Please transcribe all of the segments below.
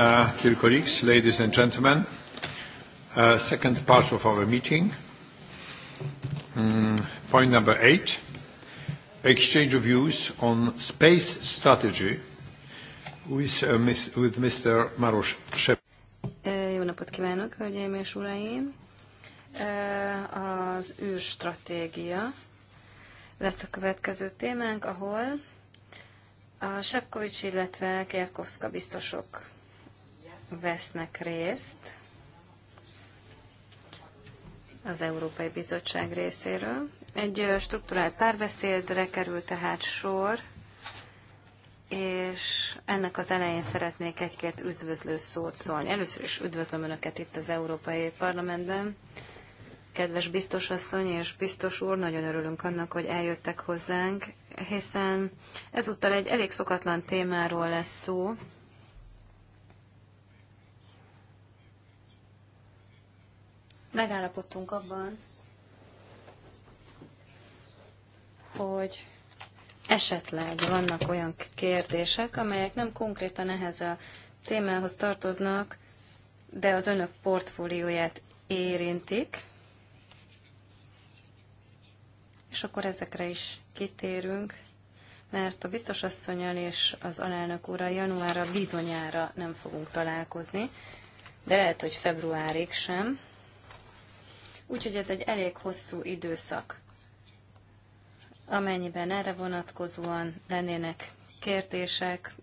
Uh, dear colleagues, ladies and gentlemen, uh, second part of our meeting. Um, point number eight, exchange of views on space strategy with, uh, with Mr. Maros Shep. Jó napot kívánok, hölgyeim és uraim! Az űrstratégia lesz a következő témánk, ahol a Sefkovics, illetve Kérkovszka biztosok vesznek részt az Európai Bizottság részéről. Egy strukturált párbeszédre került tehát sor, és ennek az elején szeretnék egy-két üdvözlő szót szólni. Először is üdvözlöm Önöket itt az Európai Parlamentben. Kedves biztos asszony és biztos úr, nagyon örülünk annak, hogy eljöttek hozzánk, hiszen ezúttal egy elég szokatlan témáról lesz szó, megállapodtunk abban, hogy esetleg vannak olyan kérdések, amelyek nem konkrétan ehhez a témához tartoznak, de az önök portfólióját érintik, és akkor ezekre is kitérünk, mert a biztos asszonyal és az alelnök úrral januárra bizonyára nem fogunk találkozni, de lehet, hogy februárig sem úgyhogy ez egy elég hosszú időszak. Amennyiben erre vonatkozóan lennének kérdések,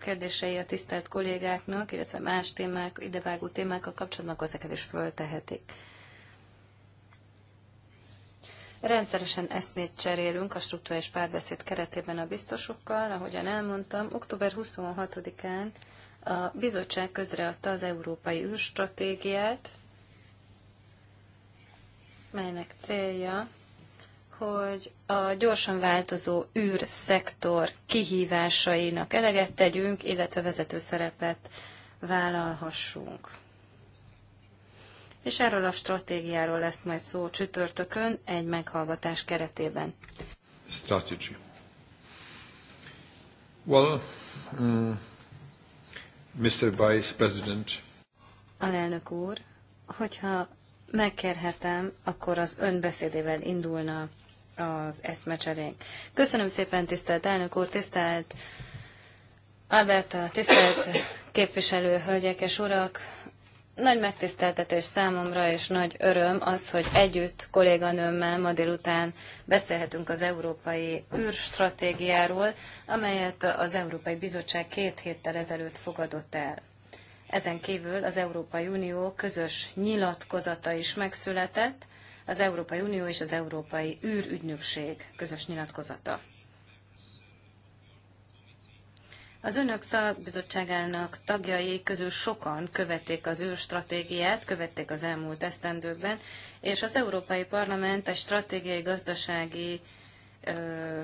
kérdései a tisztelt kollégáknak, illetve más témák, idevágó témákkal kapcsolatban, akkor ezeket is föltehetik. Rendszeresen eszmét cserélünk a struktúrális párbeszéd keretében a biztosokkal, ahogyan elmondtam, október 26-án a bizottság közreadta az európai űrstratégiát, melynek célja, hogy a gyorsan változó űrszektor kihívásainak eleget tegyünk, illetve vezető szerepet vállalhassunk. És erről a stratégiáról lesz majd szó csütörtökön egy meghallgatás keretében. Strategy. Well, um, mm, Mr. Vice President. Alelnök úr, hogyha megkérhetem, akkor az önbeszédével indulna az eszmecserénk. Köszönöm szépen, tisztelt elnök úr, tisztelt Alberta, tisztelt képviselő hölgyek és urak! Nagy megtiszteltetés számomra, és nagy öröm az, hogy együtt kolléganőmmel ma délután beszélhetünk az Európai űrstratégiáról, amelyet az Európai Bizottság két héttel ezelőtt fogadott el. Ezen kívül az Európai Unió közös nyilatkozata is megszületett, az Európai Unió és az Európai űrügynökség közös nyilatkozata. Az önök szakbizottságának tagjai közül sokan követték az űrstratégiát, követték az elmúlt esztendőkben, és az Európai Parlament egy stratégiai gazdasági ö,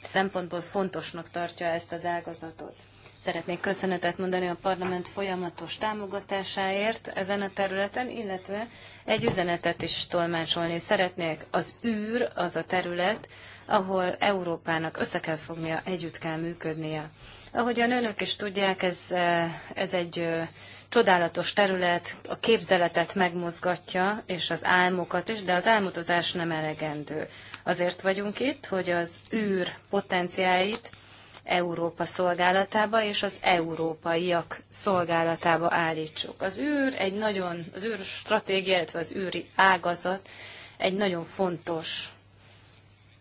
szempontból fontosnak tartja ezt az ágazatot. Szeretnék köszönetet mondani a parlament folyamatos támogatásáért ezen a területen, illetve egy üzenetet is tolmácsolni szeretnék. Az űr az a terület, ahol Európának össze kell fognia, együtt kell működnie. Ahogyan önök is tudják, ez, eh, ez egy eh, csodálatos terület, a képzeletet megmozgatja, és az álmokat is, de az álmodozás nem elegendő. Azért vagyunk itt, hogy az űr potenciáit Európa szolgálatába és az európaiak szolgálatába állítsuk. Az űr egy nagyon, az űr stratégia, illetve az űri ágazat egy nagyon fontos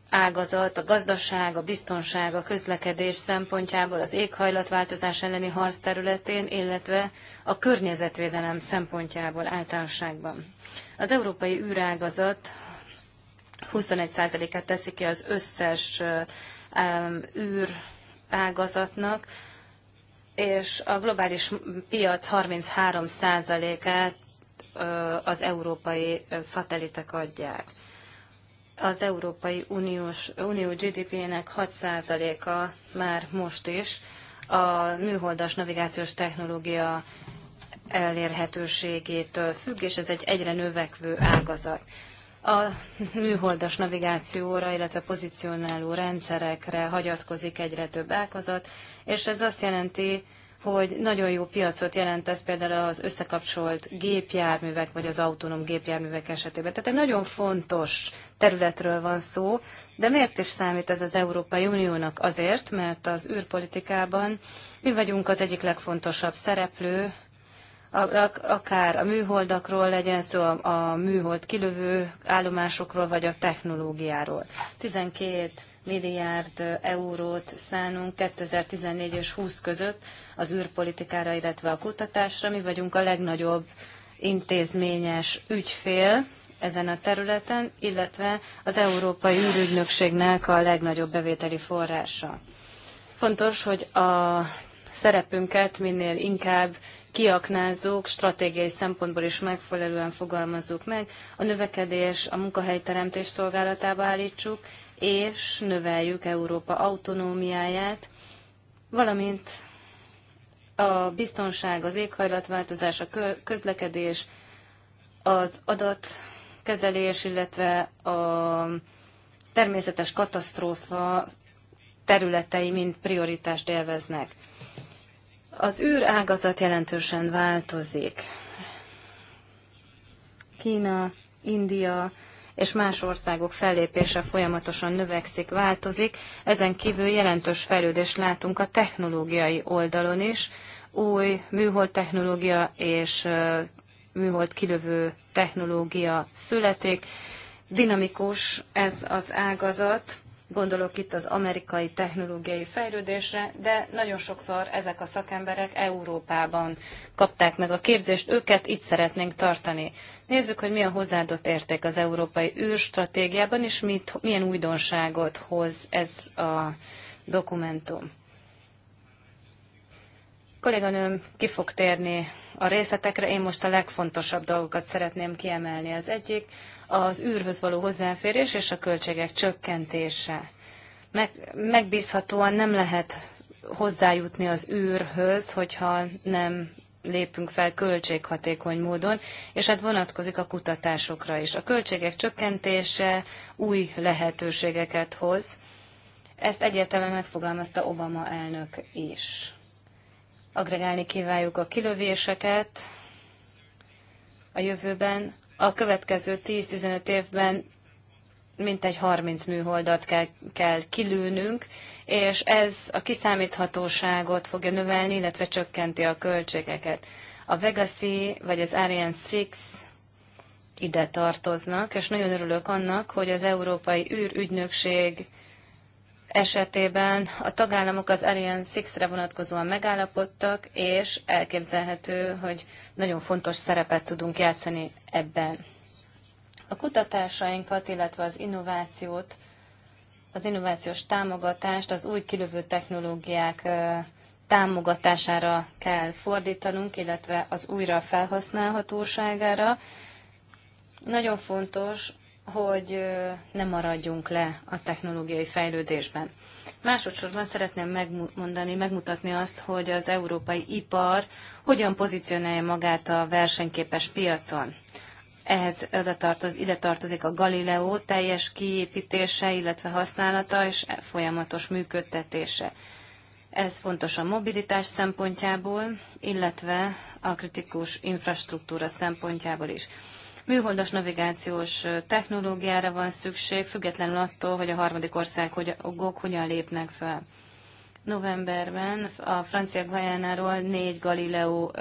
ágazat, a gazdaság, a biztonság, a közlekedés szempontjából, az éghajlatváltozás elleni harc területén, illetve a környezetvédelem szempontjából általánosságban. Az európai űrágazat 21%-át teszi ki az összes űr ágazatnak, és a globális piac 33%-át az európai szatelitek adják. Az Európai Uniós, Unió GDP-nek 6%-a már most is a műholdas navigációs technológia elérhetőségétől függ, és ez egy egyre növekvő ágazat a műholdas navigációra, illetve pozícionáló rendszerekre hagyatkozik egyre több ágazat, és ez azt jelenti, hogy nagyon jó piacot jelent ez például az összekapcsolt gépjárművek, vagy az autonóm gépjárművek esetében. Tehát egy nagyon fontos területről van szó, de miért is számít ez az Európai Uniónak? Azért, mert az űrpolitikában mi vagyunk az egyik legfontosabb szereplő, akár a műholdakról legyen szó, a műhold kilövő állomásokról, vagy a technológiáról. 12 milliárd eurót szánunk 2014 és 20 között az űrpolitikára, illetve a kutatásra. Mi vagyunk a legnagyobb intézményes ügyfél ezen a területen, illetve az Európai űrügynökségnek a legnagyobb bevételi forrása. Fontos, hogy a szerepünket minél inkább kiaknázók, stratégiai szempontból is megfelelően fogalmazzuk meg, a növekedés a munkahelyteremtés szolgálatába állítsuk, és növeljük Európa autonómiáját, valamint a biztonság, az éghajlatváltozás, a közlekedés, az adatkezelés, illetve a természetes katasztrófa területei mind prioritást élveznek. Az ágazat jelentősen változik. Kína, India és más országok fellépése folyamatosan növekszik, változik. Ezen kívül jelentős fejlődést látunk a technológiai oldalon is. Új műhold technológia és műhold kilövő technológia születik. Dinamikus ez az ágazat gondolok itt az amerikai technológiai fejlődésre, de nagyon sokszor ezek a szakemberek Európában kapták meg a képzést, őket itt szeretnénk tartani. Nézzük, hogy mi a hozzáadott érték az európai űrstratégiában, és mit, milyen újdonságot hoz ez a dokumentum. kolléganőm ki fog térni a részletekre, én most a legfontosabb dolgokat szeretném kiemelni. Az egyik, az űrhöz való hozzáférés és a költségek csökkentése. Meg, megbízhatóan nem lehet hozzájutni az űrhöz, hogyha nem lépünk fel költséghatékony módon, és hát vonatkozik a kutatásokra is. A költségek csökkentése új lehetőségeket hoz. Ezt egyértelműen megfogalmazta Obama elnök is. Agregálni kívánjuk a kilövéseket a jövőben, a következő 10-15 évben mintegy 30 műholdat kell, kell kilőnünk, és ez a kiszámíthatóságot fogja növelni, illetve csökkenti a költségeket. A Vegasi vagy az Ariane 6 ide tartoznak, és nagyon örülök annak, hogy az Európai űrügynökség esetében a tagállamok az Ariane 6-re vonatkozóan megállapodtak, és elképzelhető, hogy nagyon fontos szerepet tudunk játszani ebben. A kutatásainkat, illetve az innovációt, az innovációs támogatást az új kilövő technológiák támogatására kell fordítanunk, illetve az újra felhasználhatóságára. Nagyon fontos hogy ne maradjunk le a technológiai fejlődésben. Másodszorban szeretném megmondani, megmutatni azt, hogy az európai ipar hogyan pozícionálja magát a versenyképes piacon. Ehhez ide, tartoz, ide tartozik a Galileo teljes kiépítése, illetve használata és folyamatos működtetése. Ez fontos a mobilitás szempontjából, illetve a kritikus infrastruktúra szempontjából is. Műholdas navigációs technológiára van szükség, függetlenül attól, hogy a harmadik országok hogyan lépnek fel. Novemberben a francia Guyanáról négy Galileo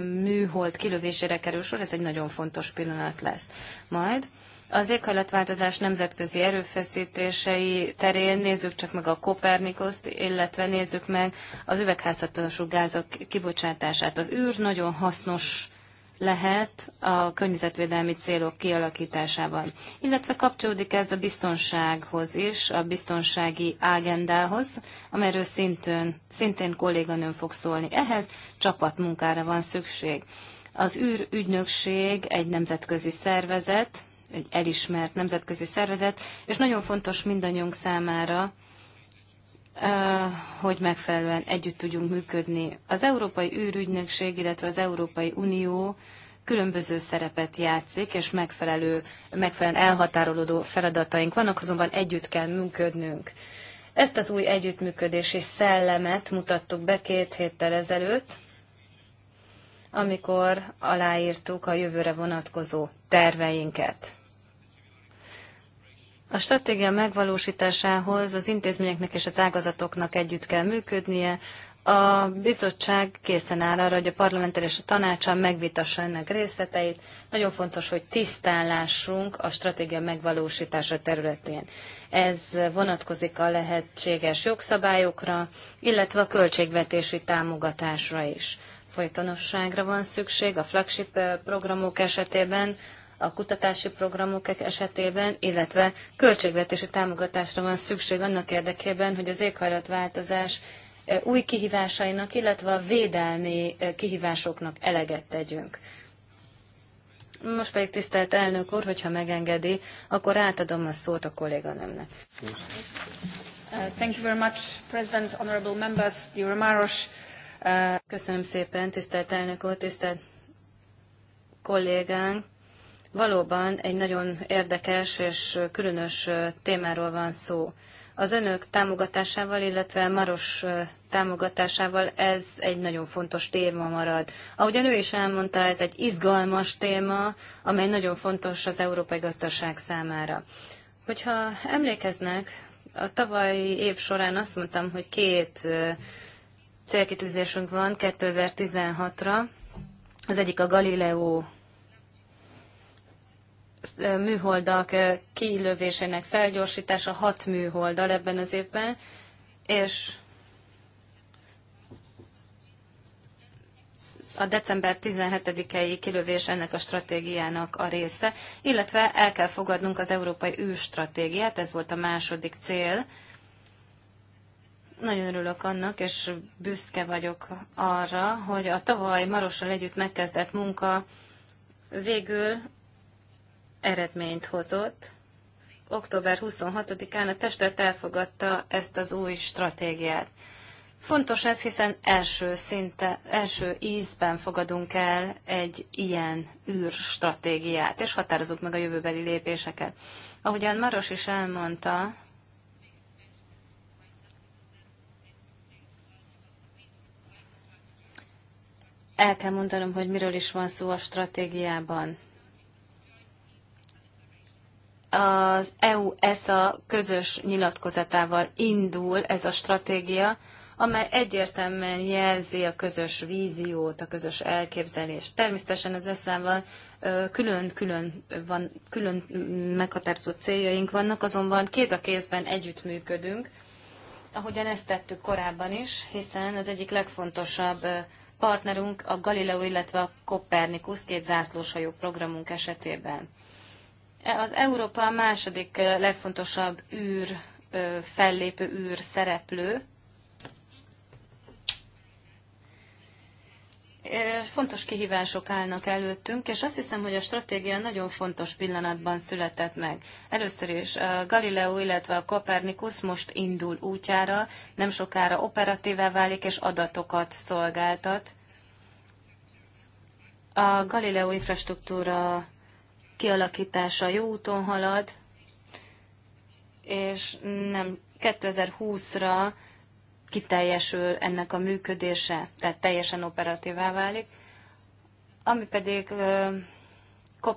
műhold kilövésére kerül sor, ez egy nagyon fontos pillanat lesz. Majd az éghajlatváltozás nemzetközi erőfeszítései terén nézzük csak meg a Kopernikuszt, illetve nézzük meg az üvegházhatású gázok kibocsátását. Az űr nagyon hasznos lehet a környezetvédelmi célok kialakításában. Illetve kapcsolódik ez a biztonsághoz is, a biztonsági ágendához, amelyről szintén, szintén kolléganőm fog szólni. Ehhez csapatmunkára van szükség. Az űrügynökség egy nemzetközi szervezet, egy elismert nemzetközi szervezet, és nagyon fontos mindannyiunk számára, Eh, hogy megfelelően együtt tudjunk működni. Az Európai űrügynökség, illetve az Európai Unió különböző szerepet játszik, és megfelelő, megfelelően elhatárolódó feladataink vannak, azonban együtt kell működnünk. Ezt az új együttműködési szellemet mutattuk be két héttel ezelőtt, amikor aláírtuk a jövőre vonatkozó terveinket. A stratégia megvalósításához az intézményeknek és az ágazatoknak együtt kell működnie. A bizottság készen áll arra, hogy a parlamenttel és a tanácsa megvitassa ennek részleteit. Nagyon fontos, hogy tisztálásunk a stratégia megvalósítása területén. Ez vonatkozik a lehetséges jogszabályokra, illetve a költségvetési támogatásra is. Folytonosságra van szükség a flagship eh, programok esetében, a kutatási programok esetében, illetve költségvetési támogatásra van szükség annak érdekében, hogy az éghajlatváltozás e, új kihívásainak, illetve a védelmi e, kihívásoknak eleget tegyünk. Most pedig tisztelt elnök úr, hogyha megengedi, akkor átadom a szót a kolléganőmnek. Uh, President, members, uh, Köszönöm szépen, tisztelt elnök úr, tisztelt kollégánk. Valóban egy nagyon érdekes és különös témáról van szó. Az önök támogatásával, illetve Maros támogatásával ez egy nagyon fontos téma marad. Ahogyan ő is elmondta, ez egy izgalmas téma, amely nagyon fontos az európai gazdaság számára. Hogyha emlékeznek, a tavalyi év során azt mondtam, hogy két célkitűzésünk van 2016-ra. Az egyik a Galileo műholdak eh, kilövésének felgyorsítása, hat műholdal ebben az évben, és a december 17-i kilövés ennek a stratégiának a része, illetve el kell fogadnunk az európai űrstratégiát, ez volt a második cél. Nagyon örülök annak, és büszke vagyok arra, hogy a tavaly Marossal együtt megkezdett munka végül eredményt hozott. Október 26-án a testület elfogadta ezt az új stratégiát. Fontos ez, hiszen első szinte, első ízben fogadunk el egy ilyen űrstratégiát, és határozunk meg a jövőbeli lépéseket. Ahogyan Maros is elmondta, el kell mondanom, hogy miről is van szó a stratégiában az EU-ESA közös nyilatkozatával indul ez a stratégia, amely egyértelműen jelzi a közös víziót, a közös elképzelést. Természetesen az eszával külön-külön van, külön meghatározott céljaink vannak, azonban kéz a kézben együttműködünk, ahogyan ezt tettük korábban is, hiszen az egyik legfontosabb partnerünk a Galileo, illetve a Copernicus két zászlóshajó programunk esetében. Az Európa a második eh, legfontosabb űr, fellépő űr szereplő. Fontos kihívások állnak előttünk, és azt hiszem, hogy a stratégia nagyon fontos pillanatban született meg. Először is a Galileo, illetve a Kopernikus most indul útjára, nem sokára operatívá válik és adatokat szolgáltat. A Galileo infrastruktúra kialakítása jó úton halad, és nem 2020-ra kiteljesül ennek a működése, tehát teljesen operatívá válik. Ami pedig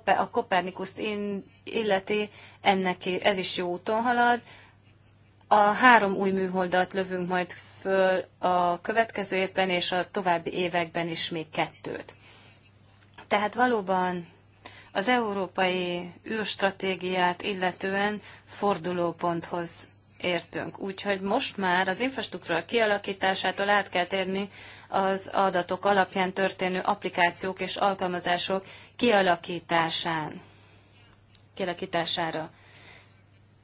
a Kopernikuszt illeti, ennek ez is jó úton halad. A három új műholdat lövünk majd föl a következő évben, és a további években is még kettőt. Tehát valóban az európai űrstratégiát illetően fordulóponthoz értünk. Úgyhogy most már az infrastruktúra kialakításától át kell térni az adatok alapján történő applikációk és alkalmazások kialakításán, kialakítására.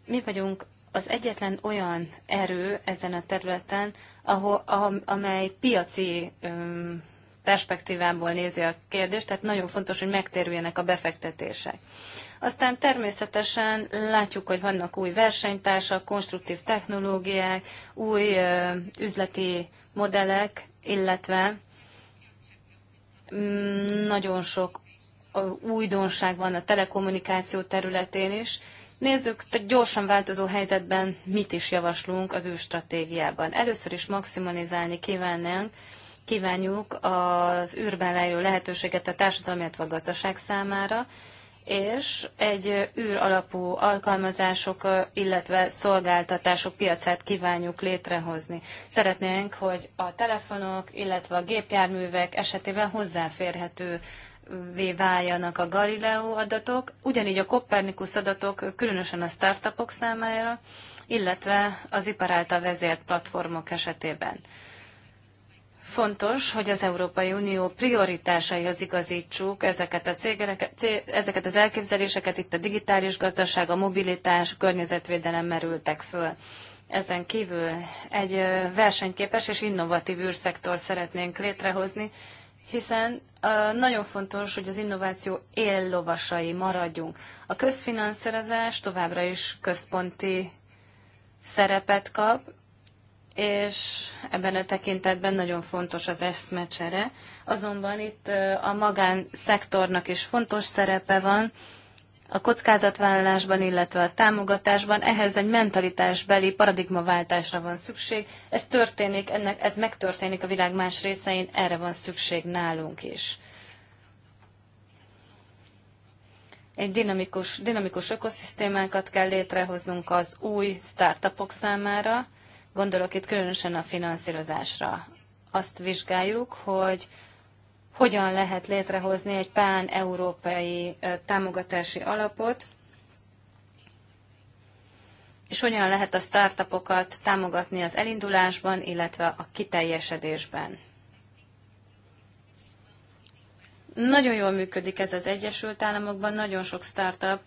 Mi vagyunk az egyetlen olyan erő ezen a területen, ahol, amely piaci öm, perspektívából nézi a kérdést, tehát nagyon fontos, hogy megtérüljenek a befektetések. Aztán természetesen látjuk, hogy vannak új versenytársak, konstruktív technológiák, új üzleti modellek, illetve mm, nagyon sok újdonság van a telekommunikáció területén is. Nézzük, tehát gyorsan változó helyzetben mit is javaslunk az ő stratégiában. Először is maximalizálni kívánnánk kívánjuk az űrben lejlő lehetőséget a társadalom, illetve a gazdaság számára, és egy űr alapú alkalmazások, illetve szolgáltatások piacát kívánjuk létrehozni. Szeretnénk, hogy a telefonok, illetve a gépjárművek esetében hozzáférhető váljanak a Galileo adatok, ugyanígy a Copernicus adatok, különösen a startupok számára, illetve az ipar által vezért platformok esetében. Fontos, hogy az Európai Unió prioritásaihoz igazítsuk ezeket, a cégeket, ezeket az elképzeléseket, itt a digitális gazdaság, a mobilitás, a környezetvédelem merültek föl. Ezen kívül egy versenyképes és innovatív űrszektor szeretnénk létrehozni, hiszen nagyon fontos, hogy az innováció éllovasai maradjunk. A közfinanszírozás továbbra is központi szerepet kap, és ebben a tekintetben nagyon fontos az eszmecsere. Azonban itt a magánszektornak is fontos szerepe van, a kockázatvállalásban, illetve a támogatásban, ehhez egy mentalitásbeli paradigmaváltásra van szükség. Ez történik, ennek, ez megtörténik a világ más részein, erre van szükség nálunk is. Egy dinamikus, dinamikus ökoszisztémákat kell létrehoznunk az új startupok számára, Gondolok itt különösen a finanszírozásra. Azt vizsgáljuk, hogy hogyan lehet létrehozni egy pán-európai támogatási alapot, és hogyan lehet a startupokat támogatni az elindulásban, illetve a kiteljesedésben. Nagyon jól működik ez az Egyesült Államokban, nagyon sok startup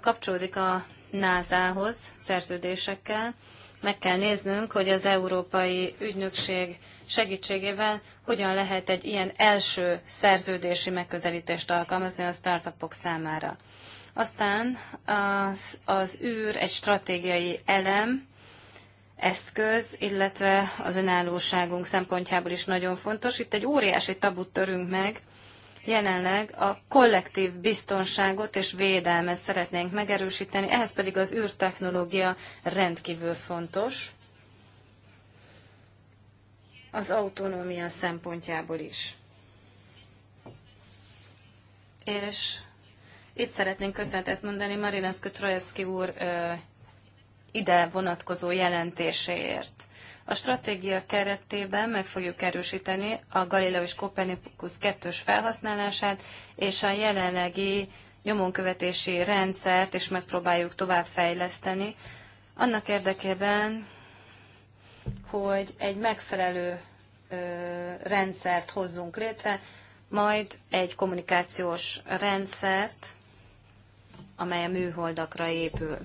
kapcsolódik a NASA-hoz szerződésekkel, meg kell néznünk, hogy az Európai Ügynökség segítségével hogyan lehet egy ilyen első szerződési megközelítést alkalmazni a startupok számára. Aztán az, az űr egy stratégiai elem, eszköz, illetve az önállóságunk szempontjából is nagyon fontos. Itt egy óriási tabut törünk meg, Jelenleg a kollektív biztonságot és védelmet szeretnénk megerősíteni, ehhez pedig az űrtechnológia rendkívül fontos az autonómia szempontjából is. És itt szeretnénk köszönetet mondani Marinescu Trojewski úr ö, ide vonatkozó jelentéséért. A stratégia keretében meg fogjuk erősíteni a Galileo és Copernicus kettős felhasználását, és a jelenlegi nyomonkövetési rendszert is megpróbáljuk továbbfejleszteni, annak érdekében, hogy egy megfelelő ö, rendszert hozzunk létre, majd egy kommunikációs rendszert, amely a műholdakra épül.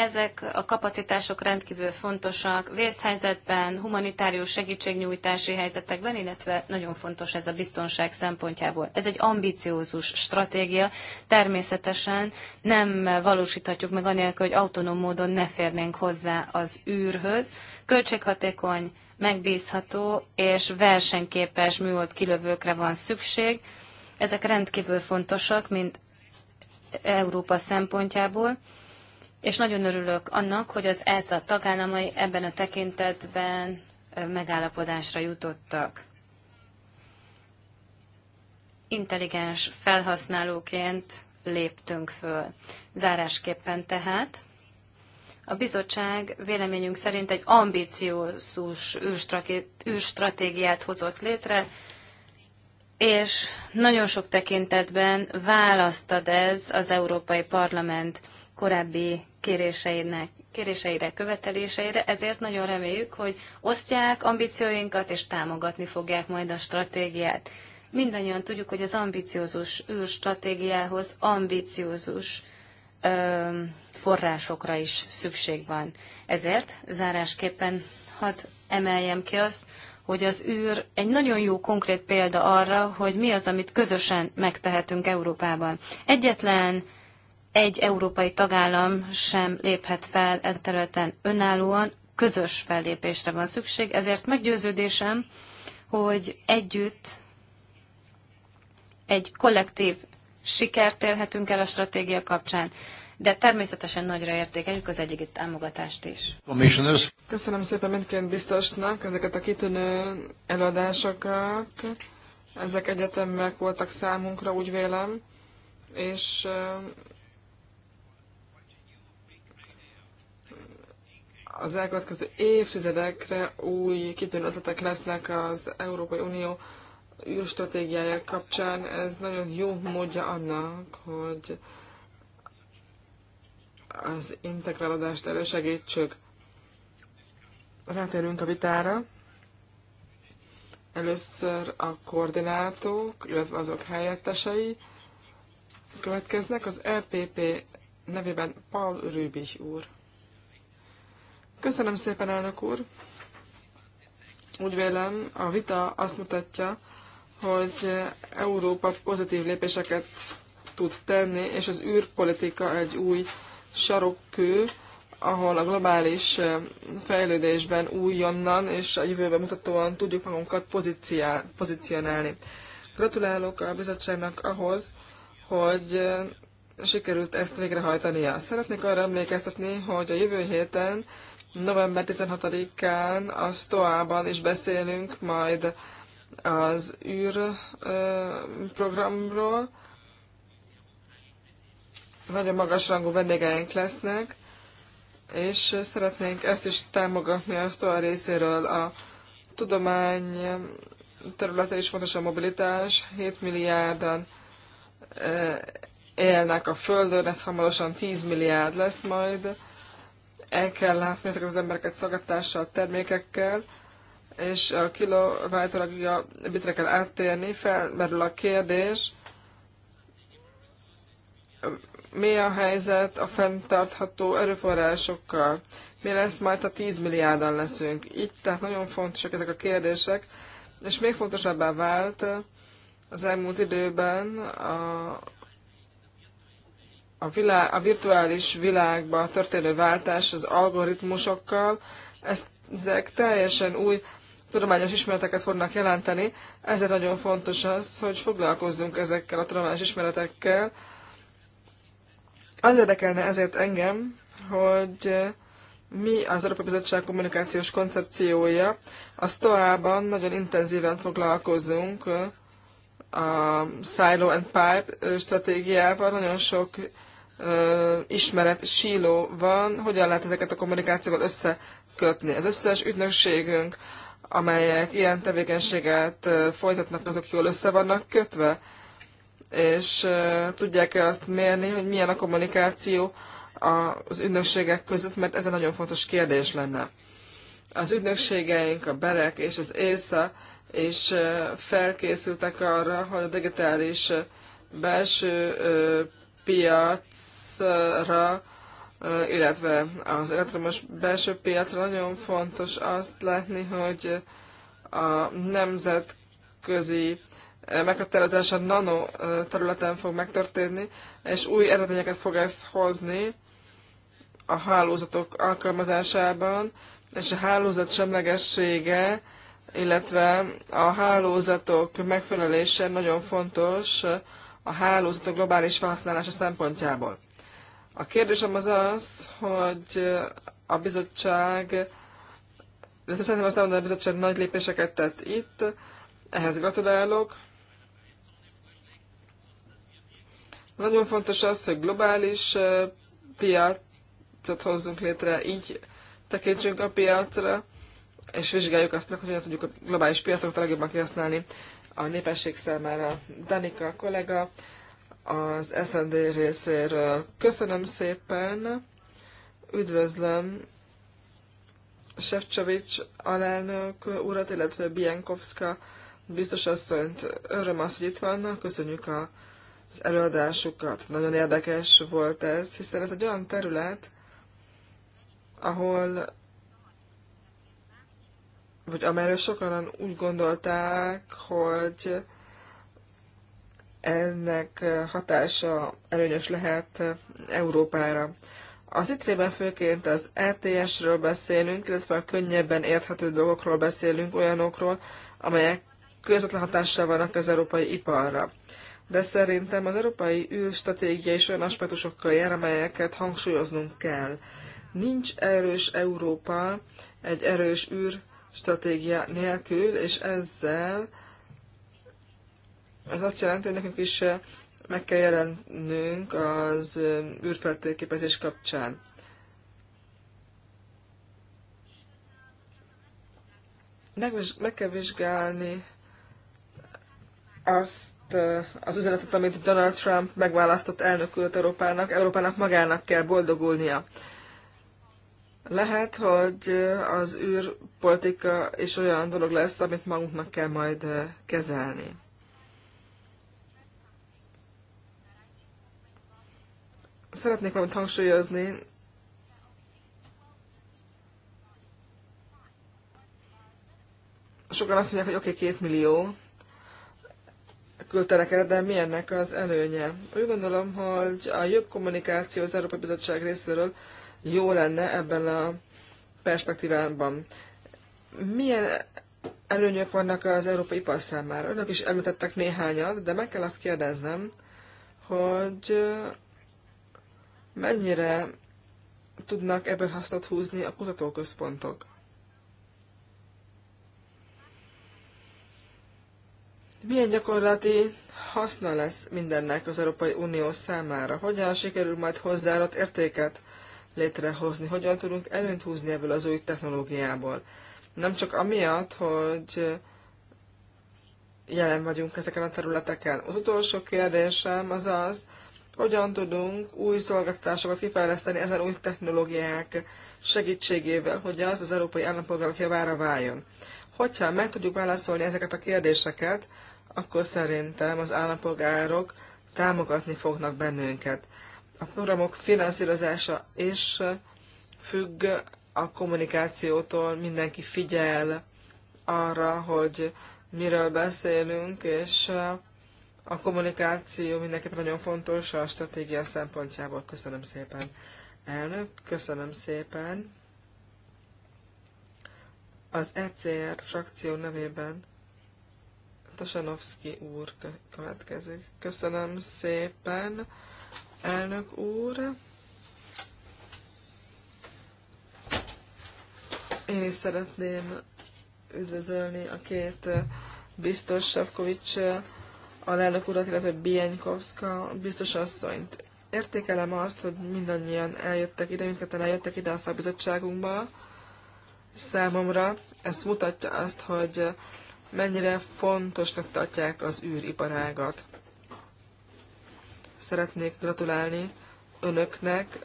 Ezek a kapacitások rendkívül fontosak vészhelyzetben, humanitárius segítségnyújtási helyzetekben, illetve nagyon fontos ez a biztonság szempontjából. Ez egy ambiciózus stratégia, természetesen nem valósíthatjuk meg anélkül, hogy autonóm módon ne férnénk hozzá az űrhöz. Költséghatékony, megbízható és versenyképes műhold kilövőkre van szükség. Ezek rendkívül fontosak, mint Európa szempontjából és nagyon örülök annak, hogy az ESZA tagállamai ebben a tekintetben megállapodásra jutottak. Intelligens felhasználóként léptünk föl. Zárásképpen tehát a bizottság véleményünk szerint egy ambiciózus űrstratégiát hozott létre, és nagyon sok tekintetben választad ez az Európai Parlament korábbi kéréseinek, kéréseire, követeléseire, ezért nagyon reméljük, hogy osztják ambícióinkat és támogatni fogják majd a stratégiát. Mindannyian tudjuk, hogy az ambiciózus stratégiához ambiciózus ö, forrásokra is szükség van. Ezért zárásképpen hadd emeljem ki azt, hogy az űr egy nagyon jó konkrét példa arra, hogy mi az, amit közösen megtehetünk Európában. Egyetlen egy európai tagállam sem léphet fel e területen önállóan, közös fellépésre van szükség, ezért meggyőződésem, hogy együtt egy kollektív sikert érhetünk el a stratégia kapcsán, de természetesen nagyra értékeljük az egyik támogatást is. Köszönöm szépen mindként biztosnak ezeket a kitűnő előadásokat. Ezek egyetemek voltak számunkra, úgy vélem, és az elkövetkező évtizedekre új kitűnő ötletek lesznek az Európai Unió űrstratégiája kapcsán. Ez nagyon jó módja annak, hogy az integrálódást elősegítsük. Rátérünk a vitára. Először a koordinátók, illetve azok helyettesei következnek. Az EPP nevében Paul Rübich úr. Köszönöm szépen, elnök úr! Úgy vélem, a vita azt mutatja, hogy Európa pozitív lépéseket tud tenni, és az űrpolitika egy új sarokkő, ahol a globális fejlődésben újonnan és a jövőbe mutatóan tudjuk magunkat pozícionálni. Gratulálok a bizottságnak ahhoz, hogy sikerült ezt végrehajtania. Szeretnék arra emlékeztetni, hogy a jövő héten November 16-án a Stoában is beszélünk majd az űr programról. Nagyon magas rangú vendégeink lesznek, és szeretnénk ezt is támogatni a STOA részéről. A tudomány területe is fontos a mobilitás, 7 milliárdan élnek a Földön, ez hamarosan 10 milliárd lesz majd el kell látni ezeket az embereket szolgáltással, termékekkel, és a kilovájtóra a bitre kell áttérni, felmerül a kérdés, mi a helyzet a fenntartható erőforrásokkal? Mi lesz majd, ha 10 milliárdan leszünk? Itt tehát nagyon fontosak ezek a kérdések, és még fontosabbá vált az elmúlt időben a a, világ, a virtuális világba történő váltás az algoritmusokkal, ezt, ezek teljesen új tudományos ismereteket fognak jelenteni, ezért nagyon fontos az, hogy foglalkozzunk ezekkel a tudományos ismeretekkel. Az érdekelne ezért engem, hogy mi az Európai Bizottság kommunikációs koncepciója. az továbban nagyon intenzíven foglalkozunk a Silo and Pipe stratégiával, nagyon sok ismeret síló van, hogyan lehet ezeket a kommunikációval összekötni. Az összes ügynökségünk, amelyek ilyen tevékenységet folytatnak, azok jól össze vannak kötve, és tudják-e azt mérni, hogy milyen a kommunikáció az ügynökségek között, mert ez egy nagyon fontos kérdés lenne. Az ügynökségeink, a BEREK és az ÉSZA és felkészültek arra, hogy a digitális belső piacra, illetve az elektromos belső piacra nagyon fontos azt látni, hogy a nemzetközi a nano területen fog megtörténni, és új eredményeket fog ez hozni a hálózatok alkalmazásában, és a hálózat semlegessége, illetve a hálózatok megfelelése nagyon fontos a hálózatok globális felhasználása szempontjából. A kérdésem az az, hogy a bizottság, illetve szerintem azt mondani, a bizottság nagy lépéseket tett itt, ehhez gratulálok. Nagyon fontos az, hogy globális piacot hozzunk létre, így tekintsünk a piacra, és vizsgáljuk azt meg, hogy tudjuk a globális piacokat a legjobban kihasználni a népesség számára. Danika kollega az SND részéről. Köszönöm szépen, üdvözlöm Sefcsovics alelnök urat, illetve Bienkovska biztos asszonyt. Öröm az, hogy itt vannak, köszönjük a az előadásukat. Nagyon érdekes volt ez, hiszen ez egy olyan terület, ahol vagy amelyről sokan úgy gondolták, hogy ennek hatása előnyös lehet Európára. Az itrében főként az ETS-ről beszélünk, illetve a könnyebben érthető dolgokról beszélünk, olyanokról, amelyek közvetlen hatással vannak az európai iparra. De szerintem az európai űrstratégia is olyan aspektusokkal jár, amelyeket hangsúlyoznunk kell. Nincs erős Európa egy erős űr stratégia nélkül, és ezzel ez azt jelenti, hogy nekünk is meg kell jelennünk az űrfeltérképezés kapcsán. meg kell vizsgálni azt eh, az üzenetet, amit Donald Trump megválasztott elnökült Európának. Európának magának kell boldogulnia. Lehet, hogy az űrpolitika is olyan dolog lesz, amit magunknak kell majd kezelni. Szeretnék valamit hangsúlyozni. Sokan azt mondják, hogy oké, okay, két millió küldtenek erre, de mi ennek az előnye? Úgy gondolom, hogy a jobb kommunikáció az Európai Bizottság részéről jó lenne ebben a perspektívában. Milyen előnyök vannak az európai ipar számára? Önök is említettek néhányat, de meg kell azt kérdeznem, hogy mennyire tudnak ebből hasznot húzni a kutatóközpontok. Milyen gyakorlati haszna lesz mindennek az Európai Unió számára? Hogyan sikerül majd hozzáadott értéket létrehozni? Hogyan tudunk előnyt húzni ebből az új technológiából? Nem csak amiatt, hogy jelen vagyunk ezeken a területeken. Az utolsó kérdésem az az, hogyan tudunk új szolgáltatásokat kifejleszteni ezen új technológiák segítségével, hogy az az európai állampolgárok javára váljon. Hogyha meg tudjuk válaszolni ezeket a kérdéseket, akkor szerintem az állampolgárok támogatni fognak bennünket a programok finanszírozása is függ a kommunikációtól, mindenki figyel arra, hogy miről beszélünk, és a kommunikáció mindenképpen nagyon fontos a stratégia szempontjából. Köszönöm szépen, elnök, köszönöm szépen. Az ECR frakció nevében Tosanovszki úr következik. Köszönöm szépen elnök úr. Én is szeretném üdvözölni a két biztos Sefkovics alelnök urat, illetve Bienkowska biztos asszonyt. Értékelem azt, hogy mindannyian eljöttek ide, mindketten eljöttek ide a szakbizottságunkba. Számomra ez mutatja azt, hogy mennyire fontosnak tartják az űriparágat szeretnék gratulálni önöknek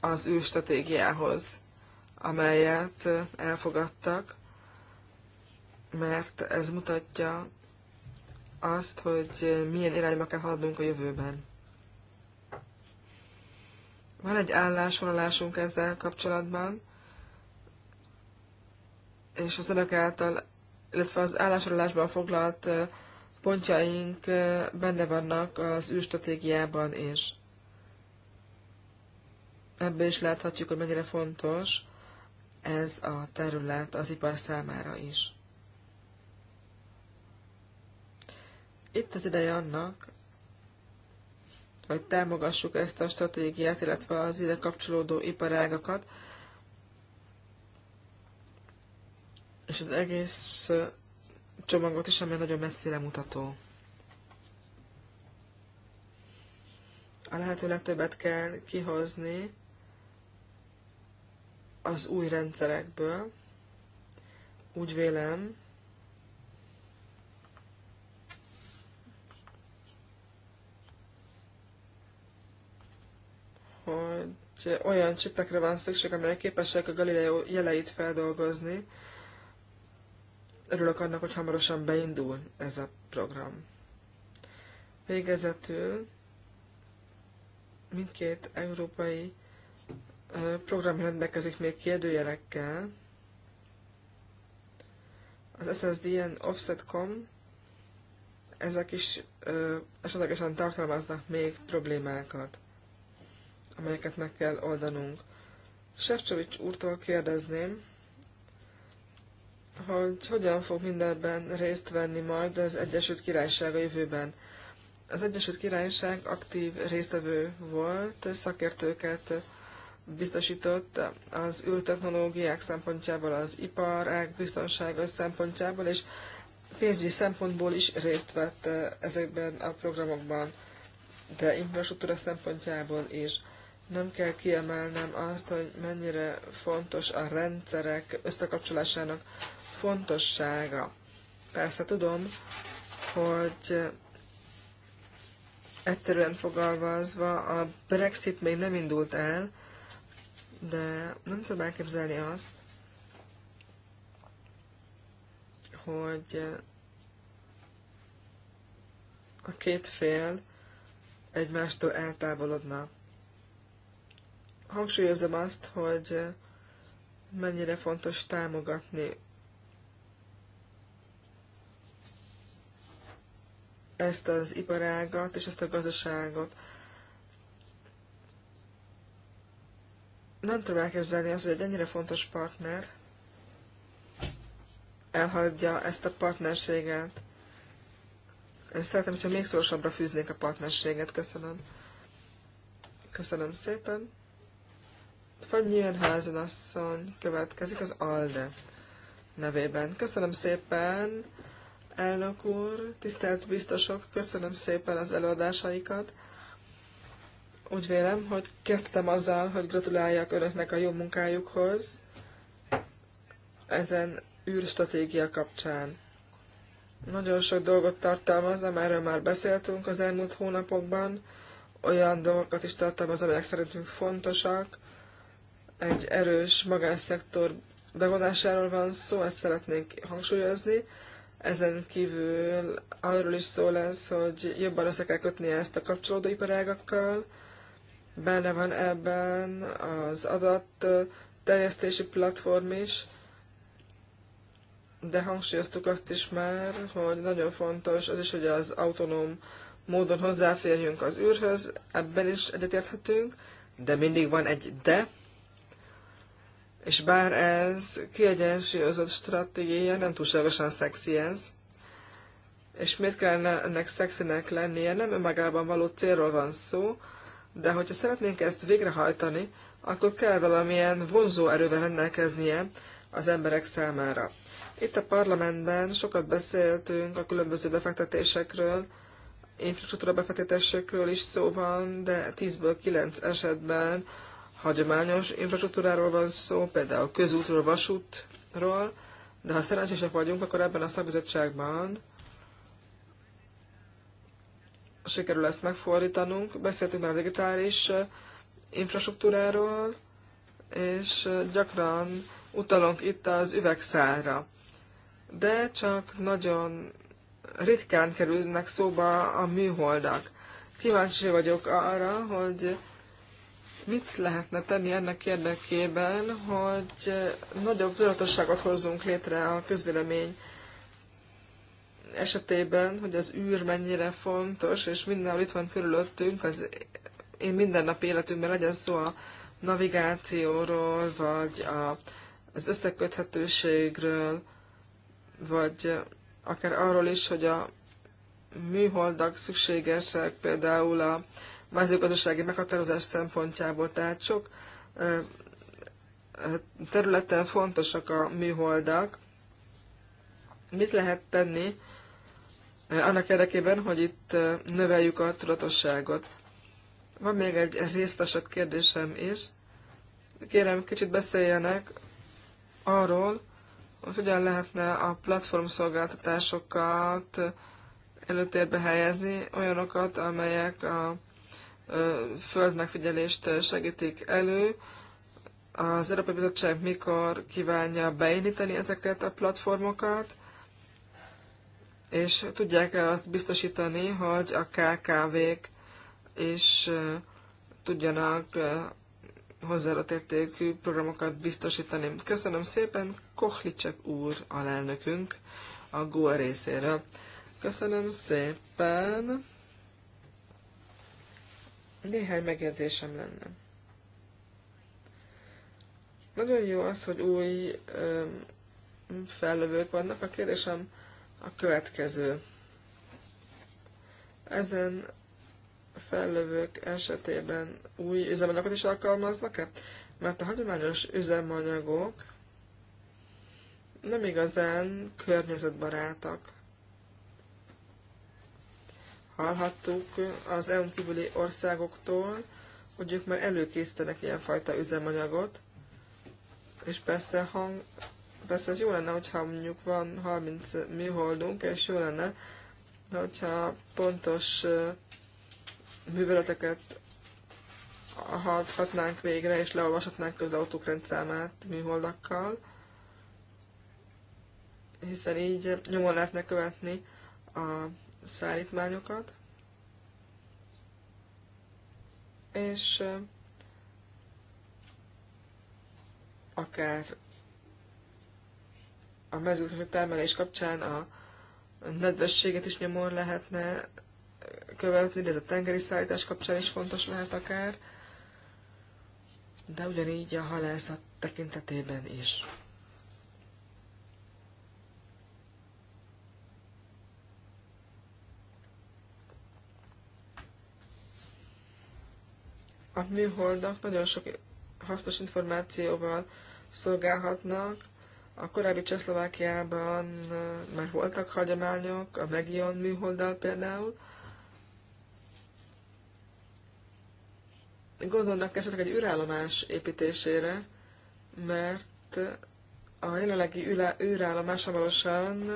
az stratégiához, amelyet elfogadtak, mert ez mutatja azt, hogy milyen irányba kell haladnunk a jövőben. Van egy állásolásunk ezzel kapcsolatban, és az önök által, illetve az állásolásban foglalt pontjaink benne vannak az űrstratégiában is. Ebből is láthatjuk, hogy mennyire fontos ez a terület az ipar számára is. Itt az ideje annak, hogy támogassuk ezt a stratégiát, illetve az ide kapcsolódó iparágakat, és az egész csomagot is, amely nagyon messzire mutató. A lehető legtöbbet kell kihozni az új rendszerekből. Úgy vélem, hogy olyan csipekre van szükség, amelyek képesek a Galileo jeleit feldolgozni, örülök annak, hogy hamarosan beindul ez a program. Végezetül mindkét európai program rendelkezik még kérdőjelekkel. Az SSDN Offset.com ezek is ö, esetlegesen tartalmaznak még problémákat, amelyeket meg kell oldanunk. Sefcsovics úrtól kérdezném, hogy hogyan fog mindenben részt venni majd az Egyesült Királyság a jövőben. Az Egyesült Királyság aktív részevő volt, szakértőket biztosított az űrtechnológiák szempontjából, az iparág biztonságos szempontjából, és pénzügyi szempontból is részt vett ezekben a programokban, de infrastruktúra szempontjából is. Nem kell kiemelnem azt, hogy mennyire fontos a rendszerek összekapcsolásának fontossága. Persze tudom, hogy egyszerűen fogalmazva a Brexit még nem indult el, de nem tudom elképzelni azt, hogy a két fél egymástól eltávolodna. Hangsúlyozom azt, hogy mennyire fontos támogatni ezt az iparágat és ezt a gazdaságot. Nem tudom elképzelni az, hogy egy ennyire fontos partner elhagyja ezt a partnerséget. Én szeretném, hogyha még szorosabbra fűznék a partnerséget. Köszönöm. Köszönöm szépen. Vagy Jönházen asszony következik az ALDE nevében. Köszönöm szépen elnök úr, tisztelt biztosok, köszönöm szépen az előadásaikat. Úgy vélem, hogy kezdtem azzal, hogy gratuláljak önöknek a jó munkájukhoz ezen űrstratégia kapcsán. Nagyon sok dolgot tartalmaz, amerről már beszéltünk az elmúlt hónapokban, olyan dolgokat is tartalmaz, amelyek szerintünk fontosak. Egy erős magánszektor bevonásáról van szó, ezt szeretnénk hangsúlyozni. Ezen kívül arról is szól lesz, hogy jobban össze kell kötni ezt a kapcsolódó iparágakkal. Benne van ebben az adatterjesztési platform is, de hangsúlyoztuk azt is már, hogy nagyon fontos az is, hogy az autonóm módon hozzáférjünk az űrhöz, ebben is egyetérthetünk, de mindig van egy de, és bár ez kiegyensúlyozott stratégia, nem túlságosan szexi ez. És miért kellene ennek szexinek lennie? Nem önmagában való célról van szó, de hogyha szeretnénk ezt végrehajtani, akkor kell valamilyen vonzó erővel rendelkeznie az emberek számára. Itt a parlamentben sokat beszéltünk a különböző befektetésekről, infrastruktúra befektetésekről is szó van, de 10-ből 9 esetben hagyományos infrastruktúráról van szó, például közútról, vasútról, de ha szerencsések vagyunk, akkor ebben a szakbizottságban sikerül ezt megfordítanunk. Beszéltünk már a digitális infrastruktúráról, és gyakran utalunk itt az üvegszára, De csak nagyon ritkán kerülnek szóba a műholdak. Kíváncsi vagyok arra, hogy Mit lehetne tenni ennek érdekében, hogy nagyobb tudatosságot hozzunk létre a közvélemény esetében, hogy az űr mennyire fontos, és mindenhol itt van körülöttünk, az én mindennapi életünkben legyen szó a navigációról, vagy a, az összeköthetőségről, vagy akár arról is, hogy a műholdak szükségesek például a mezőgazdasági meghatározás szempontjából. Tehát sok területen fontosak a műholdak. Mit lehet tenni annak érdekében, hogy itt növeljük a tudatosságot? Van még egy részletesebb kérdésem is. Kérem, kicsit beszéljenek arról, hogy hogyan lehetne a platform szolgáltatásokat előtérbe helyezni, olyanokat, amelyek a földmegfigyelést segítik elő. Az Európai Bizottság mikor kívánja beindítani ezeket a platformokat, és tudják-e azt biztosítani, hogy a KKV-k is tudjanak hozzáadott értékű programokat biztosítani. Köszönöm szépen Kohlicek úr, alelnökünk, a GOA részére. Köszönöm szépen! Néhány megjegyzésem lenne. Nagyon jó az, hogy új ö, fellövők vannak. A kérdésem a következő. Ezen fellövők esetében új üzemanyagot is alkalmaznak-e? Mert a hagyományos üzemanyagok nem igazán környezetbarátak hallhattuk az EU-n kívüli országoktól, hogy ők már előkészítenek ilyenfajta üzemanyagot, és persze, hang, persze ez jó lenne, hogyha mondjuk van 30 műholdunk, és jó lenne, hogyha pontos műveleteket hallhatnánk végre, és leolvashatnánk az autók rendszámát műholdakkal, hiszen így nyomon lehetne követni a szállítmányokat, és akár a mezőgazdasági termelés kapcsán a nedvességet is nyomon lehetne követni, de ez a tengeri szállítás kapcsán is fontos lehet akár, de ugyanígy a halászat tekintetében is. A műholdak nagyon sok hasznos információval szolgálhatnak. A korábbi Csehszlovákiában eh, már voltak hagyományok, a Megion műholddal például. Gondolnak esetleg egy űrállomás építésére, mert a jelenlegi űrállomás hamarosan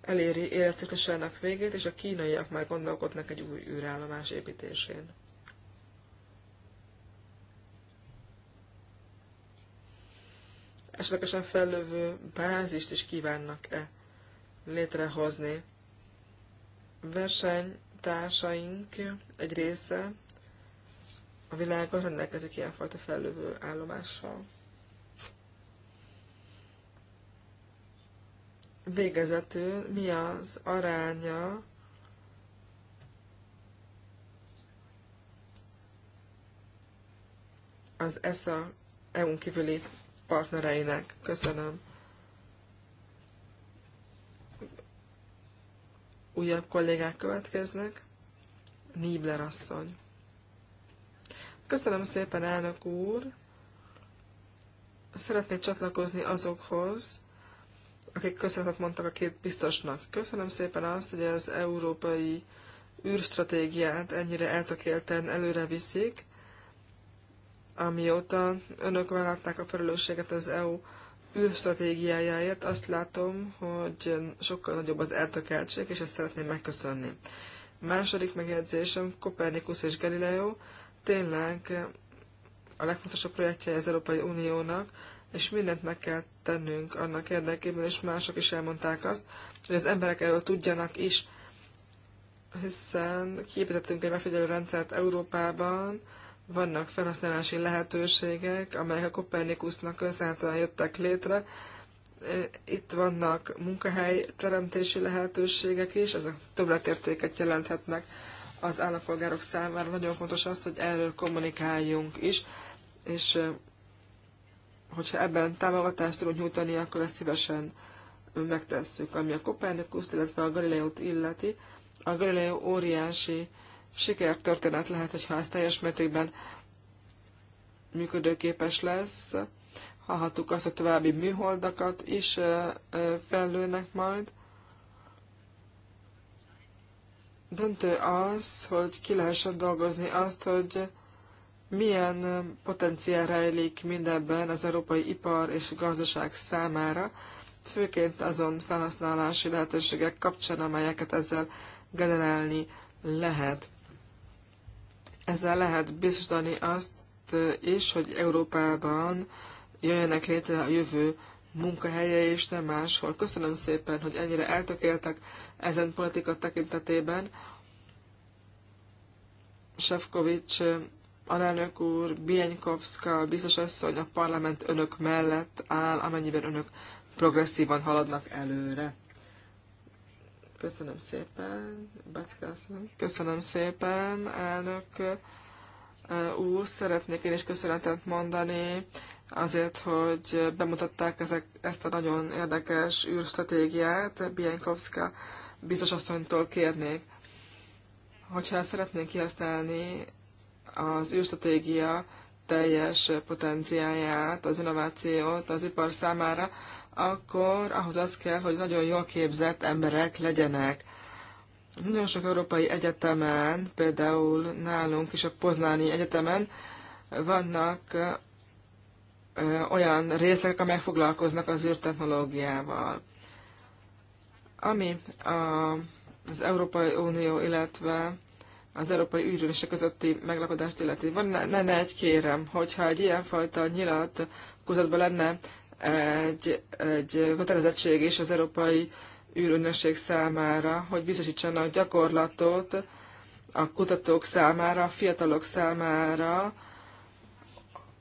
eléri életciklusának végét, és a kínaiak már gondolkodnak egy új űrállomás építésén. esetlegesen fellövő bázist is kívánnak-e létrehozni. Versenytársaink egy része a világon rendelkezik ilyenfajta fellövő állomással. Végezetül mi az aránya az ESA EU-n kívüli partnereinek. Köszönöm. Újabb kollégák következnek. Nibler asszony. Köszönöm szépen, elnök úr. Szeretnék csatlakozni azokhoz, akik köszönetet mondtak a két biztosnak. Köszönöm szépen azt, hogy az európai űrstratégiát ennyire eltökélten előre viszik, amióta önök vállalták a felelősséget az EU űrstratégiájáért, azt látom, hogy sokkal nagyobb az eltökeltség, és ezt szeretném megköszönni. Második megjegyzésem, Kopernikus és Galileo tényleg a legfontosabb projektje az Európai Uniónak, és mindent meg kell tennünk annak érdekében, és mások is elmondták azt, hogy az emberek erről tudjanak is, hiszen kiépítettünk egy megfigyelő rendszert Európában, vannak felhasználási lehetőségek, amelyek a Kopernikusnak köszönhetően jöttek létre. E, itt vannak munkahely teremtési lehetőségek is, ezek többletértéket jelenthetnek az állampolgárok számára. Nagyon fontos az, hogy erről kommunikáljunk is, és e, hogyha ebben támogatást tudunk nyújtani, akkor ezt szívesen megtesszük. Ami a Kopernikuszt, illetve a Galileót illeti, a Galileo óriási sikertörténet lehet, hogyha ez teljes mértékben működőképes lesz. Hallhattuk azt, hogy további műholdakat is fellőnek majd. Döntő az, hogy ki lehessen dolgozni azt, hogy milyen potenciál rejlik mindebben az európai ipar és gazdaság számára, főként azon felhasználási lehetőségek kapcsán, amelyeket ezzel generálni lehet. Ezzel lehet biztosítani azt is, hogy Európában jöjjenek létre a jövő munkahelye és nem máshol. Köszönöm szépen, hogy ennyire eltökéltek ezen politika tekintetében. Sefkovics alelnök úr, Bienkowska, biztos asszony, a parlament önök mellett áll, amennyiben önök progresszívan haladnak előre. Köszönöm szépen, Becka. Köszönöm szépen, elnök úr. Szeretnék én is köszönetet mondani azért, hogy bemutatták ezek, ezt a nagyon érdekes űrstratégiát. Bienkowska biztos asszonytól kérnék, hogyha szeretnék kihasználni az űrstratégia teljes potenciáját, az innovációt az ipar számára, akkor ahhoz az kell, hogy nagyon jól képzett emberek legyenek. Nagyon sok európai egyetemen, például nálunk is a Poznáni Egyetemen vannak olyan részlegek, amelyek foglalkoznak az űrtechnológiával. Ami a, az Európai Unió, illetve az Európai űrülések közötti meglapodást illeti. Van ne egy kérem, hogyha egy ilyenfajta nyilat kutatban lenne egy, egy kötelezettség is az Európai űrügynökség számára, hogy biztosítsanak gyakorlatot a kutatók számára, a fiatalok számára,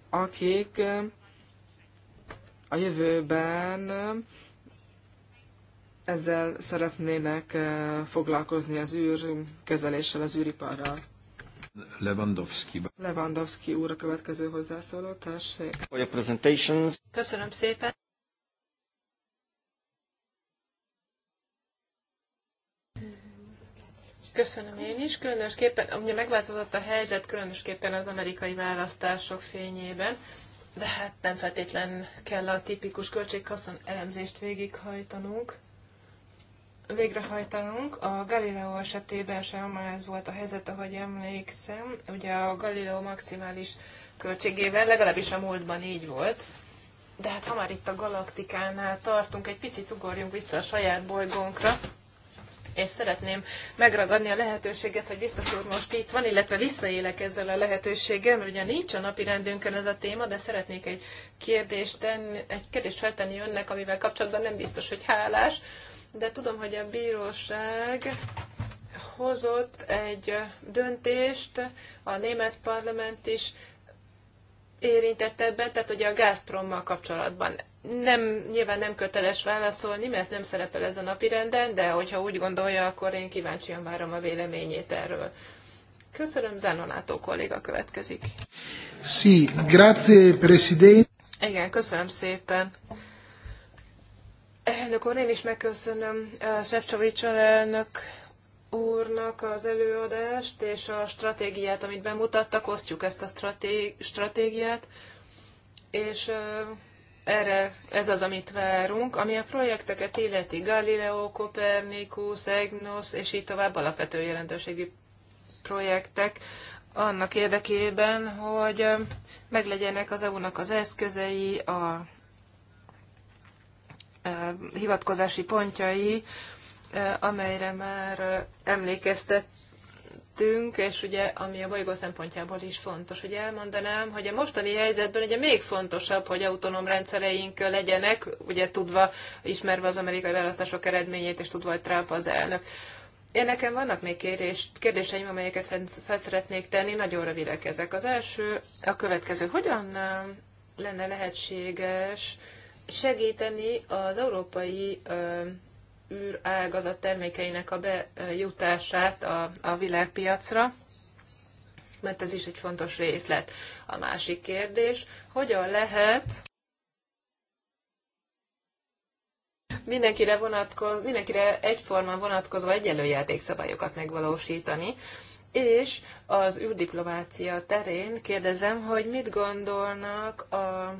akik a jövőben ezzel szeretnének eh, foglalkozni az űrkezeléssel, az űriparral. Lewandowski. Lewandowski úr a következő hozzászóló, tessék. Köszönöm szépen. Köszönöm én is, különösképpen, ugye megváltozott a helyzet, különösképpen az amerikai választások fényében, de hát nem feltétlen kell a tipikus költséghaszon elemzést végighajtanunk végrehajtanunk. A Galileo esetében sem ez volt a helyzet, ahogy emlékszem. Ugye a Galileo maximális költségével, legalábbis a múltban így volt. De hát ha már itt a galaktikánál tartunk, egy picit ugorjunk vissza a saját bolygónkra, és szeretném megragadni a lehetőséget, hogy biztos úr most itt van, illetve visszaélek ezzel a lehetőséggel, mert ugye nincs a napi rendünkön ez a téma, de szeretnék egy kérdést, tenni, egy kérdést feltenni önnek, amivel kapcsolatban nem biztos, hogy hálás de tudom, hogy a bíróság hozott egy döntést, a német parlament is érintett ebben, tehát ugye a Gazprommal kapcsolatban. Nem, nyilván nem köteles válaszolni, mert nem szerepel ez a napirenden, de hogyha úgy gondolja, akkor én kíváncsian várom a véleményét erről. Köszönöm, Zanonátó kolléga következik. Sí, grazie, presidente. Igen, köszönöm szépen. Elnök úr, én is megköszönöm eh, Sefcsovics elnök úrnak az előadást és a stratégiát, amit bemutattak, osztjuk ezt a straté- stratégiát, és eh, erre ez az, amit várunk, ami a projekteket illeti Galileo, Kopernikus, EGNOS, és így tovább alapvető jelentőségű projektek annak érdekében, hogy eh, meglegyenek az EU-nak az eszközei, a hivatkozási pontjai, amelyre már emlékeztettünk, és ugye ami a bolygó szempontjából is fontos, hogy elmondanám, hogy a mostani helyzetben ugye még fontosabb, hogy autonóm rendszereink legyenek, ugye tudva, ismerve az amerikai választások eredményét, és tudva, hogy Trump az elnök. Én nekem vannak még kérdés, kérdéseim, amelyeket fel szeretnék tenni, nagyon rövidek ezek. Az első, a következő, hogyan lenne lehetséges segíteni az európai űrágazat termékeinek a bejutását a, a világpiacra, mert ez is egy fontos részlet. A másik kérdés, hogyan lehet mindenkire, vonatkoz, mindenkire egyformán vonatkozó egyenlő játékszabályokat megvalósítani, és az űrdiplomácia terén kérdezem, hogy mit gondolnak a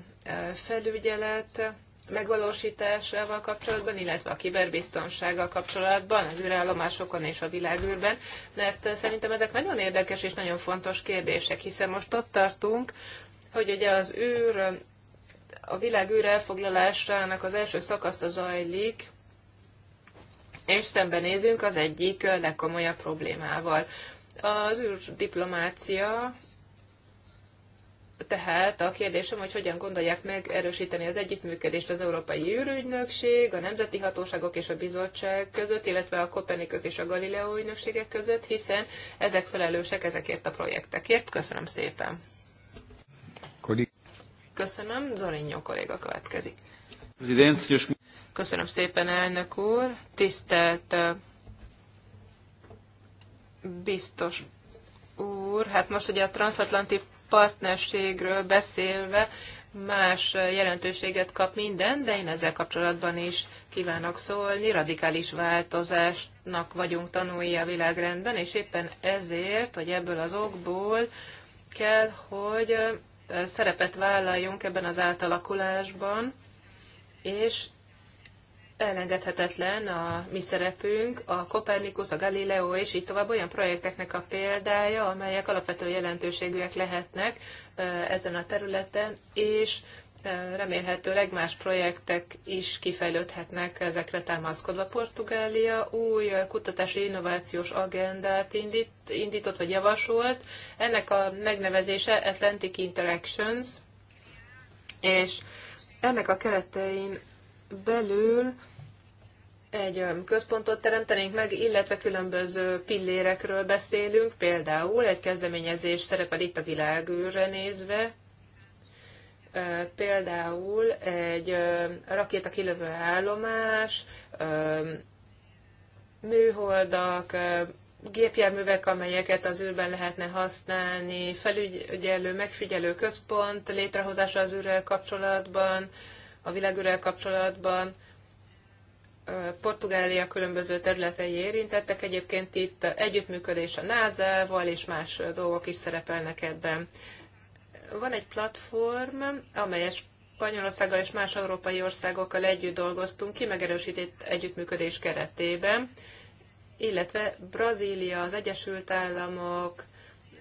felügyelet megvalósításával kapcsolatban, illetve a kiberbiztonsággal kapcsolatban, az űrállomásokon és a világűrben, mert szerintem ezek nagyon érdekes és nagyon fontos kérdések, hiszen most ott tartunk, hogy ugye az űr, a világ űr elfoglalásának az első szakasza zajlik, és szembenézünk az egyik legkomolyabb problémával. Az űrdiplomácia tehát a kérdésem, hogy hogyan gondolják meg erősíteni az együttműködést az Európai űrügynökség, a nemzeti hatóságok és a bizottság között, illetve a Kopernikus és a Galileo ügynökségek között, hiszen ezek felelősek ezekért a projektekért. Köszönöm szépen. Köszönöm. Zorinyó kolléga következik. Köszönöm szépen, elnök úr. Tisztelt biztos úr, hát most ugye a transatlanti partnerségről beszélve más jelentőséget kap minden, de én ezzel kapcsolatban is kívánok szólni. Radikális változásnak vagyunk tanulni a világrendben, és éppen ezért, hogy ebből az okból kell, hogy szerepet vállaljunk ebben az átalakulásban, és elengedhetetlen a mi szerepünk, a Kopernikus, a Galileo és így tovább olyan projekteknek a példája, amelyek alapvető jelentőségűek lehetnek ezen a területen, és remélhetőleg más projektek is kifejlődhetnek ezekre támaszkodva. Portugália új kutatási innovációs agendát indít, indított vagy javasolt. Ennek a megnevezése Atlantic Interactions, és ennek a keretein belül egy központot teremtenénk meg, illetve különböző pillérekről beszélünk, például egy kezdeményezés szerepel itt a világűrre nézve, például egy rakéta kilövő állomás, műholdak, gépjárművek, amelyeket az űrben lehetne használni, felügyelő, megfigyelő központ létrehozása az űrrel kapcsolatban, a világűrrel kapcsolatban. Portugália különböző területei érintettek. Egyébként itt együttműködés a NASA-val, és más dolgok is szerepelnek ebben. Van egy platform, amelyet Spanyolországgal és más európai országokkal együtt dolgoztunk ki, megerősített együttműködés keretében, illetve Brazília, az Egyesült Államok,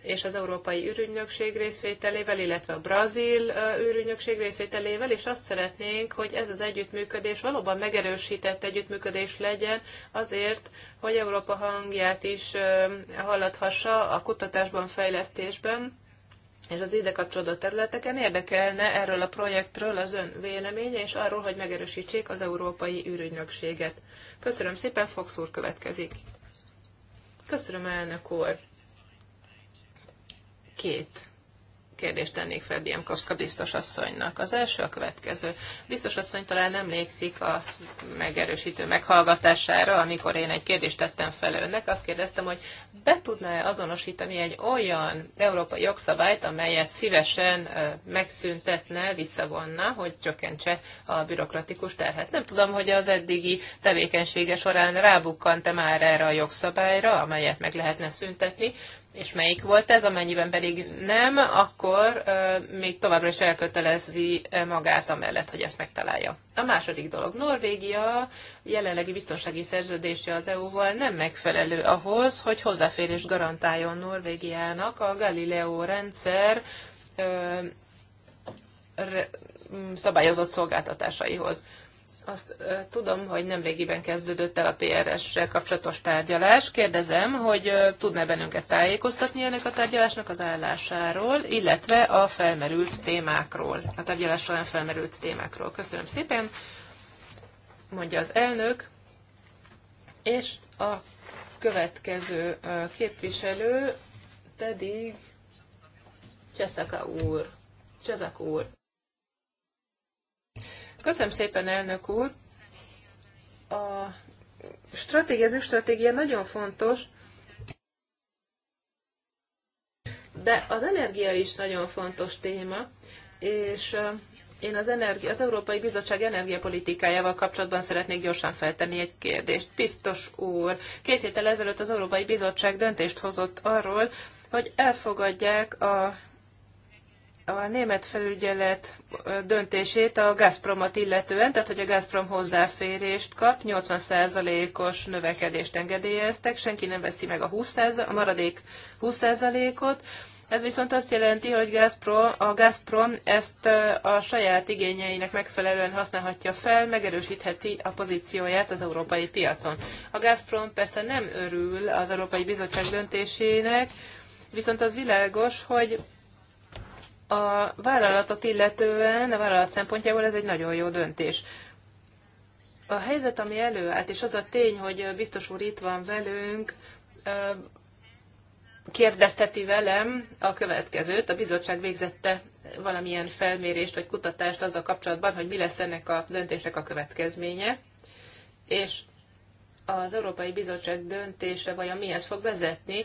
és az Európai űrügynökség részvételével, illetve a Brazil űrügynökség részvételével, és azt szeretnénk, hogy ez az együttműködés valóban megerősített együttműködés legyen azért, hogy Európa hangját is hallathassa a kutatásban, fejlesztésben, és az ide kapcsolódó területeken érdekelne erről a projektről az ön véleménye, és arról, hogy megerősítsék az Európai űrügynökséget. Köszönöm szépen, Fox úr következik. Köszönöm, elnök úr két kérdést tennék fel Biemkowska biztos asszonynak. Az első a következő. Biztos asszony talán emlékszik a megerősítő meghallgatására, amikor én egy kérdést tettem fel önnek. Azt kérdeztem, hogy be tudná-e azonosítani egy olyan európai jogszabályt, amelyet szívesen megszüntetne, visszavonna, hogy csökkentse a bürokratikus terhet. Nem tudom, hogy az eddigi tevékenysége során rábukkant-e már erre a jogszabályra, amelyet meg lehetne szüntetni, és melyik volt ez, amennyiben pedig nem, akkor még továbbra is elkötelezi magát amellett, hogy ezt megtalálja. A második dolog, Norvégia jelenlegi biztonsági szerződése az EU-val nem megfelelő ahhoz, hogy hozzáférés garantáljon Norvégiának a Galileo rendszer szabályozott szolgáltatásaihoz azt ö, tudom, hogy nemrégiben kezdődött el a PRS-re kapcsolatos tárgyalás. Kérdezem, hogy ö, tudná bennünket tájékoztatni ennek a tárgyalásnak az állásáról, illetve a felmerült témákról, a tárgyalás során felmerült témákról. Köszönöm szépen, mondja az elnök, és a következő ö, képviselő pedig Cseszaka úr. Csezak úr. Köszönöm szépen, elnök úr. A stratégia, az stratégia nagyon fontos, de az energia is nagyon fontos téma, és én az, energi- az Európai Bizottság energiapolitikájával kapcsolatban szeretnék gyorsan feltenni egy kérdést. Biztos úr, két héttel ezelőtt az Európai Bizottság döntést hozott arról, hogy elfogadják a a német felügyelet döntését a Gazpromot illetően, tehát hogy a Gazprom hozzáférést kap, 80%-os növekedést engedélyeztek, senki nem veszi meg a, 20%, a maradék 20%-ot, ez viszont azt jelenti, hogy Gazprom, a Gazprom ezt a saját igényeinek megfelelően használhatja fel, megerősítheti a pozícióját az európai piacon. A Gazprom persze nem örül az Európai Bizottság döntésének, viszont az világos, hogy a vállalatot illetően, a vállalat szempontjából ez egy nagyon jó döntés. A helyzet, ami előállt, és az a tény, hogy biztos úr itt van velünk, kérdezteti velem a következőt. A bizottság végzette valamilyen felmérést vagy kutatást azzal kapcsolatban, hogy mi lesz ennek a döntésnek a következménye, és az Európai Bizottság döntése vajon mihez fog vezetni,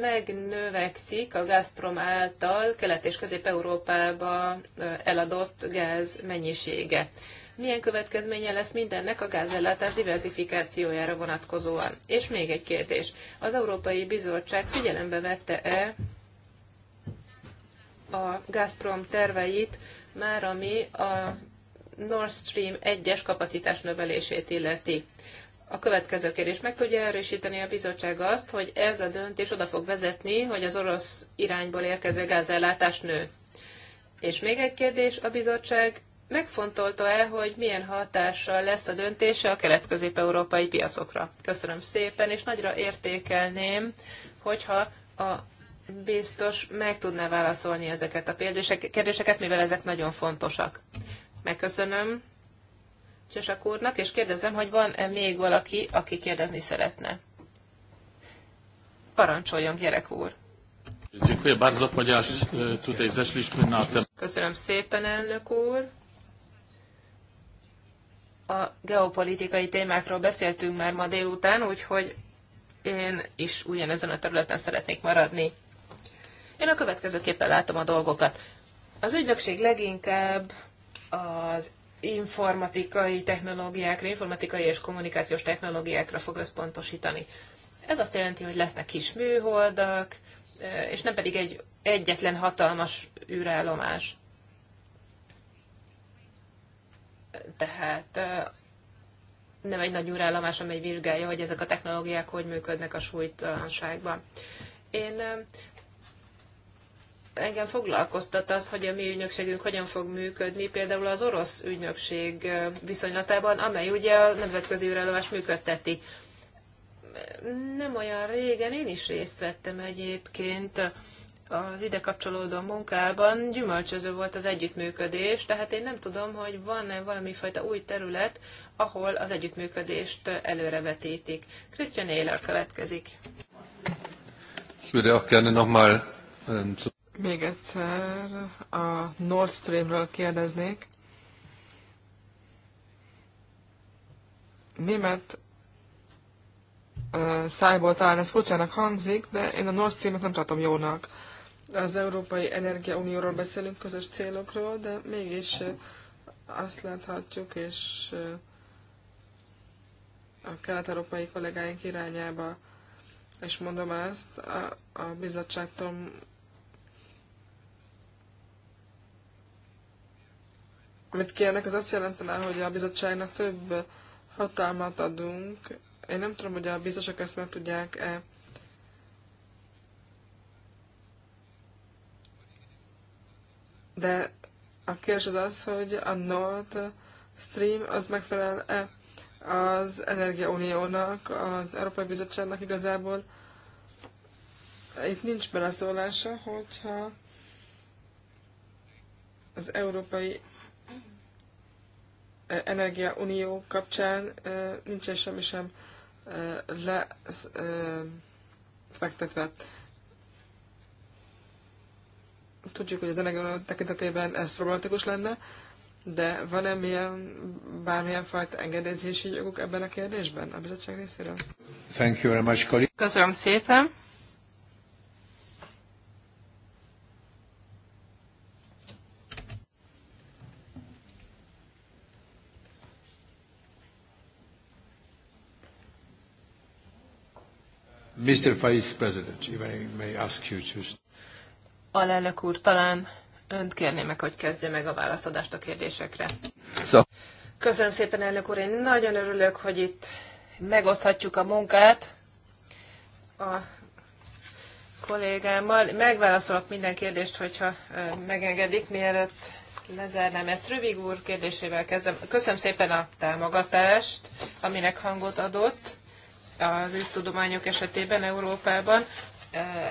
megnövekszik a Gazprom által Kelet- és Közép-Európába eladott gáz mennyisége. Milyen következménye lesz mindennek a gázellátás diversifikációjára vonatkozóan? És még egy kérdés. Az Európai Bizottság figyelembe vette-e a Gazprom terveit már, ami a Nord Stream 1-es kapacitás növelését illeti? A következő kérdés. Meg tudja erősíteni a bizottság azt, hogy ez a döntés oda fog vezetni, hogy az orosz irányból érkező gázellátás nő? És még egy kérdés. A bizottság megfontolta-e, hogy milyen hatással lesz a döntése a kelet-közép-európai piacokra? Köszönöm szépen, és nagyra értékelném, hogyha a biztos meg tudná válaszolni ezeket a kérdéseket, mivel ezek nagyon fontosak. Megköszönöm. Csesak úrnak, és kérdezem, hogy van-e még valaki, aki kérdezni szeretne. Parancsoljon, gyerek úr! E, Köszönöm szépen, elnök úr! A geopolitikai témákról beszéltünk már ma délután, úgyhogy én is ugyanezen a területen szeretnék maradni. Én a következőképpen látom a dolgokat. Az ügynökség leginkább az informatikai technológiákra, informatikai és kommunikációs technológiákra fog összpontosítani. Ez azt jelenti, hogy lesznek kis műholdak, és nem pedig egy egyetlen hatalmas űrállomás. Tehát nem egy nagy űrállomás, amely vizsgálja, hogy ezek a technológiák hogy működnek a súlytalanságban. Én engem foglalkoztat az, hogy a mi ügynökségünk hogyan fog működni, például az orosz ügynökség viszonylatában, amely ugye a nemzetközi űrállomás működteti. Nem olyan régen én is részt vettem egyébként az ide kapcsolódó munkában, gyümölcsöző volt az együttműködés, tehát én nem tudom, hogy van-e valami fajta új terület, ahol az együttműködést előrevetítik. Christian Ehler következik. Ich würde auch gerne nochmal ähm, még egyszer a Nord Streamről kérdeznék. Német uh, szájból talán ez furcsának hangzik, de én a Nord Stream-et nem tartom jónak. Az Európai Energia Unióról beszélünk, közös célokról, de mégis azt láthatjuk, és a kelet-európai kollégáink irányába, és mondom ezt, a, a bizottságtól Amit kérnek, az azt jelentene, hogy a bizottságnak több hatalmat adunk. Én nem tudom, hogy a biztosok ezt meg tudják-e De a kérdés az az, hogy a Nord Stream az megfelel-e az Energiauniónak, az Európai Bizottságnak igazából itt nincs beleszólása, hogyha az Európai Energia Unió kapcsán nincsen semmi sem lefektetve. Tudjuk, hogy az energia tekintetében ez problematikus lenne, de van-e milyen, bármilyen fajta engedélyzési joguk ebben a kérdésben a bizottság részéről? Thank you very much, Köszönöm szépen. Mr. Vice President, if I may ask you to... Alelnök úr, talán önt kérném meg, hogy kezdje meg a válaszadást a kérdésekre. So. Köszönöm szépen, elnök úr. Én nagyon örülök, hogy itt megoszthatjuk a munkát a kollégámmal. Megválaszolok minden kérdést, hogyha megengedik, mielőtt lezárnám ezt. Rövig úr kérdésével kezdem. Köszönöm szépen a támogatást, aminek hangot adott az űrtudományok esetében Európában.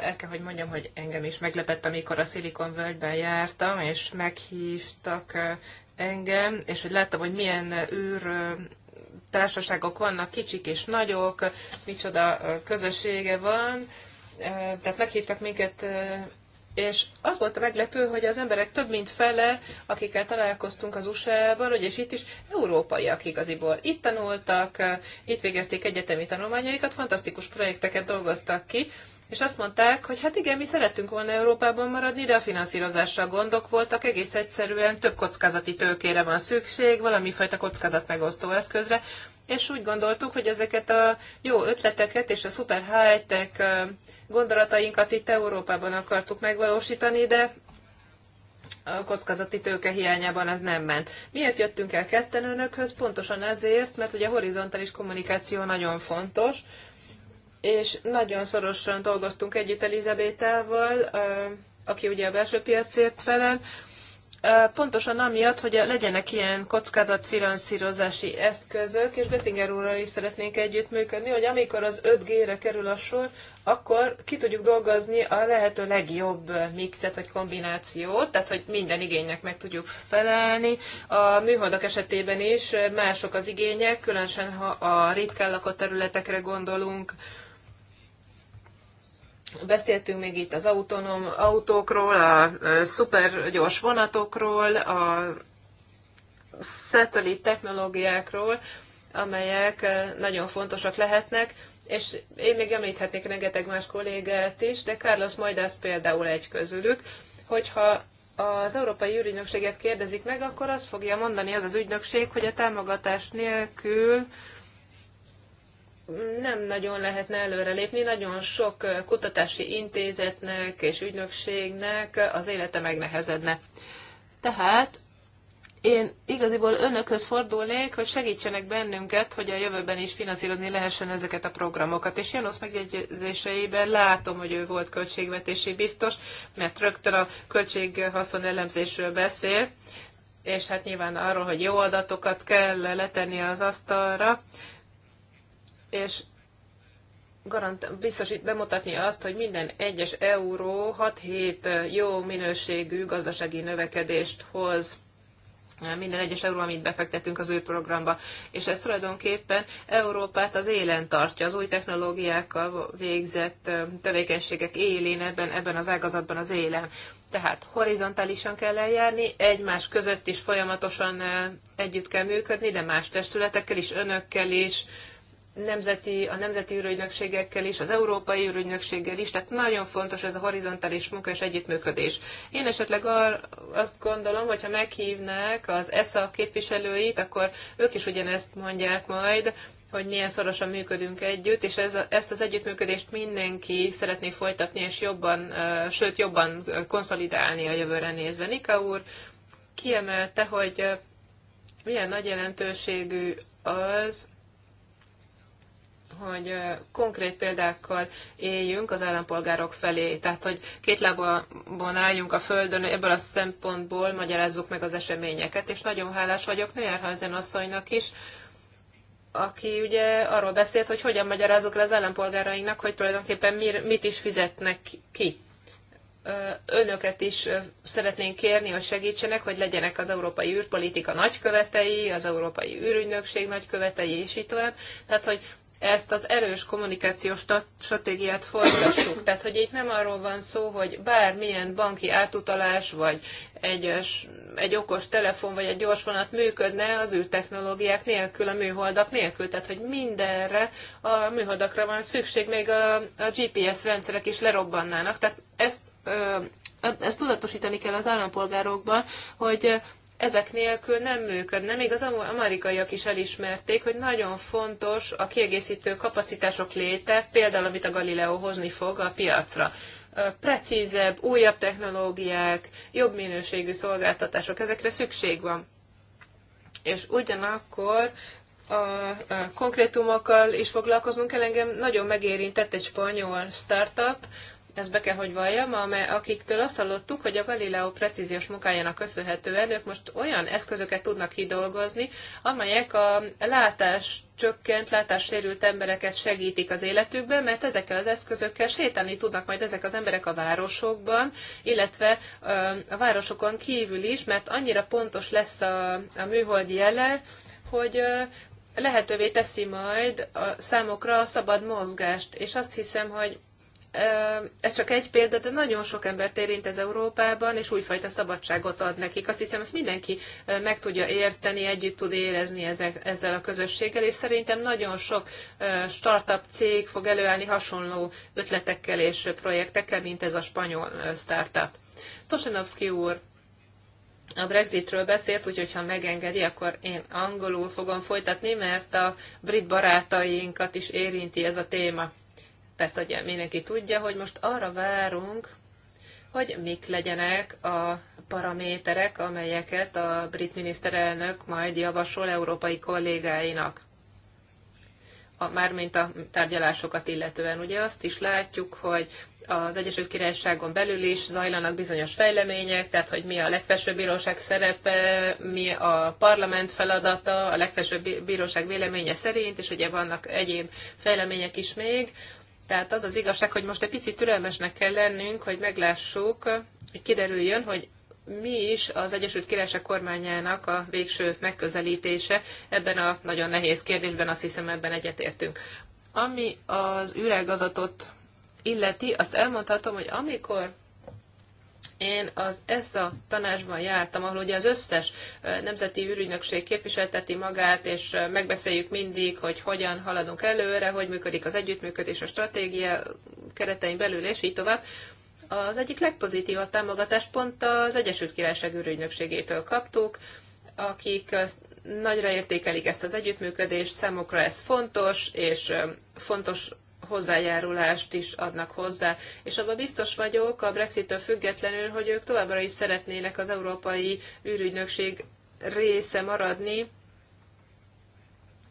El kell, hogy mondjam, hogy engem is meglepett, amikor a Silicon völgyben jártam, és meghívtak engem, és hogy láttam, hogy milyen űr társaságok vannak, kicsik és nagyok, micsoda közössége van. Tehát meghívtak minket és az volt a meglepő, hogy az emberek több mint fele, akikkel találkoztunk az USA-ban, és itt is európaiak igaziból. Itt tanultak, itt végezték egyetemi tanulmányaikat, fantasztikus projekteket dolgoztak ki, és azt mondták, hogy hát igen, mi szerettünk volna Európában maradni, de a finanszírozással gondok voltak, egész egyszerűen több kockázati tőkére van szükség, valami fajta megosztó eszközre, és úgy gondoltuk, hogy ezeket a jó ötleteket és a szuper high-tech gondolatainkat itt Európában akartuk megvalósítani, de a kockázati tőke hiányában ez nem ment. Miért jöttünk el ketten önökhöz? Pontosan ezért, mert ugye a horizontális kommunikáció nagyon fontos, és nagyon szorosan dolgoztunk együtt Elizabétával, aki ugye a belső piacért felel, pontosan amiatt, hogy legyenek ilyen kockázatfinanszírozási eszközök, és Göttinger úrral is szeretnénk együttműködni, hogy amikor az 5G-re kerül a sor, akkor ki tudjuk dolgozni a lehető legjobb mixet vagy kombinációt, tehát hogy minden igénynek meg tudjuk felelni. A műholdak esetében is mások az igények, különösen ha a ritkán lakott területekre gondolunk, Beszéltünk még itt az autonóm autókról, a szupergyors vonatokról, a szatellit technológiákról, amelyek nagyon fontosak lehetnek, és én még említhetnék rengeteg más kollégát is, de Carlos Majdász például egy közülük, hogyha az Európai Ügynökséget kérdezik meg, akkor azt fogja mondani az az ügynökség, hogy a támogatás nélkül nem nagyon lehetne előrelépni, nagyon sok kutatási intézetnek és ügynökségnek az élete megnehezedne. Tehát én igaziból önökhöz fordulnék, hogy segítsenek bennünket, hogy a jövőben is finanszírozni lehessen ezeket a programokat. És Janusz megjegyzéseiben látom, hogy ő volt költségvetési biztos, mert rögtön a költséghaszon elemzésről beszél, és hát nyilván arról, hogy jó adatokat kell letenni az asztalra, és garant, biztosít bemutatni azt, hogy minden egyes euró 6-7 jó minőségű gazdasági növekedést hoz minden egyes euró, amit befektetünk az ő programba. És ez tulajdonképpen Európát az élen tartja, az új technológiákkal végzett tevékenységek élén, ebben, ebben az ágazatban az élen. Tehát horizontálisan kell eljárni, egymás között is folyamatosan együtt kell működni, de más testületekkel is, önökkel is, nemzeti, a nemzeti űrügynökségekkel is, az európai űrügynökséggel is, tehát nagyon fontos ez a horizontális munka és együttműködés. Én esetleg ar- azt gondolom, hogyha meghívnák az ESA képviselőit, akkor ők is ugyanezt mondják majd, hogy milyen szorosan működünk együtt, és ez, ezt az együttműködést mindenki szeretné folytatni, és jobban, sőt, jobban konszolidálni a jövőre nézve. Nika úr kiemelte, hogy milyen nagy jelentőségű az, hogy konkrét példákkal éljünk az állampolgárok felé. Tehát, hogy két lábon álljunk a földön, ebből a szempontból magyarázzuk meg az eseményeket, és nagyon hálás vagyok Nőjárházen asszonynak is, aki ugye arról beszélt, hogy hogyan magyarázzuk le az állampolgárainknak, hogy tulajdonképpen mit is fizetnek ki önöket is szeretnénk kérni, hogy segítsenek, hogy legyenek az európai űrpolitika nagykövetei, az európai űrügynökség nagykövetei, és így tovább. Tehát, hogy ezt az erős kommunikációs stratégiát folytassuk. Tehát, hogy itt nem arról van szó, hogy bármilyen banki átutalás, vagy egy, egy okos telefon, vagy egy gyors vonat működne az űrtechnológiák nélkül, a műholdak nélkül. Tehát, hogy mindenre a műholdakra van szükség, még a, a GPS rendszerek is lerobbannának. Tehát ezt ezt tudatosítani kell az állampolgárokban, hogy ezek nélkül nem működne. Még az amerikaiak is elismerték, hogy nagyon fontos a kiegészítő kapacitások léte, például amit a Galileo hozni fog a piacra. Precízebb, újabb technológiák, jobb minőségű szolgáltatások, ezekre szükség van. És ugyanakkor a konkrétumokkal is foglalkoznunk kell. Engem nagyon megérintett egy spanyol startup, ezt be kell, hogy valljam, amely, akiktől azt hallottuk, hogy a Galileo precíziós munkájának köszönhetően ők most olyan eszközöket tudnak kidolgozni, amelyek a látás csökkent, látássérült embereket segítik az életükben, mert ezekkel az eszközökkel sétálni tudnak majd ezek az emberek a városokban, illetve a városokon kívül is, mert annyira pontos lesz a, a műhold jele, hogy lehetővé teszi majd a számokra a szabad mozgást. És azt hiszem, hogy ez csak egy példa, de nagyon sok embert érint ez Európában, és újfajta szabadságot ad nekik. Azt hiszem, ezt mindenki meg tudja érteni, együtt tud érezni ezek, ezzel a közösséggel, és szerintem nagyon sok startup cég fog előállni hasonló ötletekkel és projektekkel, mint ez a spanyol startup. Tosanovski úr, a Brexitről beszélt, úgyhogy ha megengedi, akkor én angolul fogom folytatni, mert a brit barátainkat is érinti ez a téma. Persze, hogy mindenki tudja, hogy most arra várunk, hogy mik legyenek a paraméterek, amelyeket a brit miniszterelnök majd javasol európai kollégáinak. A, mármint a tárgyalásokat illetően. Ugye azt is látjuk, hogy az Egyesült Királyságon belül is zajlanak bizonyos fejlemények, tehát hogy mi a legfelsőbb bíróság szerepe, mi a parlament feladata, a legfelsőbb bíróság véleménye szerint, és ugye vannak egyéb fejlemények is még, tehát az az igazság, hogy most egy picit türelmesnek kell lennünk, hogy meglássuk, hogy kiderüljön, hogy mi is az Egyesült Királyság kormányának a végső megközelítése. Ebben a nagyon nehéz kérdésben azt hiszem ebben egyetértünk. Ami az üregazatot illeti, azt elmondhatom, hogy amikor én az ESZA tanácsban jártam, ahol ugye az összes nemzeti űrügynökség képviselteti magát, és megbeszéljük mindig, hogy hogyan haladunk előre, hogy működik az együttműködés a stratégia keretein belül, és így tovább. Az egyik legpozitívabb támogatást pont az Egyesült Királyság űrügynökségétől kaptuk, akik nagyra értékelik ezt az együttműködést, számukra ez fontos, és fontos hozzájárulást is adnak hozzá. És abban biztos vagyok a Brexit-től függetlenül, hogy ők továbbra is szeretnének az Európai űrügynökség része maradni,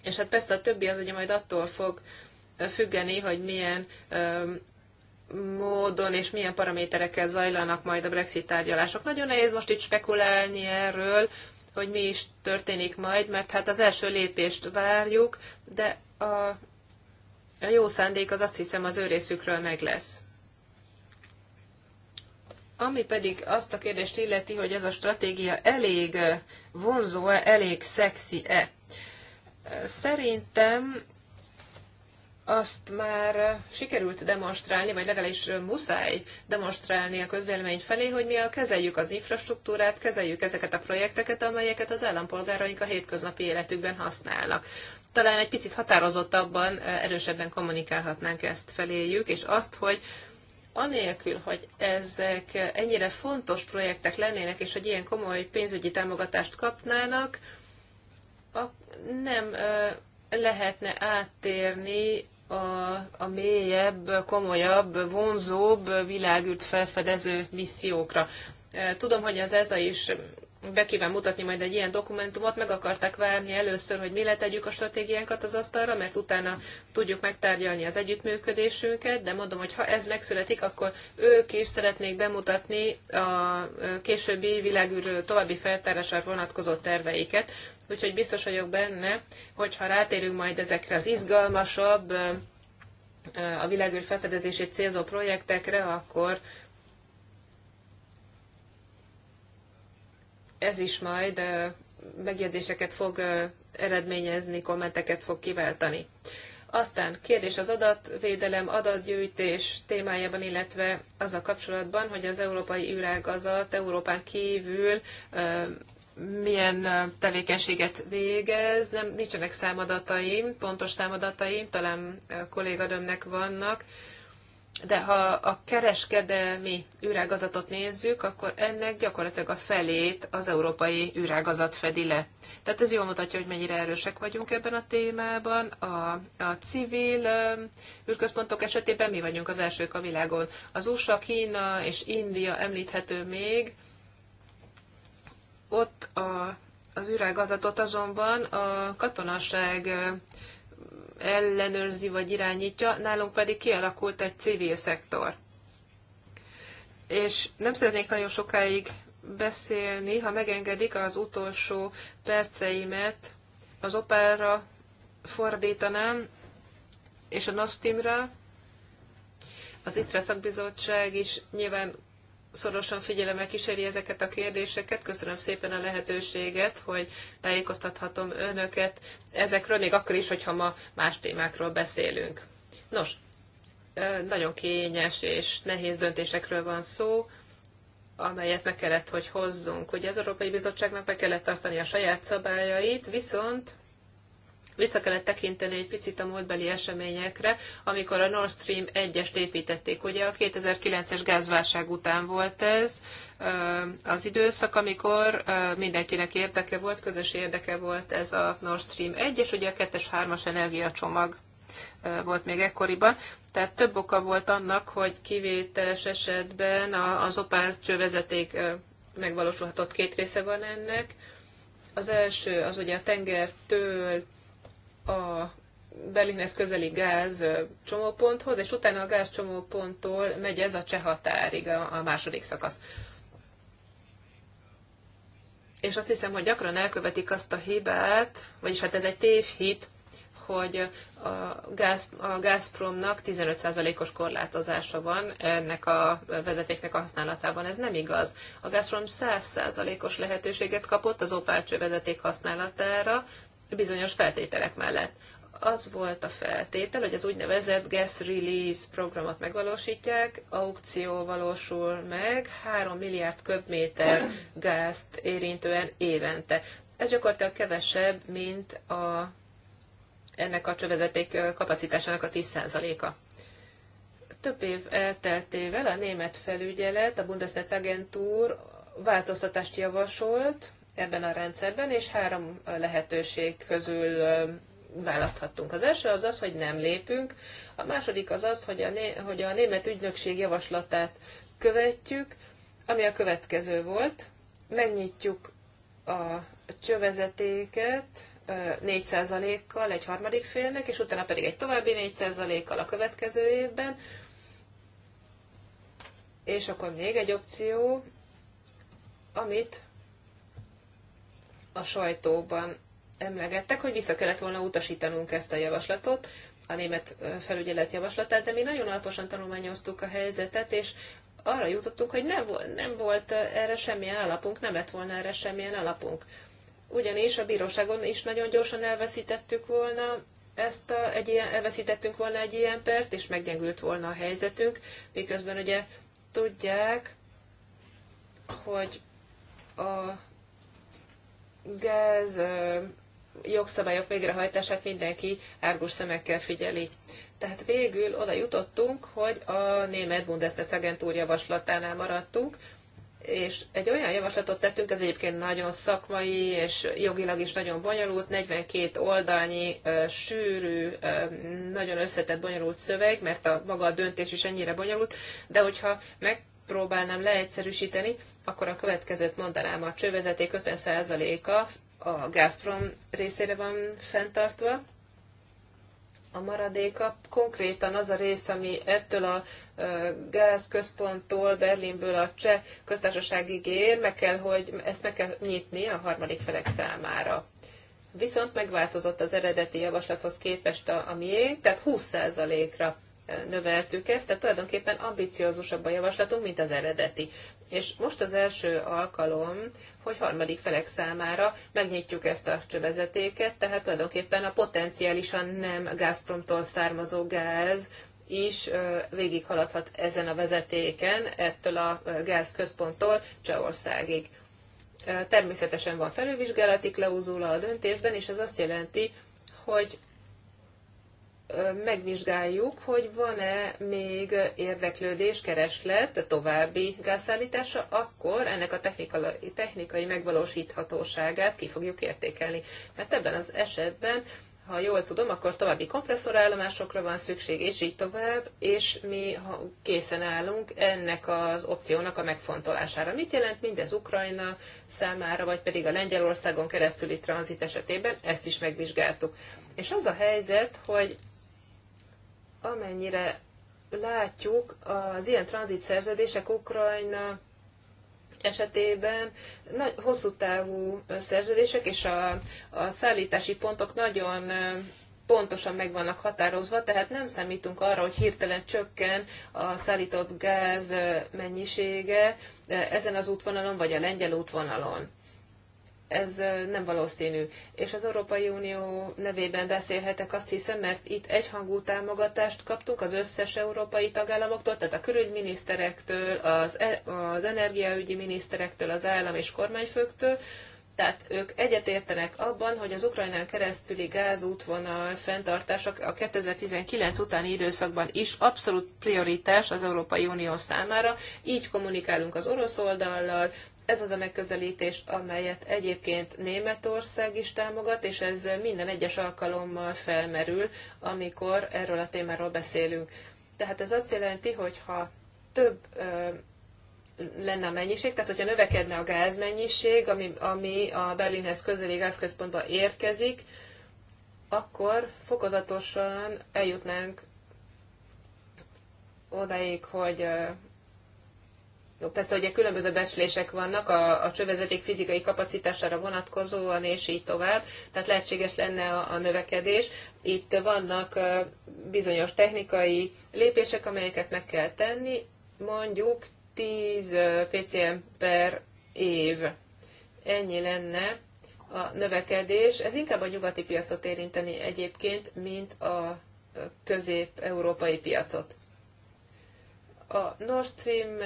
és hát persze a többi az ugye majd attól fog függeni, hogy milyen módon és milyen paraméterekkel zajlanak majd a Brexit tárgyalások. Nagyon nehéz most itt spekulálni erről, hogy mi is történik majd, mert hát az első lépést várjuk, de a a jó szándék az azt hiszem az ő részükről meg lesz. Ami pedig azt a kérdést illeti, hogy ez a stratégia elég vonzó-e, elég szexi-e. Szerintem azt már sikerült demonstrálni, vagy legalábbis muszáj demonstrálni a közvélemény felé, hogy mi a kezeljük az infrastruktúrát, kezeljük ezeket a projekteket, amelyeket az állampolgáraink a hétköznapi életükben használnak talán egy picit határozottabban, erősebben kommunikálhatnánk ezt feléjük, és azt, hogy anélkül, hogy ezek ennyire fontos projektek lennének, és hogy ilyen komoly pénzügyi támogatást kapnának, nem lehetne áttérni a, a mélyebb, komolyabb, vonzóbb, világűrt felfedező missziókra. Tudom, hogy az a is be kíván mutatni majd egy ilyen dokumentumot, meg akarták várni először, hogy mi letegyük a stratégiánkat az asztalra, mert utána tudjuk megtárgyalni az együttműködésünket, de mondom, hogy ha ez megszületik, akkor ők is szeretnék bemutatni a későbbi világűr további feltárására vonatkozó terveiket, úgyhogy biztos vagyok benne, hogy ha rátérünk majd ezekre az izgalmasabb, a világűr felfedezését célzó projektekre, akkor ez is majd megjegyzéseket fog eredményezni, kommenteket fog kiváltani. Aztán kérdés az adatvédelem, adatgyűjtés témájában, illetve az a kapcsolatban, hogy az európai űrágazat Európán kívül milyen tevékenységet végez. Nem, nincsenek számadataim, pontos számadataim, talán kollégadömnek vannak, de ha a kereskedelmi űrágazatot nézzük, akkor ennek gyakorlatilag a felét az európai űrágazat fedi le. Tehát ez jól mutatja, hogy mennyire erősek vagyunk ebben a témában. A, a civil űrközpontok esetében mi vagyunk az elsők a világon. Az USA, Kína és India említhető még. Ott a, az űrágazatot azonban a katonaság ellenőrzi vagy irányítja, nálunk pedig kialakult egy civil szektor. És nem szeretnék nagyon sokáig beszélni, ha megengedik az utolsó perceimet az opára fordítanám, és a nostim ra Az ITRE szakbizottság is nyilván szorosan figyelemmel kíséri ezeket a kérdéseket. Köszönöm szépen a lehetőséget, hogy tájékoztathatom önöket ezekről, még akkor is, hogyha ma más témákról beszélünk. Nos, nagyon kényes és nehéz döntésekről van szó, amelyet meg kellett, hogy hozzunk. Ugye az Európai Bizottságnak meg kellett tartani a saját szabályait, viszont vissza kellett tekinteni egy picit a múltbeli eseményekre, amikor a Nord Stream 1-est építették. Ugye a 2009-es gázválság után volt ez az időszak, amikor mindenkinek érdeke volt, közös érdeke volt ez a Nord Stream 1, és ugye a 2-es 3-as energiacsomag volt még ekkoriban. Tehát több oka volt annak, hogy kivételes esetben az opál csővezeték megvalósulhatott két része van ennek. Az első az ugye a tengertől a Berlinhez közeli gáz csomóponthoz, és utána a gáz csomóponttól megy ez a cseh határig, a, a második szakasz. És azt hiszem, hogy gyakran elkövetik azt a hibát, vagyis hát ez egy tévhit, hogy a, Gáz, a Gazpromnak 15%-os korlátozása van ennek a vezetéknek a használatában. Ez nem igaz. A Gazprom 100%-os lehetőséget kapott az opálcső vezeték használatára, bizonyos feltételek mellett. Az volt a feltétel, hogy az úgynevezett gas release programot megvalósítják, aukció valósul meg, 3 milliárd köbméter gázt érintően évente. Ez gyakorlatilag kevesebb, mint a, ennek a csövezeték kapacitásának a 10%-a több év elteltével a német felügyelet, a Bundesnetzagentur változtatást javasolt, ebben a rendszerben, és három lehetőség közül választhattunk. Az első az az, hogy nem lépünk, a második az az, hogy a, né- hogy a német ügynökség javaslatát követjük, ami a következő volt. Megnyitjuk a csövezetéket 4%-kal egy harmadik félnek, és utána pedig egy további 4%-kal a következő évben. És akkor még egy opció, amit a sajtóban emlegettek, hogy vissza kellett volna utasítanunk ezt a javaslatot, a német felügyelet javaslatát, de mi nagyon alaposan tanulmányoztuk a helyzetet, és arra jutottunk, hogy nem, nem volt erre semmilyen alapunk, nem lett volna erre semmilyen alapunk. Ugyanis a bíróságon is nagyon gyorsan elveszítettük volna ezt a, egy ilyen, elveszítettünk volna egy ilyen pert, és meggyengült volna a helyzetünk, miközben ugye tudják, hogy a gáz jogszabályok végrehajtását mindenki árgus szemekkel figyeli. Tehát végül oda jutottunk, hogy a német Bundesnetz agentúr javaslatánál maradtunk, és egy olyan javaslatot tettünk, ez egyébként nagyon szakmai, és jogilag is nagyon bonyolult, 42 oldalnyi, sűrű, nagyon összetett, bonyolult szöveg, mert a maga a döntés is ennyire bonyolult, de hogyha meg próbálnám leegyszerűsíteni, akkor a következőt mondanám. A csővezeték 50%-a a Gazprom részére van fenntartva, a maradéka konkrétan az a rész, ami ettől a gázközponttól, Berlinből a cseh köztársaságig ér, meg kell, hogy ezt meg kell nyitni a harmadik felek számára. Viszont megváltozott az eredeti javaslathoz képest a, a miénk, tehát 20%-ra növeltük ezt, tehát tulajdonképpen ambiciózusabb a javaslatunk, mint az eredeti. És most az első alkalom, hogy harmadik felek számára megnyitjuk ezt a csövezetéket, tehát tulajdonképpen a potenciálisan nem Gazpromtól származó gáz is végighaladhat ezen a vezetéken, ettől a gázközponttól Csehországig. Természetesen van felülvizsgálati klauzula a döntésben, és ez azt jelenti, hogy megvizsgáljuk, hogy van-e még érdeklődés, kereslet további gázszállítása, akkor ennek a technikai, technikai megvalósíthatóságát ki fogjuk értékelni. Mert ebben az esetben, ha jól tudom, akkor további kompresszorállomásokra van szükség, és így tovább, és mi készen állunk ennek az opciónak a megfontolására. Mit jelent mindez Ukrajna számára, vagy pedig a Lengyelországon keresztüli tranzit esetében? Ezt is megvizsgáltuk. És az a helyzet, hogy amennyire látjuk, az ilyen tranzit szerződések Ukrajna esetében nagy, hosszú távú szerződések, és a, a szállítási pontok nagyon pontosan meg vannak határozva, tehát nem számítunk arra, hogy hirtelen csökken a szállított gáz mennyisége ezen az útvonalon, vagy a lengyel útvonalon ez nem valószínű. És az Európai Unió nevében beszélhetek, azt hiszem, mert itt egyhangú támogatást kaptunk az összes európai tagállamoktól, tehát a külügyminiszterektől, az, e, az energiaügyi miniszterektől, az állam és kormányfőktől, tehát ők egyetértenek abban, hogy az Ukrajnán keresztüli gázútvonal fenntartása a 2019 utáni időszakban is abszolút prioritás az Európai Unió számára. Így kommunikálunk az orosz oldallal, ez az a megközelítés, amelyet egyébként Németország is támogat, és ez minden egyes alkalommal felmerül, amikor erről a témáról beszélünk. Tehát ez azt jelenti, hogy ha több lenne a mennyiség, tehát hogyha növekedne a gázmennyiség, ami, ami a Berlinhez közeli gázközpontba érkezik, akkor fokozatosan eljutnánk odaig, hogy jó, persze ugye különböző becslések vannak a, a csövezeték fizikai kapacitására vonatkozóan, és így tovább, tehát lehetséges lenne a, a növekedés. Itt vannak bizonyos technikai lépések, amelyeket meg kell tenni, mondjuk 10 PCM per év. Ennyi lenne a növekedés. Ez inkább a nyugati piacot érinteni egyébként, mint a közép-európai piacot. A Nord Stream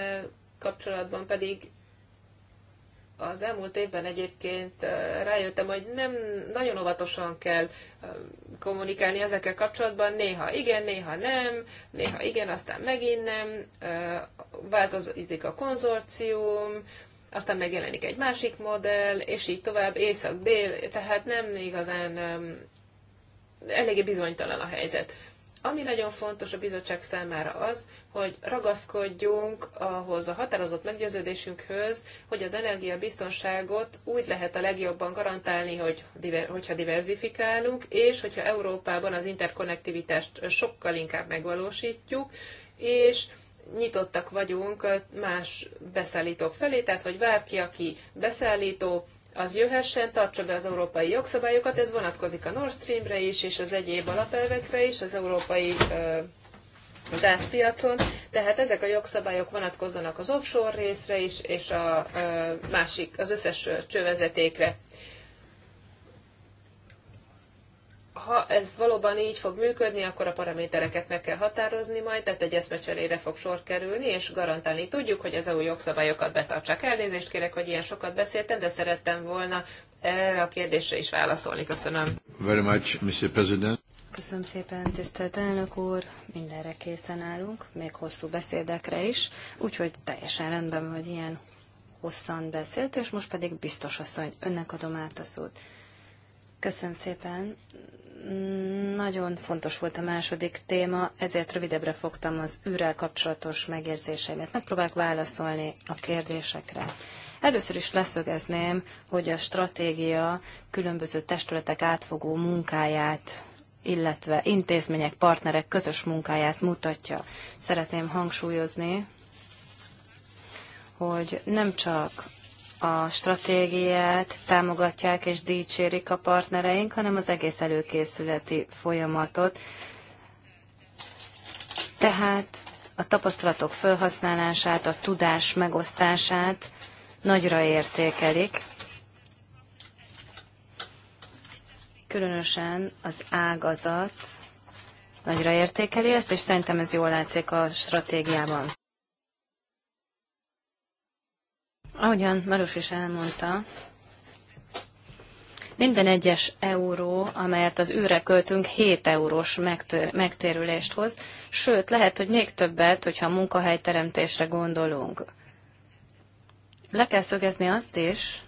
kapcsolatban pedig az elmúlt évben egyébként rájöttem, hogy nem nagyon óvatosan kell kommunikálni ezekkel kapcsolatban. Néha igen, néha nem, néha igen, aztán megint nem. Változik a konzorcium, aztán megjelenik egy másik modell, és így tovább, észak-dél, tehát nem igazán eléggé bizonytalan a helyzet. Ami nagyon fontos a bizottság számára az, hogy ragaszkodjunk ahhoz a határozott meggyőződésünkhöz, hogy az energiabiztonságot úgy lehet a legjobban garantálni, hogy hogyha diverzifikálunk, és hogyha Európában az interkonnektivitást sokkal inkább megvalósítjuk, és nyitottak vagyunk más beszállítók felé, tehát hogy bárki, aki beszállító, az jöhessen, tartsa be az európai jogszabályokat, ez vonatkozik a Nord Streamre is, és az egyéb alapelvekre is, az európai gázpiacon, tehát ezek a jogszabályok vonatkozzanak az offshore részre is, és a másik, az összes csővezetékre. ha ez valóban így fog működni, akkor a paramétereket meg kell határozni majd, tehát egy eszmecserére fog sor kerülni, és garantálni tudjuk, hogy az EU jogszabályokat betartsák. Elnézést kérek, hogy ilyen sokat beszéltem, de szerettem volna erre a kérdésre is válaszolni. Köszönöm. Very much, Mr. President. Köszönöm szépen, tisztelt elnök úr, mindenre készen állunk, még hosszú beszédekre is, úgyhogy teljesen rendben, hogy ilyen hosszan beszélt, és most pedig biztos asszony, önnek adom át a szót. Köszönöm szépen. Nagyon fontos volt a második téma, ezért rövidebbre fogtam az űrrel kapcsolatos megjegyzéseimet. Megpróbálok válaszolni a kérdésekre. Először is leszögezném, hogy a stratégia különböző testületek átfogó munkáját illetve intézmények, partnerek közös munkáját mutatja. Szeretném hangsúlyozni, hogy nem csak a stratégiát támogatják és dicsérik a partnereink, hanem az egész előkészületi folyamatot. Tehát a tapasztalatok felhasználását, a tudás megosztását nagyra értékelik, különösen az ágazat nagyra értékeli ezt, és szerintem ez jól látszik a stratégiában. Ahogyan Maros is elmondta, minden egyes euró, amelyet az űre költünk, 7 eurós megtör, megtérülést hoz, sőt, lehet, hogy még többet, hogyha munkahelyteremtésre gondolunk. Le kell szögezni azt is,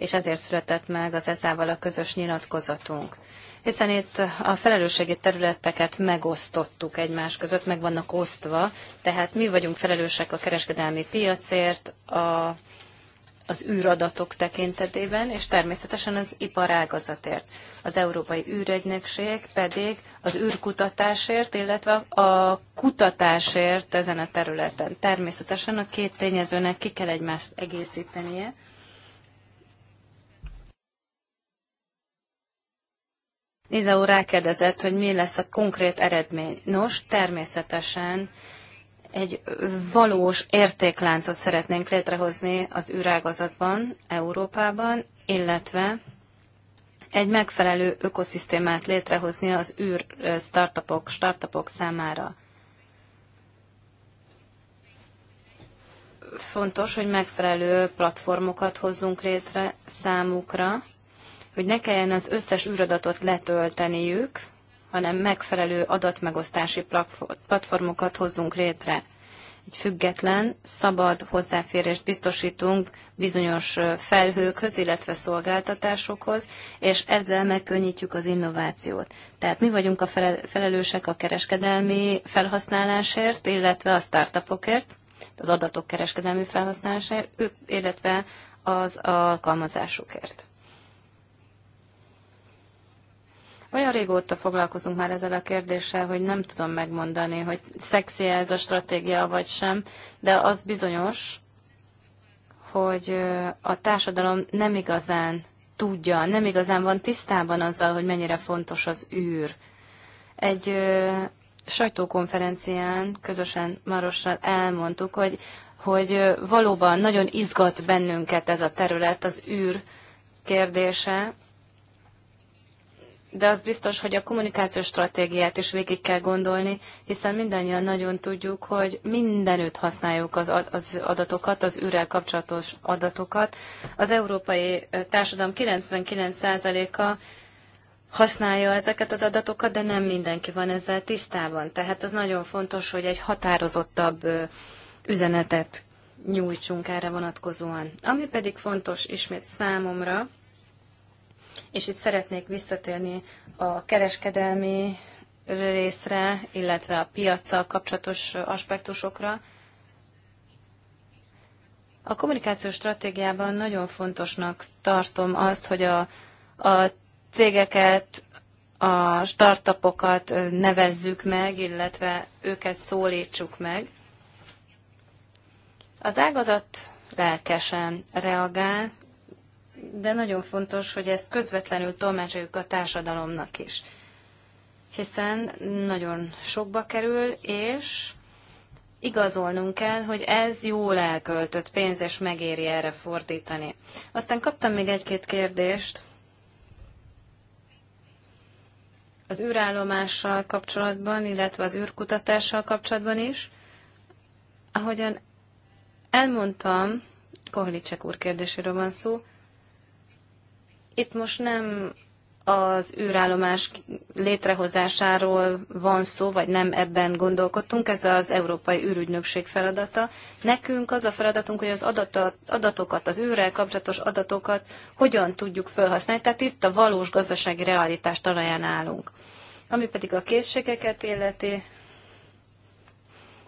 és ezért született meg az ezával a közös nyilatkozatunk. Hiszen itt a felelősségi területeket megosztottuk egymás között, meg vannak osztva, tehát mi vagyunk felelősek a kereskedelmi piacért, a, az űradatok tekintetében, és természetesen az iparágazatért. Az Európai űrügynökség pedig az űrkutatásért, illetve a kutatásért ezen a területen. Természetesen a két tényezőnek ki kell egymást egészítenie, Nézeó rákérdezett, hogy mi lesz a konkrét eredmény. Nos, természetesen egy valós értékláncot szeretnénk létrehozni az űrágazatban, Európában, illetve egy megfelelő ökoszisztémát létrehozni az űr startupok, startupok számára. Fontos, hogy megfelelő platformokat hozzunk létre számukra, hogy ne kelljen az összes űradatot letölteniük, hanem megfelelő adatmegosztási platformokat hozzunk létre. Egy független, szabad hozzáférést biztosítunk bizonyos felhőkhöz, illetve szolgáltatásokhoz, és ezzel megkönnyítjük az innovációt. Tehát mi vagyunk a felelősek a kereskedelmi felhasználásért, illetve a startupokért, az adatok kereskedelmi felhasználásáért, illetve az alkalmazásukért. Olyan régóta foglalkozunk már ezzel a kérdéssel, hogy nem tudom megmondani, hogy szexi -e ez a stratégia vagy sem, de az bizonyos, hogy a társadalom nem igazán tudja, nem igazán van tisztában azzal, hogy mennyire fontos az űr. Egy sajtókonferencián közösen Marossal elmondtuk, hogy, hogy valóban nagyon izgat bennünket ez a terület, az űr kérdése, de az biztos, hogy a kommunikációs stratégiát is végig kell gondolni, hiszen mindannyian nagyon tudjuk, hogy mindenütt használjuk az, adatokat, az űrrel kapcsolatos adatokat. Az európai társadalom 99%-a használja ezeket az adatokat, de nem mindenki van ezzel tisztában. Tehát az nagyon fontos, hogy egy határozottabb üzenetet nyújtsunk erre vonatkozóan. Ami pedig fontos ismét számomra, és itt szeretnék visszatérni a kereskedelmi részre, illetve a piaccal kapcsolatos aspektusokra. A kommunikációs stratégiában nagyon fontosnak tartom azt, hogy a, a cégeket, a startupokat nevezzük meg, illetve őket szólítsuk meg. Az ágazat lelkesen reagál, de nagyon fontos, hogy ezt közvetlenül tolmácsoljuk a társadalomnak is. Hiszen nagyon sokba kerül, és igazolnunk kell, hogy ez jól elköltött pénz, és megéri erre fordítani. Aztán kaptam még egy-két kérdést az űrállomással kapcsolatban, illetve az űrkutatással kapcsolatban is. Ahogyan elmondtam, Kohlicsek úr kérdéséről van szó, itt most nem az űrállomás létrehozásáról van szó, vagy nem ebben gondolkodtunk, ez az Európai űrügynökség feladata. Nekünk az a feladatunk, hogy az adatot, adatokat, az űrrel kapcsolatos adatokat hogyan tudjuk felhasználni, tehát itt a valós gazdasági realitás talaján állunk. Ami pedig a készségeket illeti,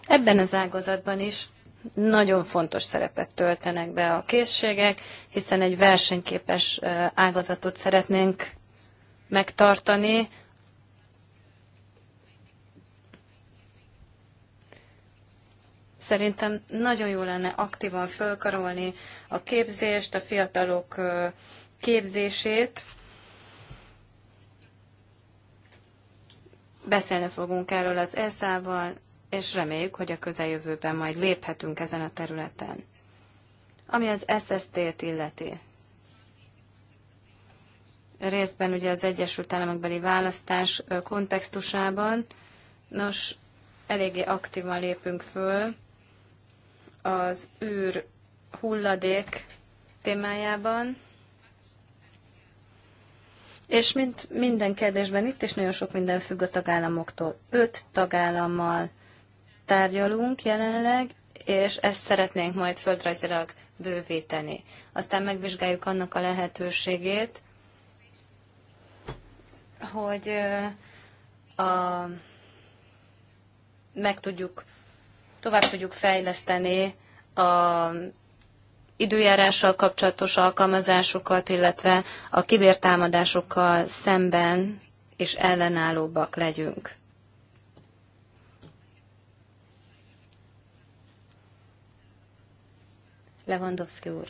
ebben az ágazatban is nagyon fontos szerepet töltenek be a készségek, hiszen egy versenyképes ágazatot szeretnénk megtartani. Szerintem nagyon jó lenne aktívan fölkarolni a képzést, a fiatalok képzését. Beszélni fogunk erről az ESZ-ával, és reméljük, hogy a közeljövőben majd léphetünk ezen a területen. Ami az SST-t illeti. Részben ugye az Egyesült Államokbeli választás kontextusában, nos, eléggé aktívan lépünk föl az űr hulladék témájában. És mint minden kérdésben itt is nagyon sok minden függ a tagállamoktól. Öt tagállammal tárgyalunk jelenleg, és ezt szeretnénk majd földrajzilag bővíteni. Aztán megvizsgáljuk annak a lehetőségét, hogy a, meg tudjuk, tovább tudjuk fejleszteni a időjárással kapcsolatos alkalmazásokat, illetve a kibértámadásokkal szemben és ellenállóbbak legyünk. Lewandowski úr.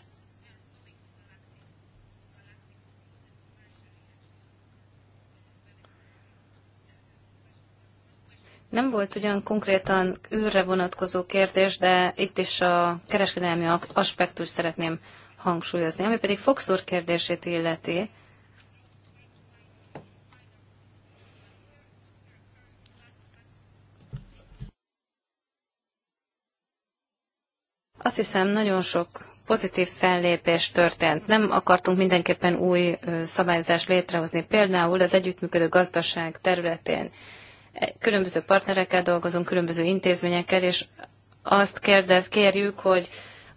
Nem volt ugyan konkrétan űrre vonatkozó kérdés, de itt is a kereskedelmi aspektus szeretném hangsúlyozni. Ami pedig Fox úr kérdését illeti, Azt hiszem, nagyon sok pozitív fellépés történt. Nem akartunk mindenképpen új szabályozást létrehozni. Például az együttműködő gazdaság területén e, különböző partnerekkel dolgozunk, különböző intézményekkel, és azt kérdez, kérjük, hogy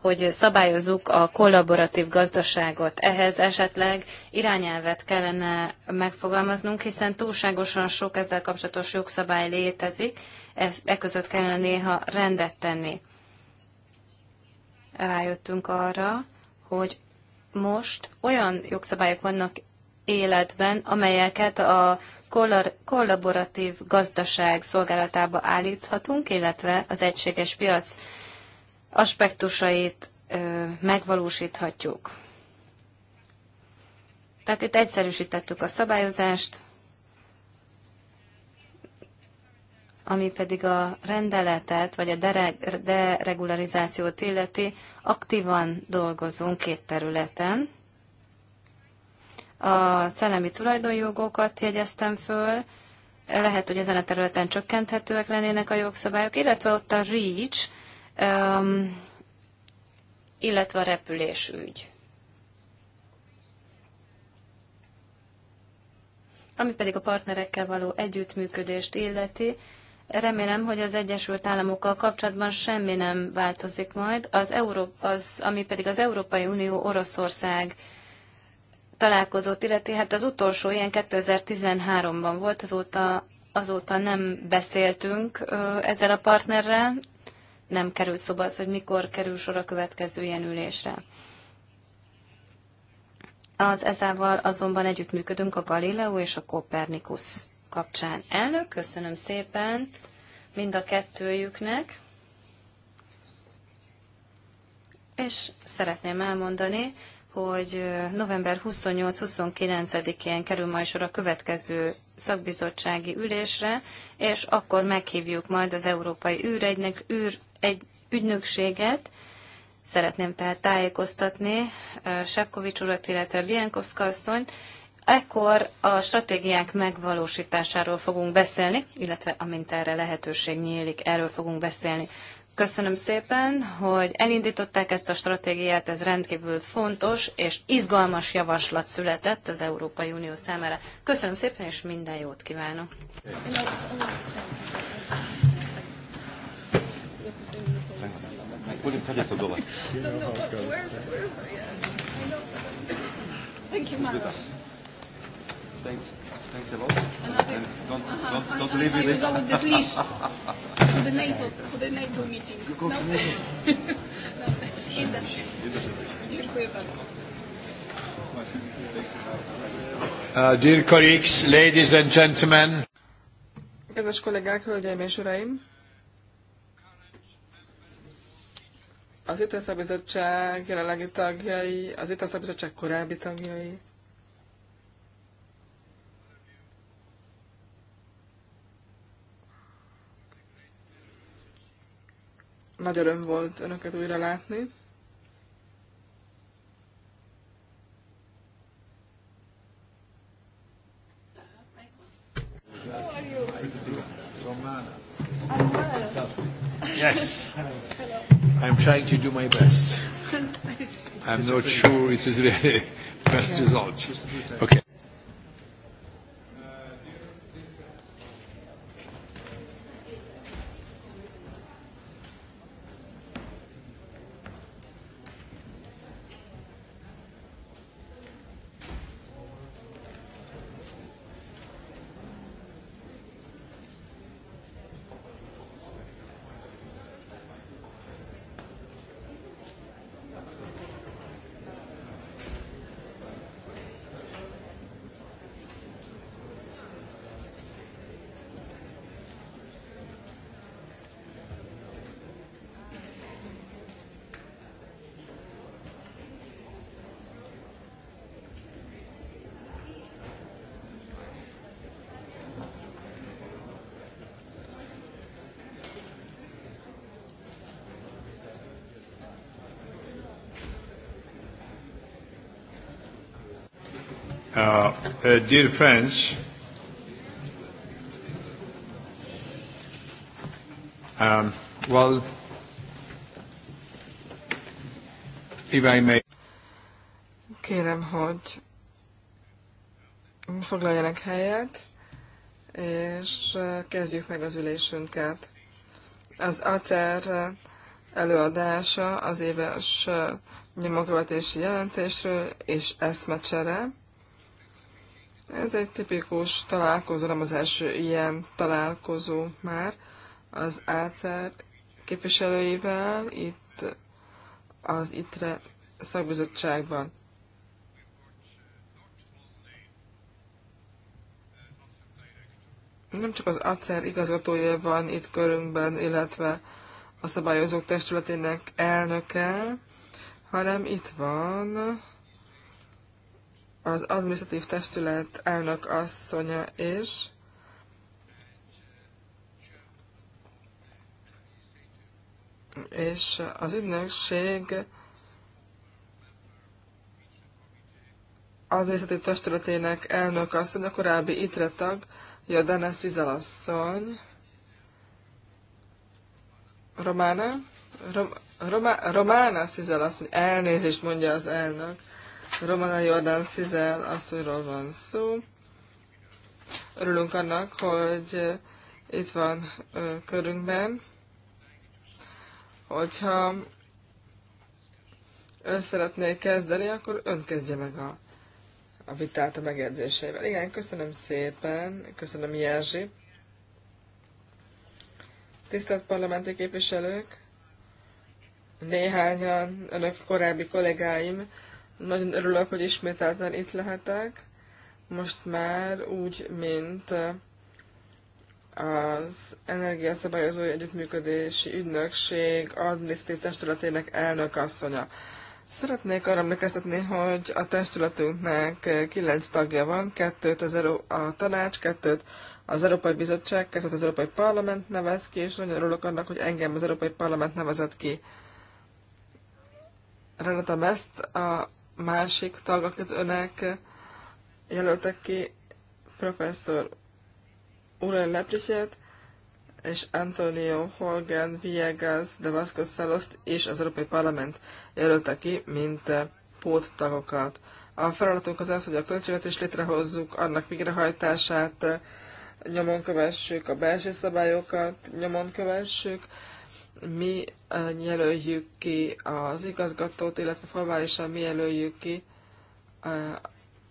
hogy szabályozzuk a kollaboratív gazdaságot. Ehhez esetleg irányelvet kellene megfogalmaznunk, hiszen túlságosan sok ezzel kapcsolatos jogszabály létezik, ez, e között kellene néha rendet tenni rájöttünk arra, hogy most olyan jogszabályok vannak életben, amelyeket a kollaboratív gazdaság szolgálatába állíthatunk, illetve az egységes piac aspektusait megvalósíthatjuk. Tehát itt egyszerűsítettük a szabályozást, ami pedig a rendeletet, vagy a deregularizációt illeti, aktívan dolgozunk két területen. A szellemi tulajdonjogokat jegyeztem föl, lehet, hogy ezen a területen csökkenthetőek lennének a jogszabályok, illetve ott a REACH, um, illetve a repülésügy. Ami pedig a partnerekkel való együttműködést illeti, Remélem, hogy az Egyesült Államokkal kapcsolatban semmi nem változik majd, az Európa, az, ami pedig az Európai Unió Oroszország találkozót illeti, hát az utolsó ilyen 2013-ban volt, azóta, azóta nem beszéltünk ö, ezzel a partnerrel, nem került szóba az, hogy mikor kerül sor a következő ilyen ülésre. Az ezával azonban együttműködünk a Galileo és a Kopernikus kapcsán. Elnök, köszönöm szépen mind a kettőjüknek, és szeretném elmondani, hogy november 28-29-én kerül majd sor a következő szakbizottsági ülésre, és akkor meghívjuk majd az Európai űregynek űr egy ügynökséget. Szeretném tehát tájékoztatni Sepkovics urat, illetve Bienkowska asszonyt, Ekkor a stratégiák megvalósításáról fogunk beszélni, illetve amint erre lehetőség nyílik, erről fogunk beszélni. Köszönöm szépen, hogy elindították ezt a stratégiát, ez rendkívül fontos és izgalmas javaslat született az Európai Unió számára. Köszönöm szépen, és minden jót kívánok! Thank you, Thanks. Thanks a lot. Another, and don't, uh don't, don't leave me this. with the the NATO, the NATO meeting. You go no? to NATO. no, industry. Industry. Uh, dear colleagues, ladies and gentlemen. Kedves kollégák, hölgyeim és uraim! Az ITSZ Bizottság jelenlegi tagjai, az ITSZ Bizottság korábbi tagjai, Nagy öröm volt önöket újra látni. Yes. I'm trying to do my best. I'm not sure it is the best result. Okay. Uh, dear friends, um, well, if I may... Kérem, hogy foglaljanak helyet, és uh, kezdjük meg az ülésünket. Az ACER uh, előadása az éves uh, nyomogatási jelentésről és eszmecsere ez egy tipikus találkozó, nem az első ilyen találkozó már az ÁCER képviselőivel itt az ITRE szakbizottságban. Nem csak az ACER igazgatója van itt körünkben, illetve a szabályozók testületének elnöke, hanem itt van az adminisztratív testület elnök asszonya és és az ügynökség adminisztratív testületének elnök asszony, a korábbi ITRE tag, Jadana Szizal asszony. Romána? Rom, Roma, Romána Szizel asszony, elnézést mondja az elnök. Romana Jordan Szizel asszonyról van szó. Örülünk annak, hogy eh, itt van eh, körünkben. Hogyha ön szeretné kezdeni, akkor ön kezdje meg a, a vitát a megjegyzéseivel. Igen, köszönöm szépen, köszönöm Jerzsi. Tisztelt parlamenti képviselők, néhányan önök korábbi kollégáim nagyon örülök, hogy ismételten itt lehetek. Most már úgy, mint az Energiaszabályozói Együttműködési Ügynökség adminisztratív testületének asszonya. Szeretnék arra emlékeztetni, hogy a testületünknek kilenc tagja van, kettőt az Euró- a tanács, kettőt az Európai Bizottság, kettőt az Európai Parlament nevez ki, és nagyon örülök annak, hogy engem az Európai Parlament nevezett ki. Renata Mest, a másik tag, akit önök jelöltek ki, professzor Uren Leplicet, és Antonio Holgen Villegas de Vasco Szeloszt és az Európai Parlament jelölte ki, mint póttagokat. A feladatunk az az, hogy a költségvetést létrehozzuk, annak végrehajtását, nyomon kövessük a belső szabályokat, nyomon kövessük, mi jelöljük ki az igazgatót, illetve formálisan mi jelöljük ki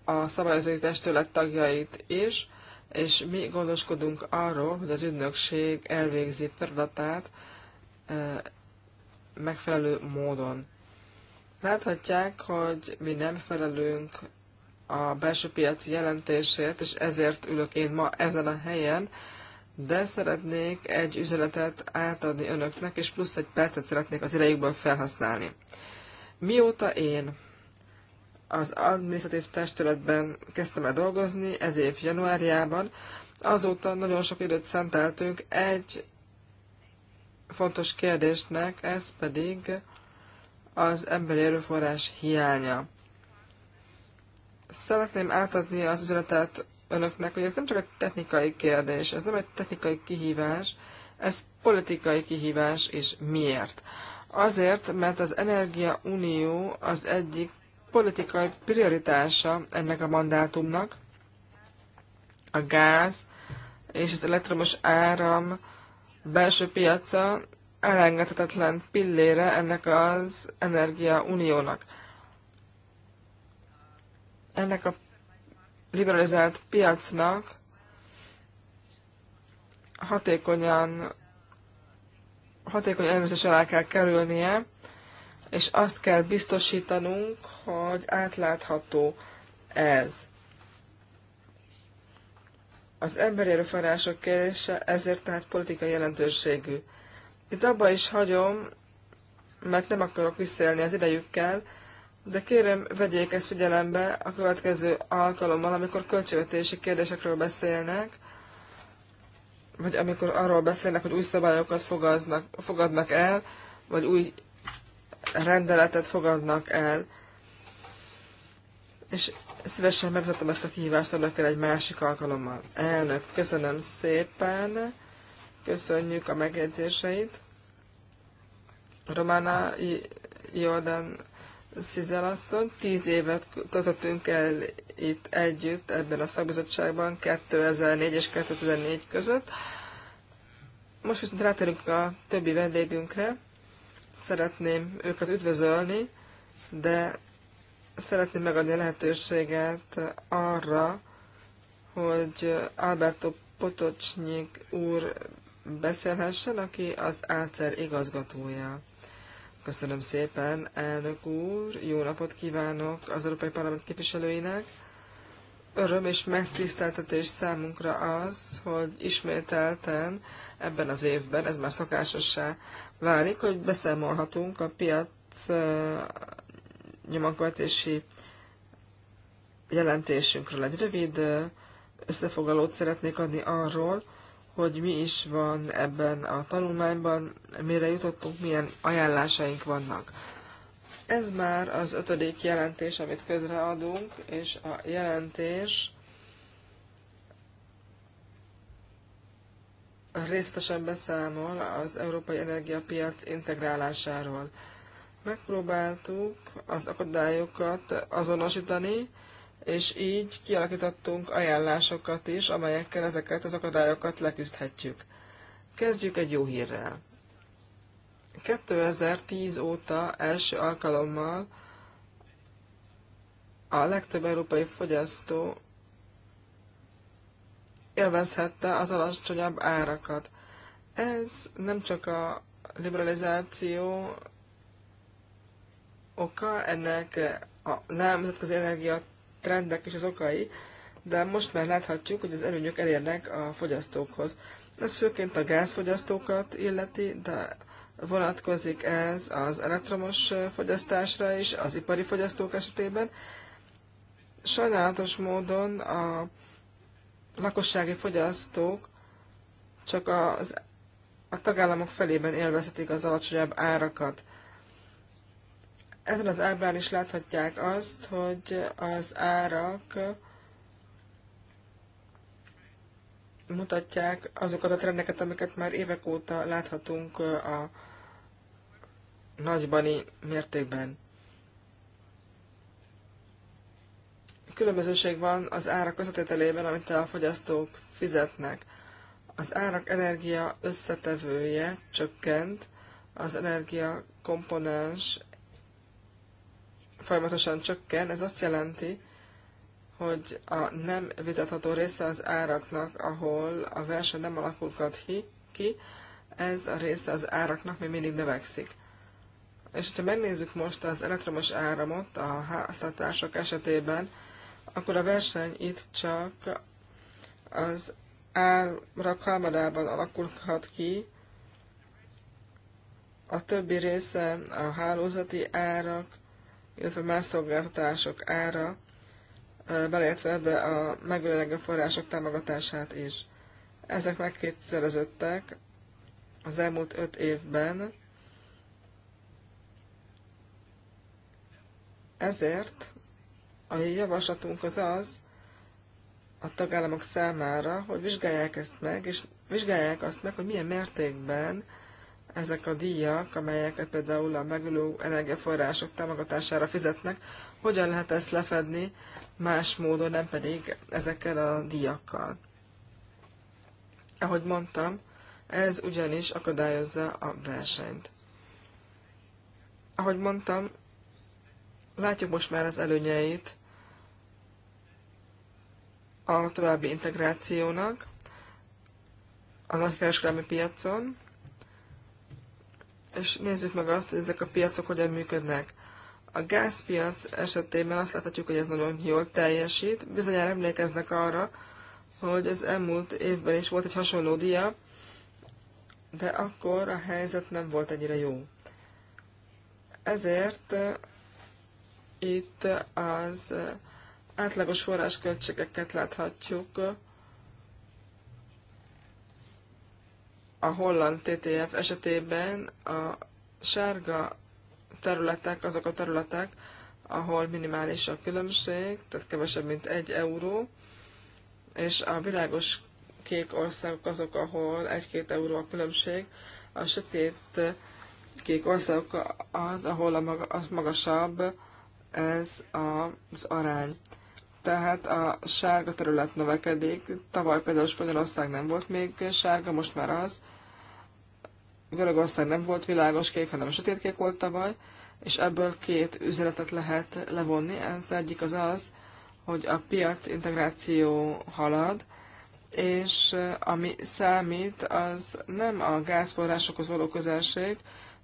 a szabályozói testület tagjait is, és mi gondoskodunk arról, hogy az ügynökség elvégzi feladatát megfelelő módon. Láthatják, hogy mi nem felelünk a belső piaci jelentésért, és ezért ülök én ma ezen a helyen, de szeretnék egy üzenetet átadni önöknek, és plusz egy percet szeretnék az idejükből felhasználni. Mióta én az administratív testületben kezdtem el dolgozni, ez év januárjában, azóta nagyon sok időt szenteltünk egy fontos kérdésnek, ez pedig az emberi erőforrás hiánya. Szeretném átadni az üzenetet önöknek, hogy ez nem csak egy technikai kérdés, ez nem egy technikai kihívás, ez politikai kihívás, és miért? Azért, mert az Energia Unió az egyik politikai prioritása ennek a mandátumnak, a gáz és az elektromos áram belső piaca elengedhetetlen pillére ennek az Energia Uniónak. Ennek a liberalizált piacnak hatékonyan hatékony előzés alá kell kerülnie, és azt kell biztosítanunk, hogy átlátható ez. Az emberi erőforrások kérdése ezért tehát politikai jelentőségű. Itt abba is hagyom, mert nem akarok visszaélni az idejükkel, de kérem, vegyék ezt figyelembe a következő alkalommal, amikor költségvetési kérdésekről beszélnek, vagy amikor arról beszélnek, hogy új szabályokat fogaznak, fogadnak el, vagy új rendeletet fogadnak el. És szívesen megmutatom ezt a kihívást önökkel egy másik alkalommal. Elnök, köszönöm szépen, köszönjük a megjegyzéseit. Romana Jordan Szizel asszony. Tíz évet töltöttünk el itt együtt ebben a szakbizottságban 2004 és 2004 között. Most viszont rátérünk a többi vendégünkre. Szeretném őket üdvözölni, de szeretném megadni a lehetőséget arra, hogy Alberto Potocsnyik úr beszélhessen, aki az átszer igazgatója. Köszönöm szépen, elnök úr, jó napot kívánok az Európai Parlament képviselőinek. Öröm és megtiszteltetés számunkra az, hogy ismételten ebben az évben, ez már szokásossá válik, hogy beszámolhatunk a piac nyomankövetési jelentésünkről. Egy rövid összefoglalót szeretnék adni arról, hogy mi is van ebben a tanulmányban, mire jutottunk, milyen ajánlásaink vannak. Ez már az ötödik jelentés, amit közreadunk, és a jelentés részletesen beszámol az európai energiapiac integrálásáról. Megpróbáltuk az akadályokat azonosítani, és így kialakítottunk ajánlásokat is, amelyekkel ezeket az akadályokat leküzdhetjük. Kezdjük egy jó hírrel. 2010 óta első alkalommal a legtöbb európai fogyasztó élvezhette az alacsonyabb árakat. Ez nem csak a liberalizáció oka, ennek a nemzetközi energia trendek és az okai, de most már láthatjuk, hogy az előnyök elérnek a fogyasztókhoz. Ez főként a gázfogyasztókat illeti, de vonatkozik ez az elektromos fogyasztásra is, az ipari fogyasztók esetében. Sajnálatos módon a lakossági fogyasztók csak az, a tagállamok felében élvezhetik az alacsonyabb árakat. Ezen az ábrán is láthatják azt, hogy az árak mutatják azokat a trendeket, amiket már évek óta láthatunk eh, a nagybani mértékben. Különbözőség van az árak összetételében, amit a fogyasztók fizetnek. Az árak energia összetevője csökkent, az energia komponens folyamatosan csökken, ez azt jelenti, hogy a nem vitatható része az áraknak, ahol a verseny nem alakulhat ki, ez a része az áraknak még mindig növekszik. És ha megnézzük most az elektromos áramot a háztartások esetében, akkor a verseny itt csak az árak halmadában alakulhat ki, a többi része a hálózati árak, illetve más szolgáltatások ára, beleértve ebbe a megőrlegő források támogatását is. Ezek megkétszereződtek az elmúlt öt évben, ezért a javaslatunk az az a tagállamok számára, hogy vizsgálják ezt meg, és vizsgálják azt meg, hogy milyen mértékben ezek a díjak, amelyeket például a megülő energiaforrások támogatására fizetnek, hogyan lehet ezt lefedni más módon, nem pedig ezekkel a díjakkal. Ahogy mondtam, ez ugyanis akadályozza a versenyt. Ahogy mondtam, látjuk most már az előnyeit a további integrációnak a nagykereskedelmi piacon, és nézzük meg azt, hogy ezek a piacok hogyan működnek. A gázpiac esetében azt láthatjuk, hogy ez nagyon jól teljesít. Bizonyára emlékeznek arra, hogy az elmúlt évben is volt egy hasonló dia, de akkor a helyzet nem volt ennyire jó. Ezért eh, itt az eh, átlagos forrásköltségeket láthatjuk a holland TTF esetében a sárga területek azok a területek, ahol minimális a különbség, tehát kevesebb, mint egy euró, és a világos kék országok azok, ahol egy-két euró a különbség, a sötét kék országok az, ahol a magasabb ez az arány tehát a sárga terület növekedik. Tavaly például Spanyolország nem volt még sárga, most már az. Görögország nem volt világos kék, hanem sötétkék volt tavaly, és ebből két üzenetet lehet levonni. Az egyik az az, hogy a piac integráció halad, és ami számít, az nem a gázforrásokhoz való közelség,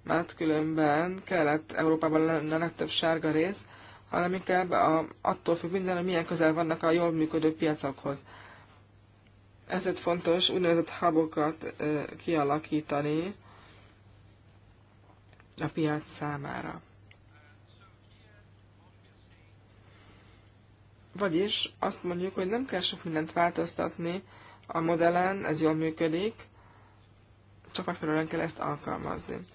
mert különben kellett Európában lenne legtöbb sárga rész, hanem inkább a, attól függ minden, hogy milyen közel vannak a jól működő piacokhoz. Ezért fontos úgynevezett hubokat kialakítani a piac számára. Vagyis azt mondjuk, hogy nem kell sok mindent változtatni a modellen, ez jól működik, csak megfelelően kell ezt alkalmazni.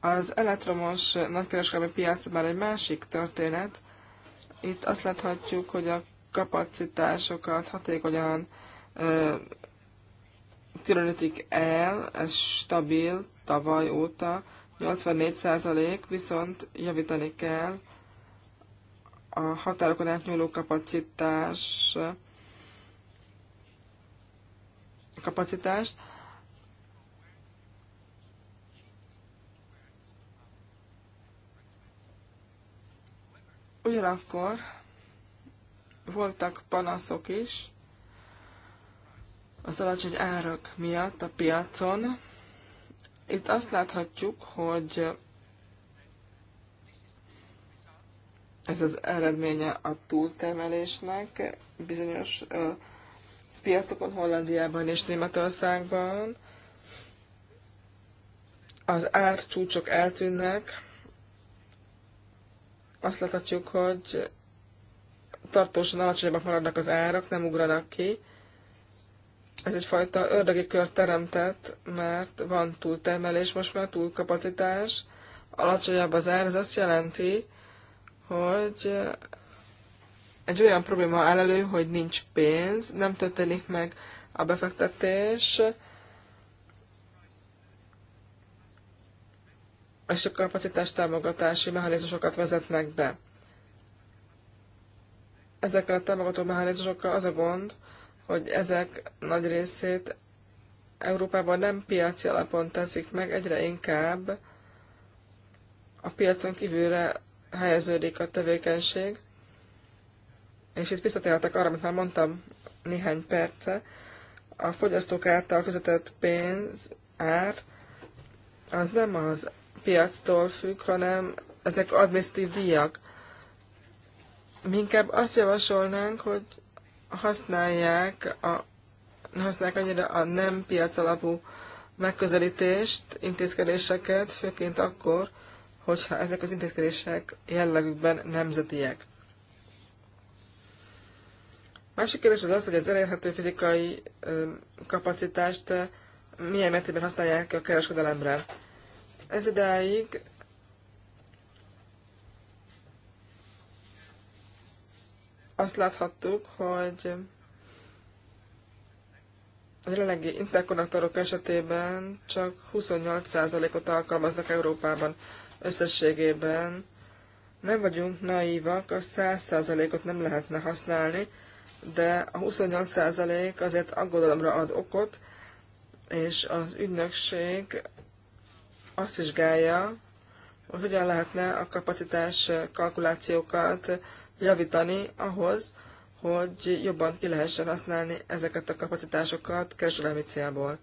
Az elektromos nagykereskedelmi piac már egy másik történet, itt azt láthatjuk, hogy a kapacitásokat hatékonyan ö, különítik el, ez stabil tavaly óta, 84% viszont javítani kell a határokon átnyúló kapacitás kapacitást. Ugyanakkor voltak panaszok is az alacsony árak miatt a piacon. Itt azt láthatjuk, hogy ez az eredménye a túltermelésnek bizonyos piacokon, Hollandiában és Németországban. Az árcsúcsok eltűnnek, azt láthatjuk, hogy tartósan alacsonyabbak maradnak az árak, nem ugranak ki. Ez egyfajta ördögi kör teremtett, mert van túltermelés, most már túlkapacitás, alacsonyabb az ár, ez azt jelenti, hogy egy olyan probléma áll elő, hogy nincs pénz, nem történik meg a befektetés, és a kapacitás támogatási mechanizmusokat vezetnek be. Ezekkel a támogató mechanizmusokkal az a gond, hogy ezek nagy részét Európában nem piaci alapon teszik meg, egyre inkább a piacon kívülre helyeződik a tevékenység. És itt visszatérhetek arra, amit már mondtam néhány perce, a fogyasztók által fizetett pénz ár az nem az piactól függ, hanem ezek adminisztív díjak. Mi inkább azt javasolnánk, hogy használják, a, használják annyira a nem piac alapú megközelítést, intézkedéseket, főként akkor, hogyha ezek az intézkedések jellegükben nemzetiek. Másik kérdés az az, hogy az elérhető fizikai kapacitást milyen mértékben használják a kereskedelemre. Ez idáig azt láthattuk, hogy a jelenlegi interkonnektorok esetében csak 28%-ot alkalmaznak Európában összességében. Nem vagyunk naívak, a 100%-ot nem lehetne használni, de a 28% azért aggodalomra ad okot, és az ügynökség azt vizsgálja, hogy hogyan lehetne a kapacitás kalkulációkat javítani ahhoz, hogy jobban ki lehessen használni ezeket a kapacitásokat kereskedelmi célból.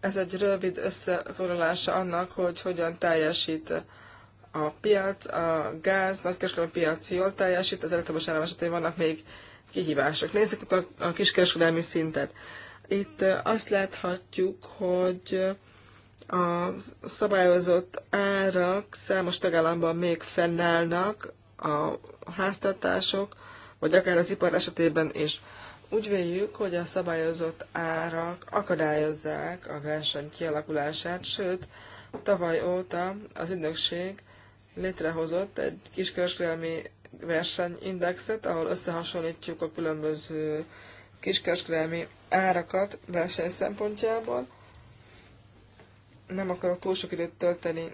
Ez egy rövid összefoglalása annak, hogy hogyan teljesít a piac, a gáz, nagykereskedelmi piac jól teljesít, az elektromos áram esetén vannak még kihívások. Nézzük a kiskereskedelmi szintet. Itt azt láthatjuk, hogy a szabályozott árak számos tagállamban még fennállnak, a háztartások, vagy akár az ipar esetében is. Úgy véljük, hogy a szabályozott árak akadályozzák a verseny kialakulását, sőt, tavaly óta az ügynökség létrehozott egy kiskereskedelmi versenyindexet, ahol összehasonlítjuk a különböző kiskereskedelmi árakat verseny szempontjából. Nem akarok túl sok időt tölteni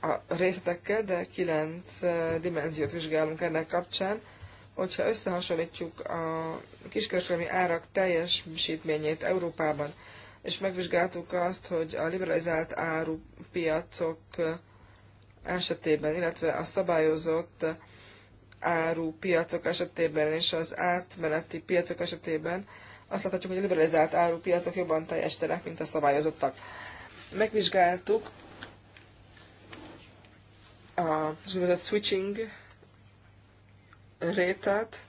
a részletekkel, de kilenc dimenziót vizsgálunk ennek kapcsán. Hogyha összehasonlítjuk a kiskereskedelmi árak teljesítményét Európában, és megvizsgáltuk azt, hogy a liberalizált árupiacok esetében, illetve a szabályozott áru piacok esetében és az átmeneti piacok esetében azt láthatjuk, hogy a liberalizált piacok jobban teljesítenek, mint a szabályozottak. Megvizsgáltuk a úgynevezett switching rétet.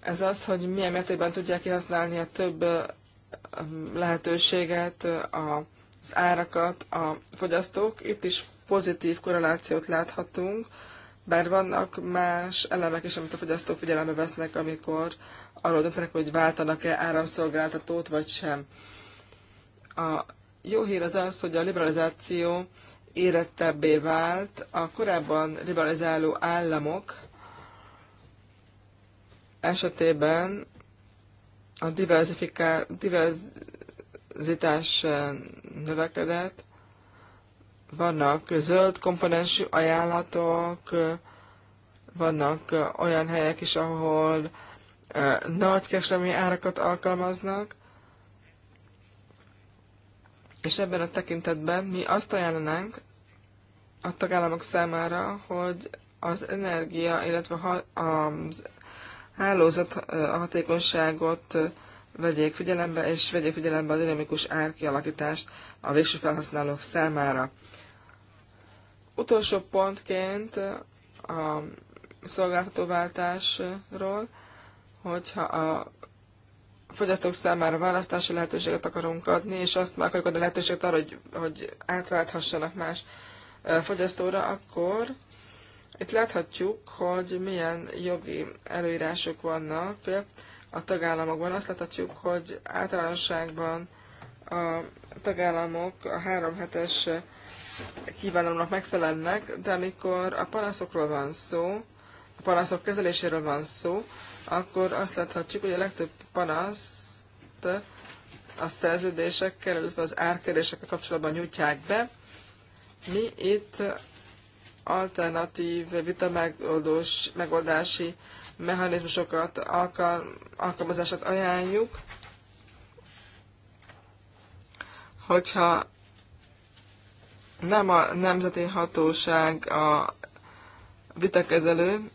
Ez az, hogy milyen mértékben tudják kihasználni a több lehetőséget, az árakat a fogyasztók. Itt is pozitív korrelációt láthatunk, bár vannak más elemek is, amit a fogyasztók figyelembe vesznek, amikor arról döntenek, hogy váltanak-e áramszolgáltatót, vagy sem. A jó hír az az, hogy a liberalizáció érettebbé vált. A korábban liberalizáló államok esetében a diverzitás eh, növekedett, vannak zöld komponensű ajánlatok, vannak olyan helyek is, ahol nagy keslemi árakat alkalmaznak, és ebben a tekintetben mi azt ajánlanánk a tagállamok számára, hogy az energia, illetve a hálózat a hatékonyságot vegyék figyelembe, és vegyék figyelembe a dinamikus árkialakítást a végső felhasználók számára. Utolsó pontként a szolgáltatóváltásról, hogyha a fogyasztók számára választási lehetőséget akarunk adni, és azt már akarjuk adni lehetőséget arra, hogy, hogy átválthassanak más fogyasztóra, akkor itt láthatjuk, hogy milyen jogi előírások vannak a tagállamokban. Azt láthatjuk, hogy általánosságban a tagállamok a három hetes kívánalomnak megfelelnek, de amikor a panaszokról van szó, a panaszok kezeléséről van szó, akkor azt láthatjuk, hogy a legtöbb panaszt a szerződésekkel, illetve az árkedésekkel kapcsolatban nyújtják be. Mi itt alternatív vita megoldási mechanizmusokat alkalmazását ajánljuk, hogyha nem a nemzeti hatóság a vitakezelő,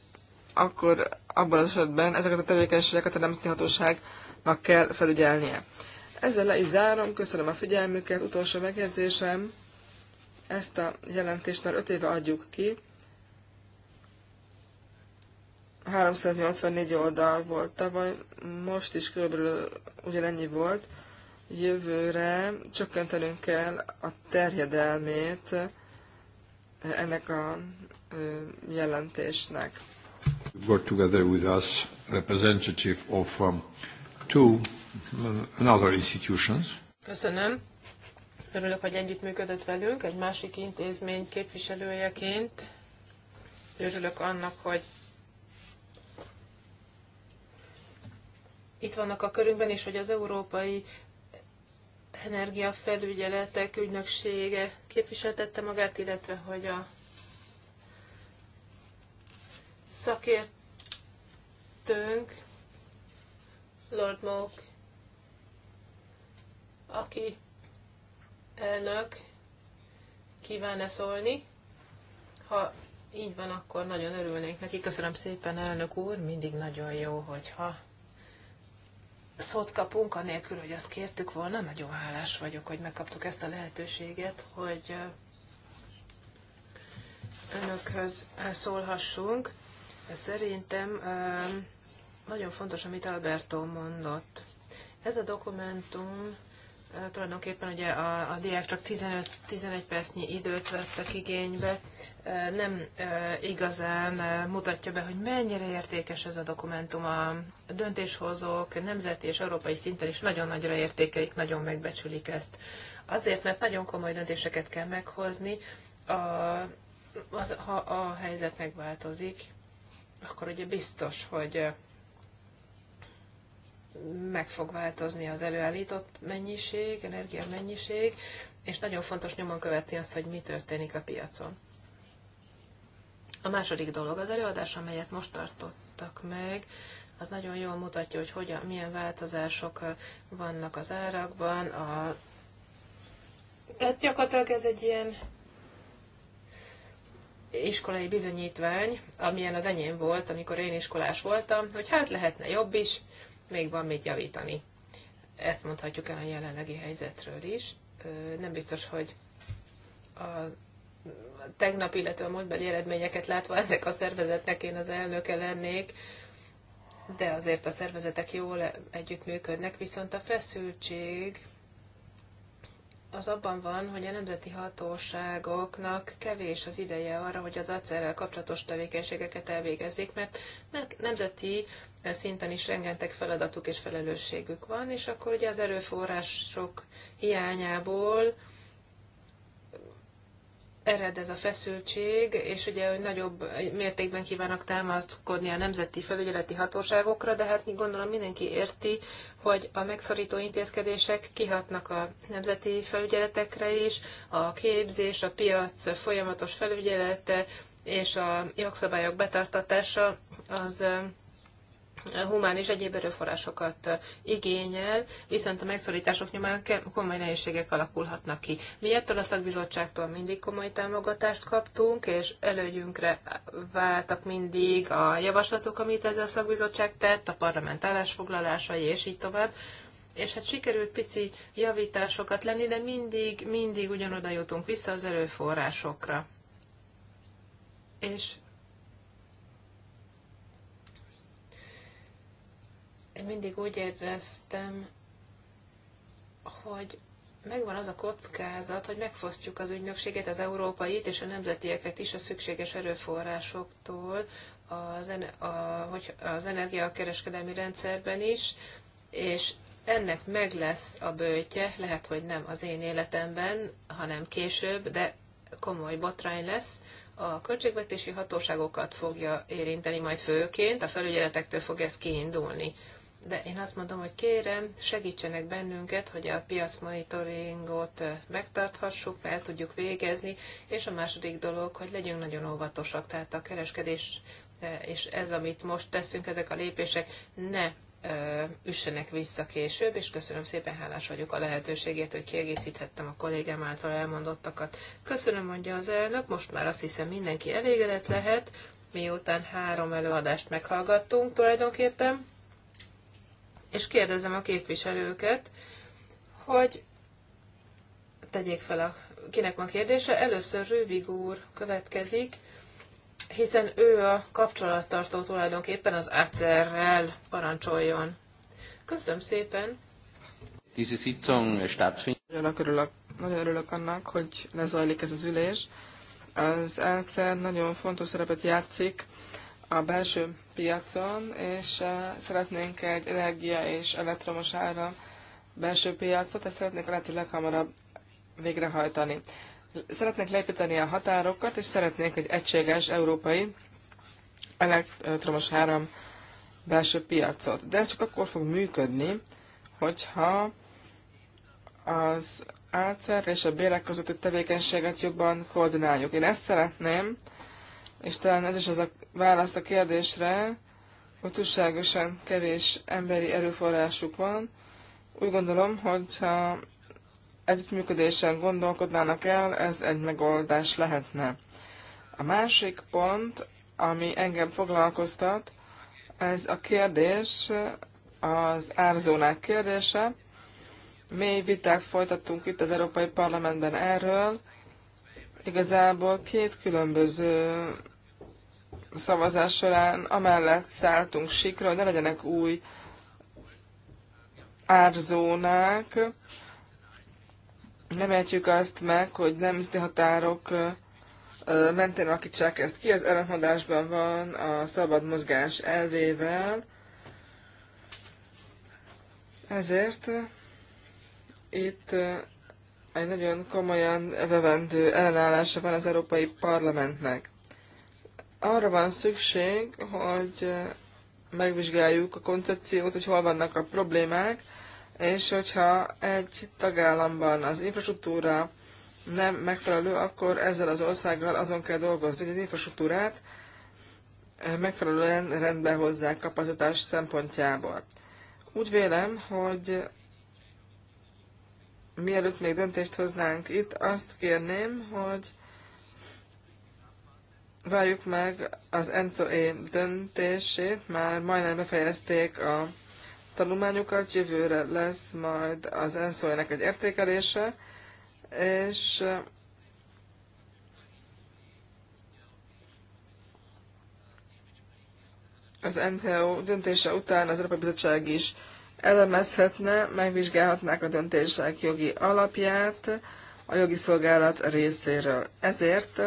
akkor abban az esetben ezeket a tevékenységeket a nemzeti hatóságnak kell felügyelnie. Ezzel le is zárom, köszönöm a figyelmüket, utolsó megjegyzésem, ezt a jelentést már öt éve adjuk ki, 384 oldal volt tavaly, most is körülbelül ugyanennyi volt. Jövőre csökkentenünk kell a terjedelmét ennek a jelentésnek. Got together with us representative of um, two mm, another institutions. Köszönöm. Örülök, hogy együttműködött velünk egy másik intézmény képviselőjeként. Örülök annak, hogy itt vannak a körünkben, és hogy az Európai Energiafelügyeletek ügynöksége képviseltette magát, illetve hogy a szakértőnk, Lord Mook, aki elnök kíván-e szólni. Ha így van, akkor nagyon örülnénk neki. Köszönöm szépen, elnök úr, mindig nagyon jó, hogyha szót kapunk, anélkül, hogy azt kértük volna. Nagyon hálás vagyok, hogy megkaptuk ezt a lehetőséget, hogy önökhöz szólhassunk. Szerintem nagyon fontos, amit Alberto mondott. Ez a dokumentum Eh, tulajdonképpen ugye a, a diák csak 15, 11 percnyi időt vettek igénybe, eh, nem eh, igazán mutatja be, hogy mennyire értékes ez a dokumentum. A döntéshozók nemzeti és európai szinten is nagyon nagyra értékelik, nagyon megbecsülik ezt. Azért, mert nagyon komoly döntéseket kell meghozni, a, az, ha a helyzet megváltozik, akkor ugye biztos, hogy meg fog változni az előállított mennyiség, energiamennyiség, és nagyon fontos nyomon követni azt, hogy mi történik a piacon. A második dolog az előadás, amelyet most tartottak meg, az nagyon jól mutatja, hogy hogyan, milyen változások vannak az árakban. A... Tehát gyakorlatilag ez egy ilyen iskolai bizonyítvány, amilyen az enyém volt, amikor én iskolás voltam, hogy hát lehetne jobb is, még van mit javítani. Ezt mondhatjuk el a jelenlegi helyzetről is. Nem biztos, hogy a tegnap, illetve a múltbeli eredményeket látva ennek a szervezetnek én az elnöke lennék, de azért a szervezetek jól együttműködnek, viszont a feszültség az abban van, hogy a nemzeti hatóságoknak kevés az ideje arra, hogy az acerrel kapcsolatos tevékenységeket elvégezzék, mert nemzeti szinten is rengeteg feladatuk és felelősségük van, és akkor ugye az erőforrások hiányából ered ez a feszültség, és ugye hogy nagyobb mértékben kívánnak támaszkodni a nemzeti felügyeleti hatóságokra, de hát gondolom mindenki érti, hogy a megszorító intézkedések kihatnak a nemzeti felügyeletekre is, a képzés, a piac folyamatos felügyelete és a jogszabályok betartatása az humán és egyéb erőforrásokat igényel, viszont a megszorítások nyomán komoly nehézségek alakulhatnak ki. Mi ettől a szakbizottságtól mindig komoly támogatást kaptunk, és elődjünkre váltak mindig a javaslatok, amit ez a szakbizottság tett, a parlament állásfoglalásai, és így tovább. És hát sikerült pici javításokat lenni, de mindig, mindig ugyanoda jutunk vissza az erőforrásokra. És Én mindig úgy éreztem, hogy megvan az a kockázat, hogy megfosztjuk az ügynökséget, az európait és a nemzetieket is a szükséges erőforrásoktól, az, a, hogy az energiakereskedelmi rendszerben is, és ennek meg lesz a bőtje, lehet, hogy nem az én életemben, hanem később, de komoly botrány lesz. A költségvetési hatóságokat fogja érinteni majd főként, a felügyeletektől fog ez kiindulni de én azt mondom, hogy kérem, segítsenek bennünket, hogy a piac monitoringot megtarthassuk, el tudjuk végezni, és a második dolog, hogy legyünk nagyon óvatosak, tehát a kereskedés és ez, amit most teszünk, ezek a lépések ne üssenek vissza később, és köszönöm szépen, hálás vagyok a lehetőségét, hogy kiegészíthettem a kollégám által elmondottakat. Köszönöm, mondja az elnök, most már azt hiszem mindenki elégedett lehet, miután három előadást meghallgattunk tulajdonképpen és kérdezem a képviselőket, hogy tegyék fel a kinek van kérdése. Először Rübig úr következik, hiszen ő a kapcsolattartó tulajdonképpen az ACR-rel parancsoljon. Köszönöm szépen! Diese Sitzung Nagyon örülök, nagyon örülök annak, hogy lezajlik ez az ülés. Az ACR nagyon fontos szerepet játszik a belső piacon, és eh, szeretnénk egy energia és elektromos áram belső piacot, ezt szeretnénk a lehető leghamarabb végrehajtani. Szeretnénk leépíteni a határokat, és szeretnénk egy egységes európai elektromos áram belső piacot. De ez csak akkor fog működni, hogyha az átszer és a bérek közötti tevékenységet jobban koordináljuk. Én ezt szeretném, és talán ez is az a válasz a kérdésre, hogy túlságosan kevés emberi erőforrásuk van. Úgy gondolom, hogyha együttműködésen gondolkodnának el, ez egy megoldás lehetne. A másik pont, ami engem foglalkoztat, ez a kérdés, az árzónák kérdése. Mély viták folytattunk itt az Európai Parlamentben erről. Igazából két különböző szavazás során amellett szálltunk sikra, hogy ne legyenek új árzónák. Nem értjük azt meg, hogy nemzeti határok mentén alakítsák ezt ki, Az ellentmondásban van a szabad mozgás elvével. Ezért itt egy nagyon komolyan bevendő ellenállása van az Európai Parlamentnek arra van szükség, hogy megvizsgáljuk a koncepciót, hogy hol vannak a problémák, és hogyha egy tagállamban az infrastruktúra nem megfelelő, akkor ezzel az országgal azon kell dolgozni, hogy az infrastruktúrát megfelelően rendbe hozzák kapacitás szempontjából. Úgy vélem, hogy mielőtt még döntést hoznánk itt, azt kérném, hogy várjuk meg az ENCOE döntését, már majdnem befejezték a tanulmányukat, jövőre lesz majd az ENCOE-nek egy értékelése, és eh, az NTO döntése után az Európai Bizottság is elemezhetne, megvizsgálhatnák a döntések jogi alapját a jogi szolgálat részéről. Ezért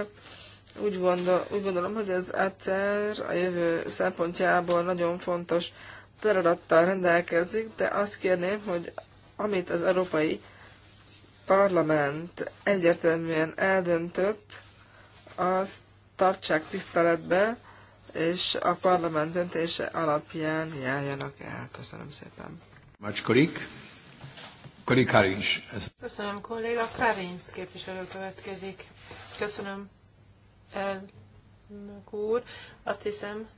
úgy, gondol, úgy gondolom, hogy az egyszer a jövő szempontjából nagyon fontos feladattal rendelkezik, de azt kérném, hogy amit az Európai Parlament egyértelműen eldöntött, azt tartsák tiszteletbe, és a parlament döntése alapján járjanak el. Köszönöm szépen. Macskorik. Kori Karincs. Köszönöm, kolléga. Karincs képviselő következik. Köszönöm, elnök úr. Azt hiszem,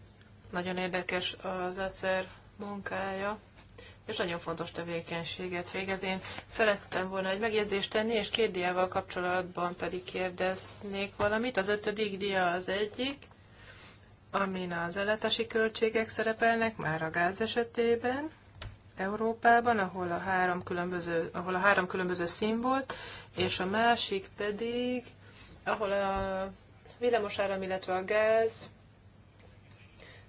nagyon érdekes az egyszer munkája, és nagyon fontos tevékenységet végez. Én szerettem volna egy megjegyzést tenni, és két diával kapcsolatban pedig kérdeznék valamit. Az ötödik dia az egyik, amin az eletesi költségek szerepelnek már a gáz esetében, Európában, ahol a három különböző, ahol a három különböző szín volt, és a másik pedig, ahol a villamosáram, illetve a gáz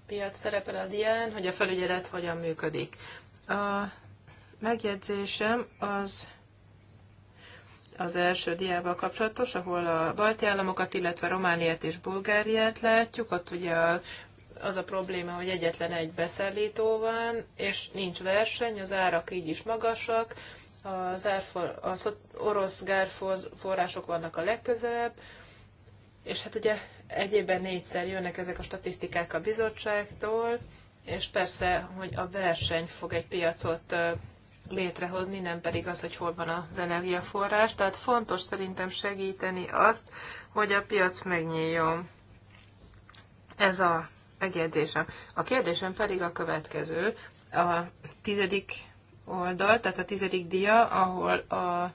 piac szerepel a dián, hogy a felügyelet hogyan működik. A megjegyzésem az az első diával kapcsolatos, ahol a balti államokat, illetve Romániát és Bulgáriát látjuk. Ott ugye az a probléma, hogy egyetlen egy beszállító van, és nincs verseny, az árak így is magasak, az, árfor, az orosz gárforrások vannak a legközelebb, és hát ugye egyébben négyszer jönnek ezek a statisztikák a bizottságtól, és persze, hogy a verseny fog egy piacot létrehozni, nem pedig az, hogy hol van az energiaforrás. Tehát fontos szerintem segíteni azt, hogy a piac megnyíljon. Ez a megjegyzésem. A kérdésem pedig a következő. A tizedik oldal, tehát a tizedik dia, ahol a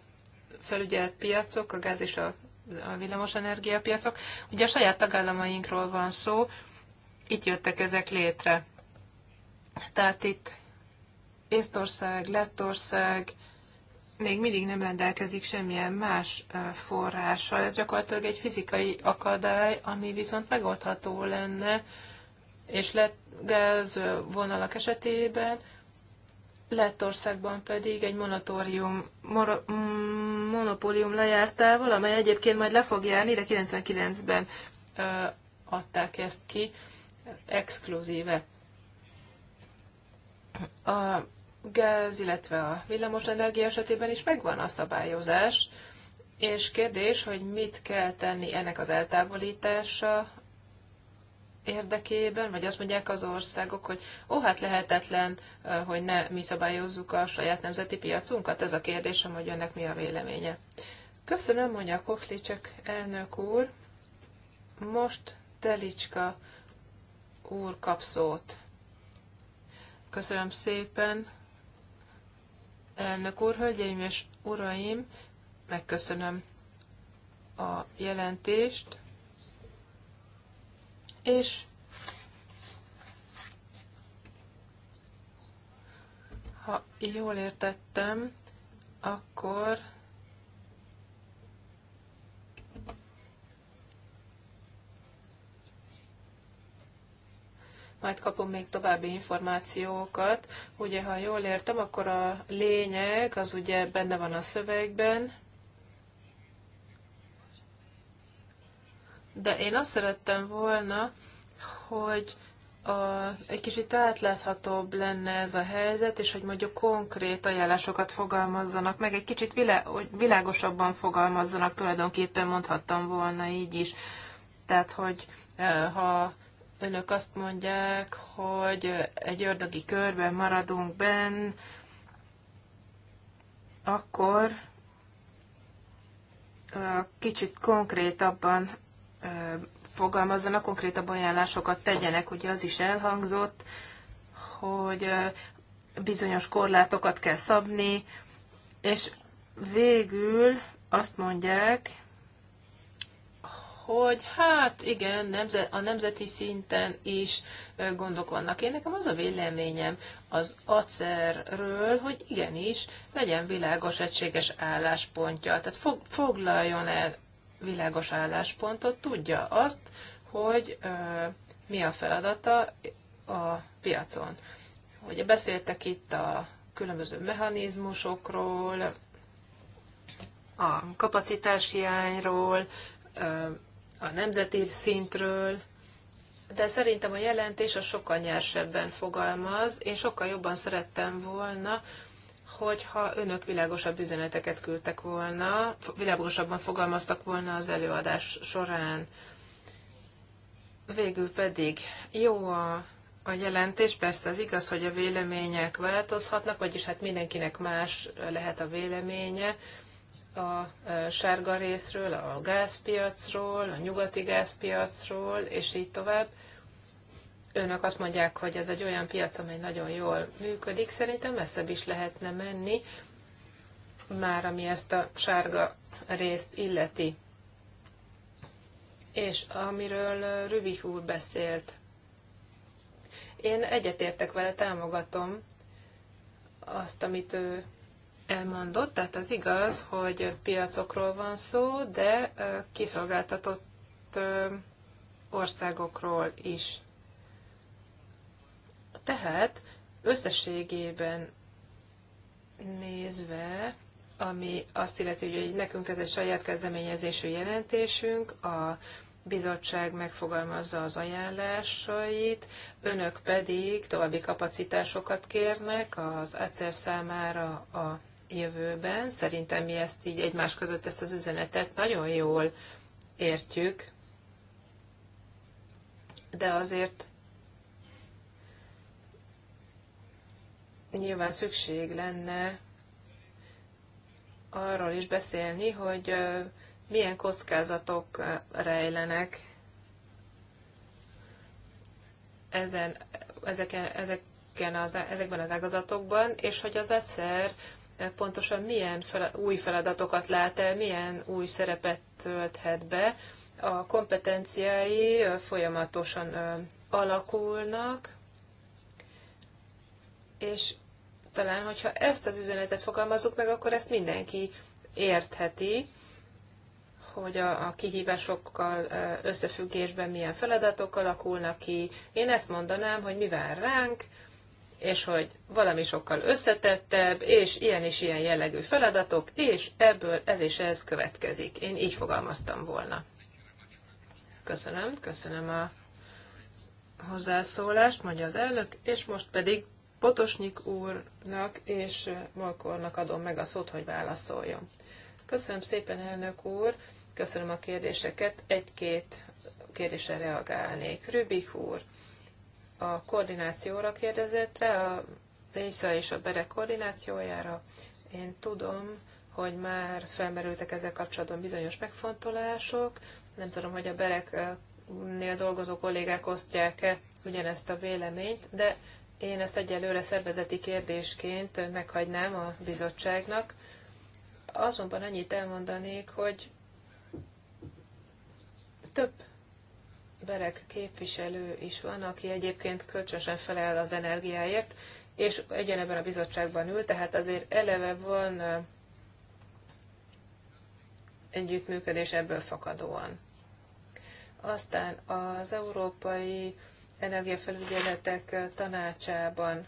felügyelt piacok, a gáz és a a energiapiacok. Ugye a saját tagállamainkról van szó, itt jöttek ezek létre. Tehát itt Észtország, Lettország még mindig nem rendelkezik semmilyen más forrással. Ez gyakorlatilag egy fizikai akadály, ami viszont megoldható lenne, és lett gázvonalak esetében Lettországban pedig egy monatórium, mor- mm, monopólium lejártával, amely egyébként majd le fog járni, de 99-ben ö, adták ezt ki exkluzíve. A gáz, illetve a villamos energia esetében is megvan a szabályozás, és kérdés, hogy mit kell tenni ennek az eltávolítása érdekében, vagy azt mondják az országok, hogy ó, hát lehetetlen, hogy ne mi szabályozzuk a saját nemzeti piacunkat? Ez a kérdésem, hogy önnek mi a véleménye. Köszönöm, mondja a Koklicek elnök úr. Most Telicska úr kap szót. Köszönöm szépen, elnök úr, hölgyeim és uraim, megköszönöm a jelentést és ha jól értettem, akkor majd kapunk még további információkat. Ugye, ha jól értem, akkor a lényeg az ugye benne van a szövegben, de én azt szerettem volna, hogy a, egy kicsit átláthatóbb lenne ez a helyzet, és hogy mondjuk konkrét ajánlásokat fogalmazzanak, meg egy kicsit vilá, világosabban fogalmazzanak, tulajdonképpen mondhattam volna így is. Tehát, hogy ha önök azt mondják, hogy egy ördögi körben maradunk benn, akkor kicsit konkrétabban fogalmazzanak, konkrétabb ajánlásokat tegyenek. Ugye az is elhangzott, hogy bizonyos korlátokat kell szabni, és végül azt mondják, hogy hát igen, nemzet, a nemzeti szinten is gondok vannak. Én nekem az a véleményem az acerről, hogy igenis legyen világos, egységes álláspontja. Tehát foglaljon el világos álláspontot, tudja azt, hogy mi a feladata a piacon. Ugye beszéltek itt a különböző mechanizmusokról, a ö, a nemzeti szintről, de szerintem a jelentés a sokkal nyersebben fogalmaz. Én sokkal jobban szerettem volna, hogyha önök világosabb üzeneteket küldtek volna, világosabban fogalmaztak volna az előadás során. Végül pedig jó a, a jelentés, persze az igaz, hogy a vélemények változhatnak, vagyis hát mindenkinek más lehet a véleménye a e, sárga részről, a gázpiacról, a nyugati gázpiacról, és így tovább önök azt mondják, hogy ez egy olyan piac, amely nagyon jól működik, szerintem messzebb is lehetne menni, már ami ezt a sárga részt illeti. És amiről Rübik úr beszélt. Én egyetértek vele, támogatom azt, amit ő elmondott. Tehát az igaz, hogy piacokról van szó, de kiszolgáltatott országokról is. Tehát összességében nézve, ami azt illeti, hogy nekünk ez egy saját kezdeményezésű jelentésünk, a bizottság megfogalmazza az ajánlásait, önök pedig további kapacitásokat kérnek az egyszer számára a jövőben. Szerintem mi ezt így egymás között ezt az üzenetet nagyon jól értjük, de azért nyilván szükség lenne arról is beszélni, hogy milyen kockázatok rejlenek ezen, ezeken, ezeken az, ezekben az ágazatokban, és hogy az egyszer pontosan milyen fel, új feladatokat lát el, milyen új szerepet tölthet be. A kompetenciái folyamatosan alakulnak, és talán, hogyha ezt az üzenetet fogalmazzuk meg, akkor ezt mindenki értheti, hogy a, a kihívásokkal összefüggésben milyen feladatok alakulnak ki. Én ezt mondanám, hogy mi vár ránk, és hogy valami sokkal összetettebb, és ilyen és ilyen jellegű feladatok, és ebből ez és ez következik. Én így fogalmaztam volna. Köszönöm, köszönöm a hozzászólást, mondja az elnök, és most pedig Potosnyik úrnak és Malkornak adom meg a szót, hogy válaszoljon. Köszönöm szépen, elnök úr, köszönöm a kérdéseket. Egy-két kérdésre reagálnék. Rübik úr, a koordinációra kérdezett rá, az ÉSZA és a BEREK koordinációjára. Én tudom, hogy már felmerültek ezzel kapcsolatban bizonyos megfontolások. Nem tudom, hogy a bereknél dolgozó kollégák osztják-e ugyanezt a véleményt, de én ezt egyelőre szervezeti kérdésként meghagynám a bizottságnak. Azonban annyit elmondanék, hogy több berek képviselő is van, aki egyébként kölcsönösen felel az energiáért, és egyenebben a bizottságban ül, tehát azért eleve van együttműködés ebből fakadóan. Aztán az Európai energiafelügyeletek tanácsában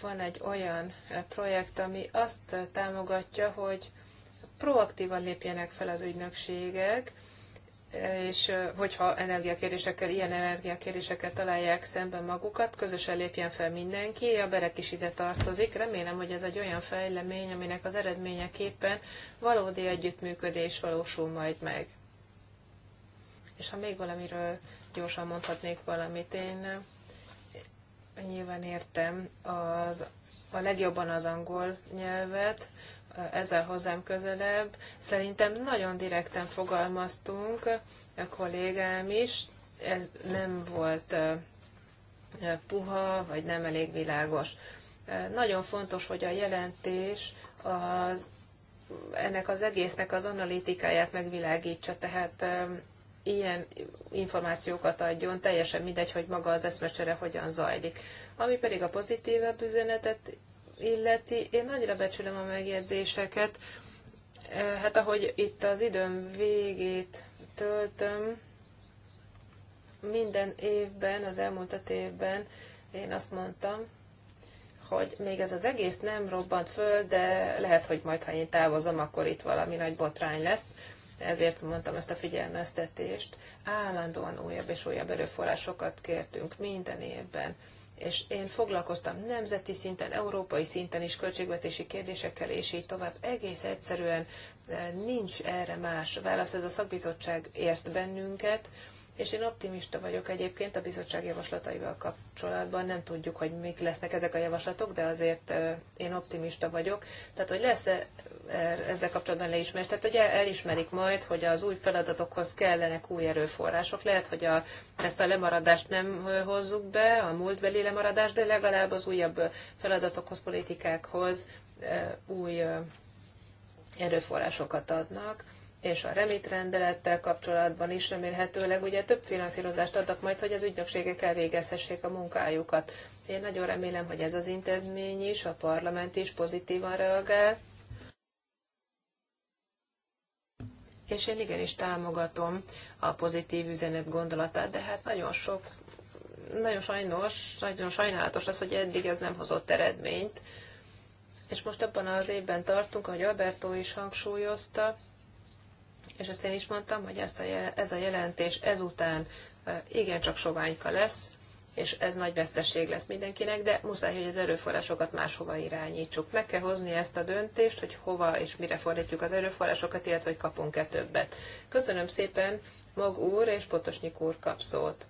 van egy olyan projekt, ami azt támogatja, hogy proaktívan lépjenek fel az ügynökségek, és hogyha energiakérdésekkel, ilyen energiakérdésekkel találják szemben magukat, közösen lépjen fel mindenki, a berek is ide tartozik. Remélem, hogy ez egy olyan fejlemény, aminek az eredményeképpen valódi együttműködés valósul majd meg. És ha még valamiről gyorsan mondhatnék valamit. Én eh, nyilván értem az, a legjobban az angol nyelvet, eh, ezzel hozzám közelebb. Szerintem nagyon direkten fogalmaztunk, a kollégám is, ez nem volt eh, puha, vagy nem elég világos. Nagyon fontos, hogy a jelentés az ennek az egésznek az analitikáját megvilágítsa, tehát ilyen információkat adjon, teljesen mindegy, hogy maga az eszmecsere hogyan zajlik. Ami pedig a pozitívebb üzenetet illeti, én nagyra becsülöm a megjegyzéseket. Eh, hát ahogy itt az időm végét töltöm, minden évben, az elmúlt évben én azt mondtam, hogy még ez az egész nem robbant föl, de lehet, hogy majd, ha én távozom, akkor itt valami nagy botrány lesz ezért mondtam ezt a figyelmeztetést, állandóan újabb és újabb erőforrásokat kértünk minden évben, és én foglalkoztam nemzeti szinten, európai szinten is költségvetési kérdésekkel, és így tovább. Egész egyszerűen eh, nincs erre más válasz, ez a szakbizottság ért bennünket, és én optimista vagyok egyébként a bizottság javaslataival kapcsolatban. Nem tudjuk, hogy mik lesznek ezek a javaslatok, de azért eh, én optimista vagyok. Tehát, hogy lesz-e Er, ezzel kapcsolatban leismert. Tehát ugye elismerik majd, hogy az új feladatokhoz kellenek új erőforrások. Lehet, hogy a, ezt a lemaradást nem hozzuk be, a múltbeli lemaradást, de legalább az újabb feladatokhoz, politikákhoz e, új e, erőforrásokat adnak és a remit rendelettel kapcsolatban is remélhetőleg ugye több finanszírozást adnak majd, hogy az ügynökségek elvégezhessék a munkájukat. Én nagyon remélem, hogy ez az intézmény is, a parlament is pozitívan reagál, és én igenis támogatom a pozitív üzenet gondolatát, de hát nagyon sok, nagyon sajnos, nagyon sajnálatos az, hogy eddig ez nem hozott eredményt. És most abban az évben tartunk, ahogy Alberto is hangsúlyozta, és ezt én is mondtam, hogy ezt a, ez a jelentés ezután igencsak soványka lesz, és ez nagy veszteség lesz mindenkinek, de muszáj, hogy az erőforrásokat máshova irányítsuk. Meg kell hozni ezt a döntést, hogy hova és mire fordítjuk az erőforrásokat, illetve hogy kapunk-e többet. Köszönöm szépen, Mag úr és Potosnyik úr kap szót.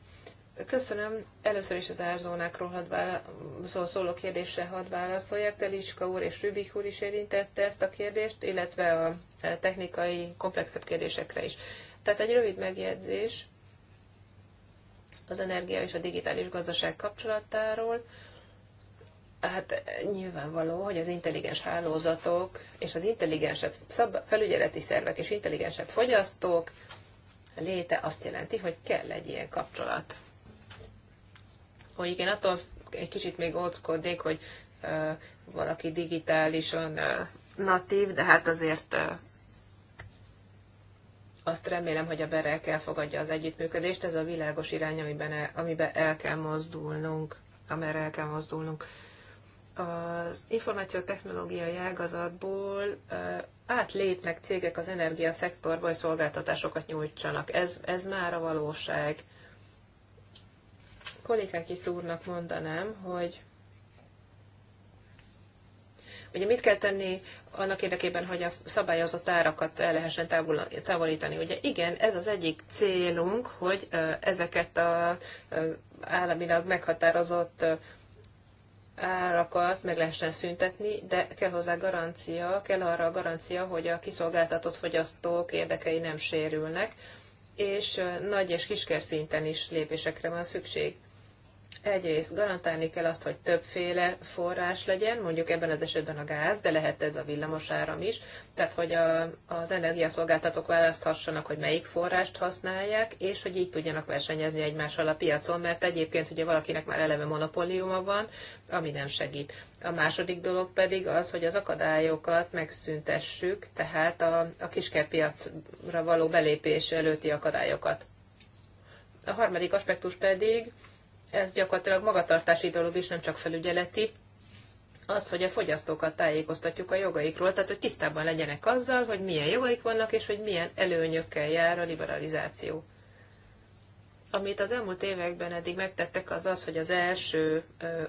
Köszönöm. Először is az árzónákról hadd vála- szó, szóló kérdésre hadd válaszolják. Telicska úr és Rübik úr is érintette ezt a kérdést, illetve a eh, technikai, komplexebb kérdésekre is. Tehát egy rövid megjegyzés az energia és a digitális gazdaság kapcsolatáról. Hát nyilvánvaló, hogy az intelligens hálózatok és az intelligensebb felügyeleti szervek és intelligensebb fogyasztók léte azt jelenti, hogy kell egy ilyen kapcsolat. Hogy igen, attól egy kicsit még óckodnék, hogy uh, valaki digitálisan uh, natív, de hát azért uh, azt remélem, hogy a berek elfogadja az együttműködést, ez a világos irány, amiben el, amiben el kell mozdulnunk, amerre el kell mozdulnunk. Az információtechnológiai ágazatból átlépnek cégek az energiaszektorba, hogy szolgáltatásokat nyújtsanak. Ez, ez már a valóság. Kollégák is úrnak mondanám, hogy Ugye mit kell tenni annak érdekében, hogy a szabályozott árakat el lehessen távolítani. Ugye igen, ez az egyik célunk, hogy ezeket a államilag meghatározott árakat meg lehessen szüntetni, de kell hozzá garancia, kell arra a garancia, hogy a kiszolgáltatott fogyasztók érdekei nem sérülnek, és nagy és kisker szinten is lépésekre van szükség. Egyrészt garantálni kell azt, hogy többféle forrás legyen, mondjuk ebben az esetben a gáz, de lehet ez a villamos áram is, tehát hogy a, az energiaszolgáltatók választhassanak, hogy melyik forrást használják, és hogy így tudjanak versenyezni egymással a piacon, mert egyébként ugye valakinek már eleve monopóliuma van, ami nem segít. A második dolog pedig az, hogy az akadályokat megszüntessük, tehát a, a kiskerpiacra való belépés előtti akadályokat. A harmadik aspektus pedig, ez gyakorlatilag magatartási dolog is, nem csak felügyeleti, az, hogy a fogyasztókat tájékoztatjuk a jogaikról, tehát hogy tisztában legyenek azzal, hogy milyen jogaik vannak, és hogy milyen előnyökkel jár a liberalizáció. Amit az elmúlt években eddig megtettek, az az, hogy az első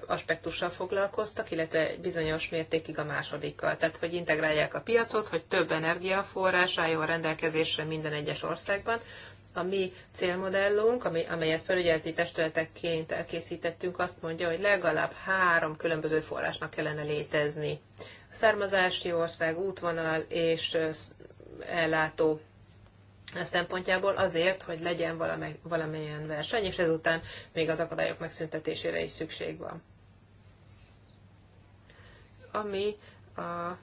aspektussal foglalkoztak, illetve bizonyos mértékig a másodikkal. Tehát, hogy integrálják a piacot, hogy több energiaforrás álljon rendelkezésre minden egyes országban, a mi célmodellunk, ami, amelyet felügyeleti testületekként elkészítettünk, azt mondja, hogy legalább három különböző forrásnak kellene létezni. A származási ország, útvonal és ellátó szempontjából azért, hogy legyen valamely, valamilyen verseny, és ezután még az akadályok megszüntetésére is szükség van. Ami a,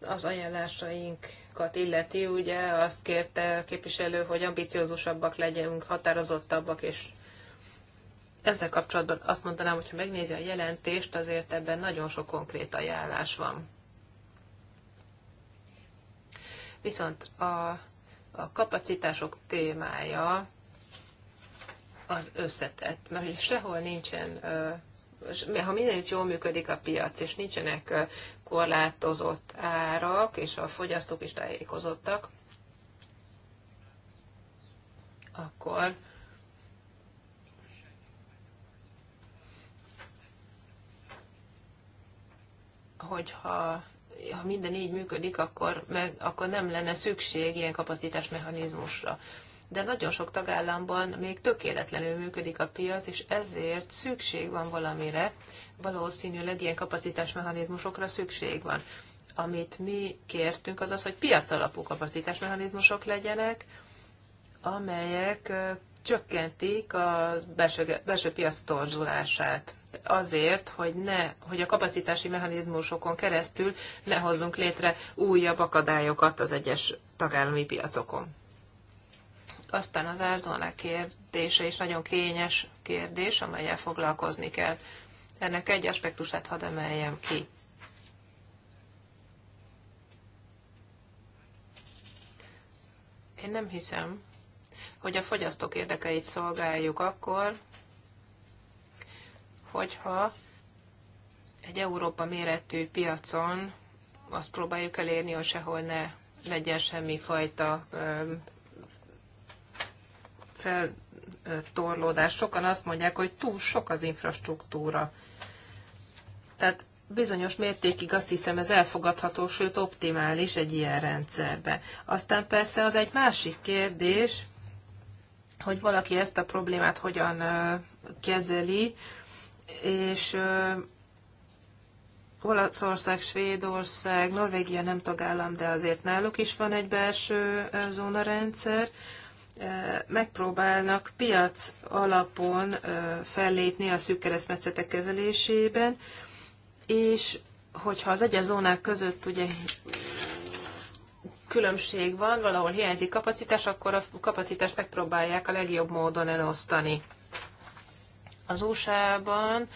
az ajánlásaink célokat illeti, ugye azt kérte a képviselő, hogy ambiciózusabbak legyünk, határozottabbak, és ezzel kapcsolatban azt mondanám, hogy ha megnézi a jelentést, azért ebben nagyon sok konkrét ajánlás van. Viszont a, a kapacitások témája az összetett, mert hogy sehol nincsen ha mindenütt jól működik a piac, és nincsenek korlátozott árak, és a fogyasztók is tájékozottak, akkor hogyha ha minden így működik, akkor, meg, akkor nem lenne szükség ilyen kapacitás mechanizmusra de nagyon sok tagállamban még tökéletlenül működik a piac, és ezért szükség van valamire, valószínűleg ilyen kapacitásmechanizmusokra szükség van. Amit mi kértünk, az az, hogy alapú kapacitásmechanizmusok legyenek, amelyek csökkentik a belső, belső piac torzulását azért, hogy, ne, hogy a kapacitási mechanizmusokon keresztül ne hozzunk létre újabb akadályokat az egyes tagállami piacokon. Aztán az Arizona kérdése is nagyon kényes kérdés, amelyel foglalkozni kell. Ennek egy aspektusát hadd emeljem ki. Én nem hiszem, hogy a fogyasztók érdekeit szolgáljuk akkor, hogyha egy Európa méretű piacon azt próbáljuk elérni, hogy sehol ne legyen semmifajta feltorlódás. Sokan azt mondják, hogy túl sok az infrastruktúra. Tehát bizonyos mértékig azt hiszem ez elfogadható, sőt optimális egy ilyen rendszerbe. Aztán persze az egy másik kérdés, hogy valaki ezt a problémát hogyan kezeli, és Olaszország, Svédország, Norvégia nem tagállam, de azért náluk is van egy belső zónarendszer. rendszer megpróbálnak piac alapon fellépni a szűk keresztmetszetek kezelésében, és hogyha az egyes zónák között ugye különbség van, valahol hiányzik kapacitás, akkor a kapacitást megpróbálják a legjobb módon elosztani. Az USA-ban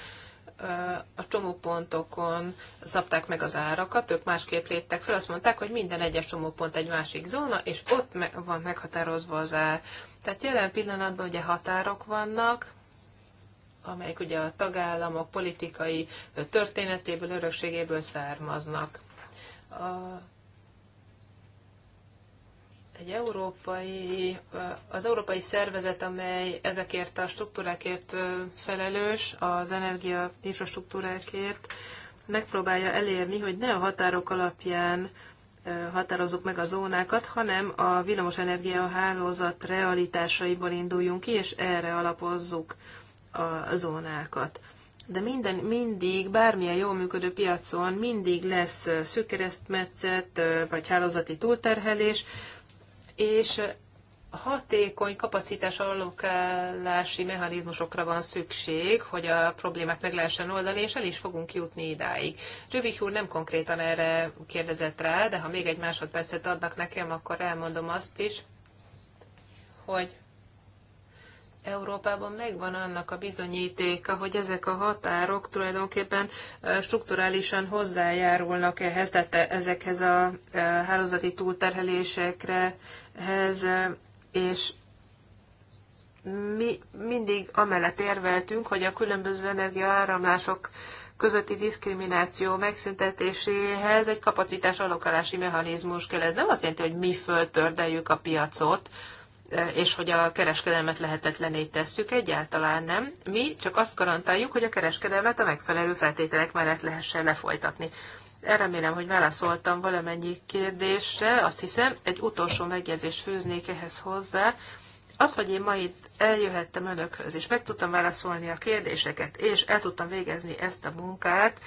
a csomópontokon szabták meg az árakat, ők másképp léptek fel, azt mondták, hogy minden egyes csomópont egy másik zóna, és ott van meghatározva az ár. Tehát jelen pillanatban ugye határok vannak, amelyek ugye a tagállamok politikai történetéből, örökségéből származnak. A egy európai, az európai szervezet, amely ezekért a struktúrákért felelős, az energia infrastruktúrákért, megpróbálja elérni, hogy ne a határok alapján határozzuk meg a zónákat, hanem a villamosenergia hálózat realitásaiból induljunk ki, és erre alapozzuk a zónákat. De minden, mindig, bármilyen jól működő piacon mindig lesz szűk keresztmetszet, vagy hálózati túlterhelés, és hatékony kapacitás allokálási mechanizmusokra van szükség, hogy a problémák meg lehessen oldani, és el is fogunk jutni idáig. Rübik úr nem konkrétan erre kérdezett rá, de ha még egy másodpercet adnak nekem, akkor elmondom azt is, hogy Európában megvan annak a bizonyítéka, hogy ezek a határok tulajdonképpen strukturálisan hozzájárulnak ehhez, tehát e- ezekhez a e, hálózati túlterhelésekrehez, és mi mindig amellett érveltünk, hogy a különböző energiaáramlások közötti diszkrimináció megszüntetéséhez egy kapacitás alokálási mechanizmus kell. Ez nem azt jelenti, hogy mi föltördeljük a piacot, és hogy a kereskedelmet lehetetlené tesszük, egyáltalán nem. Mi csak azt garantáljuk, hogy a kereskedelmet a megfelelő feltételek mellett lehessen lefolytatni. Remélem, hogy válaszoltam valamennyi kérdésre. Azt hiszem, egy utolsó megjegyzést fűznék ehhez hozzá. Az, hogy én ma itt eljöhettem önökhöz, és meg tudtam válaszolni a kérdéseket, és el tudtam végezni ezt a munkát,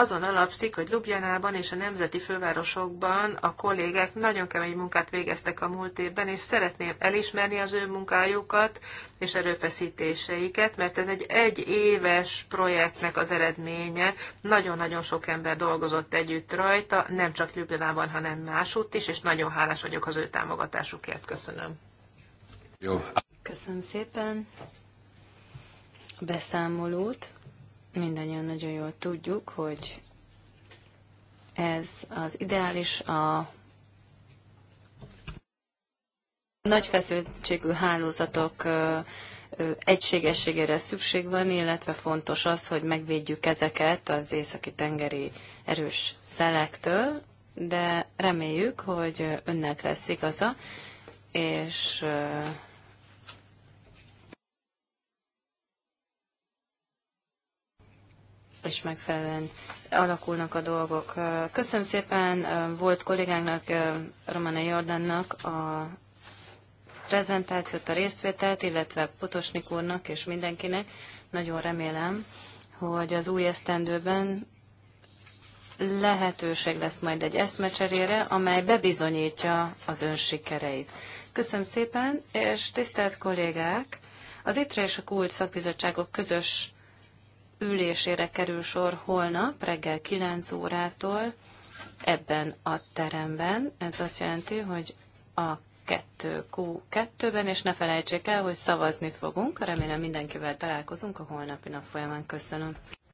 azon alapszik, hogy Lubjanában és a nemzeti fővárosokban a kollégek nagyon kemény munkát végeztek a múlt évben, és szeretném elismerni az ő munkájukat és erőfeszítéseiket, mert ez egy egy éves projektnek az eredménye. Nagyon-nagyon sok ember dolgozott együtt rajta, nem csak Ljubljanában, hanem másutt is, és nagyon hálás vagyok az ő támogatásukért. Köszönöm. Jó. Köszönöm szépen a beszámolót. Mindannyian nagyon jól tudjuk, hogy ez az ideális, a nagy feszültségű hálózatok egységességére szükség van, illetve fontos az, hogy megvédjük ezeket az északi tengeri erős szelektől, de reméljük, hogy önnek lesz igaza, és és megfelelően alakulnak a dolgok. Köszönöm szépen volt kollégánknak, Romana Jordannak a prezentációt, a részvételt, illetve Potosnik úrnak és mindenkinek. Nagyon remélem, hogy az új esztendőben lehetőség lesz majd egy eszmecserére, amely bebizonyítja az ön sikereit. Köszönöm szépen, és tisztelt kollégák! Az ITRE és a KULT szakbizottságok közös ülésére kerül sor holnap reggel 9 órától ebben a teremben. Ez azt jelenti, hogy a 2Q2-ben, és ne felejtsék el, hogy szavazni fogunk. Remélem mindenkivel találkozunk a holnapi nap folyamán. Köszönöm.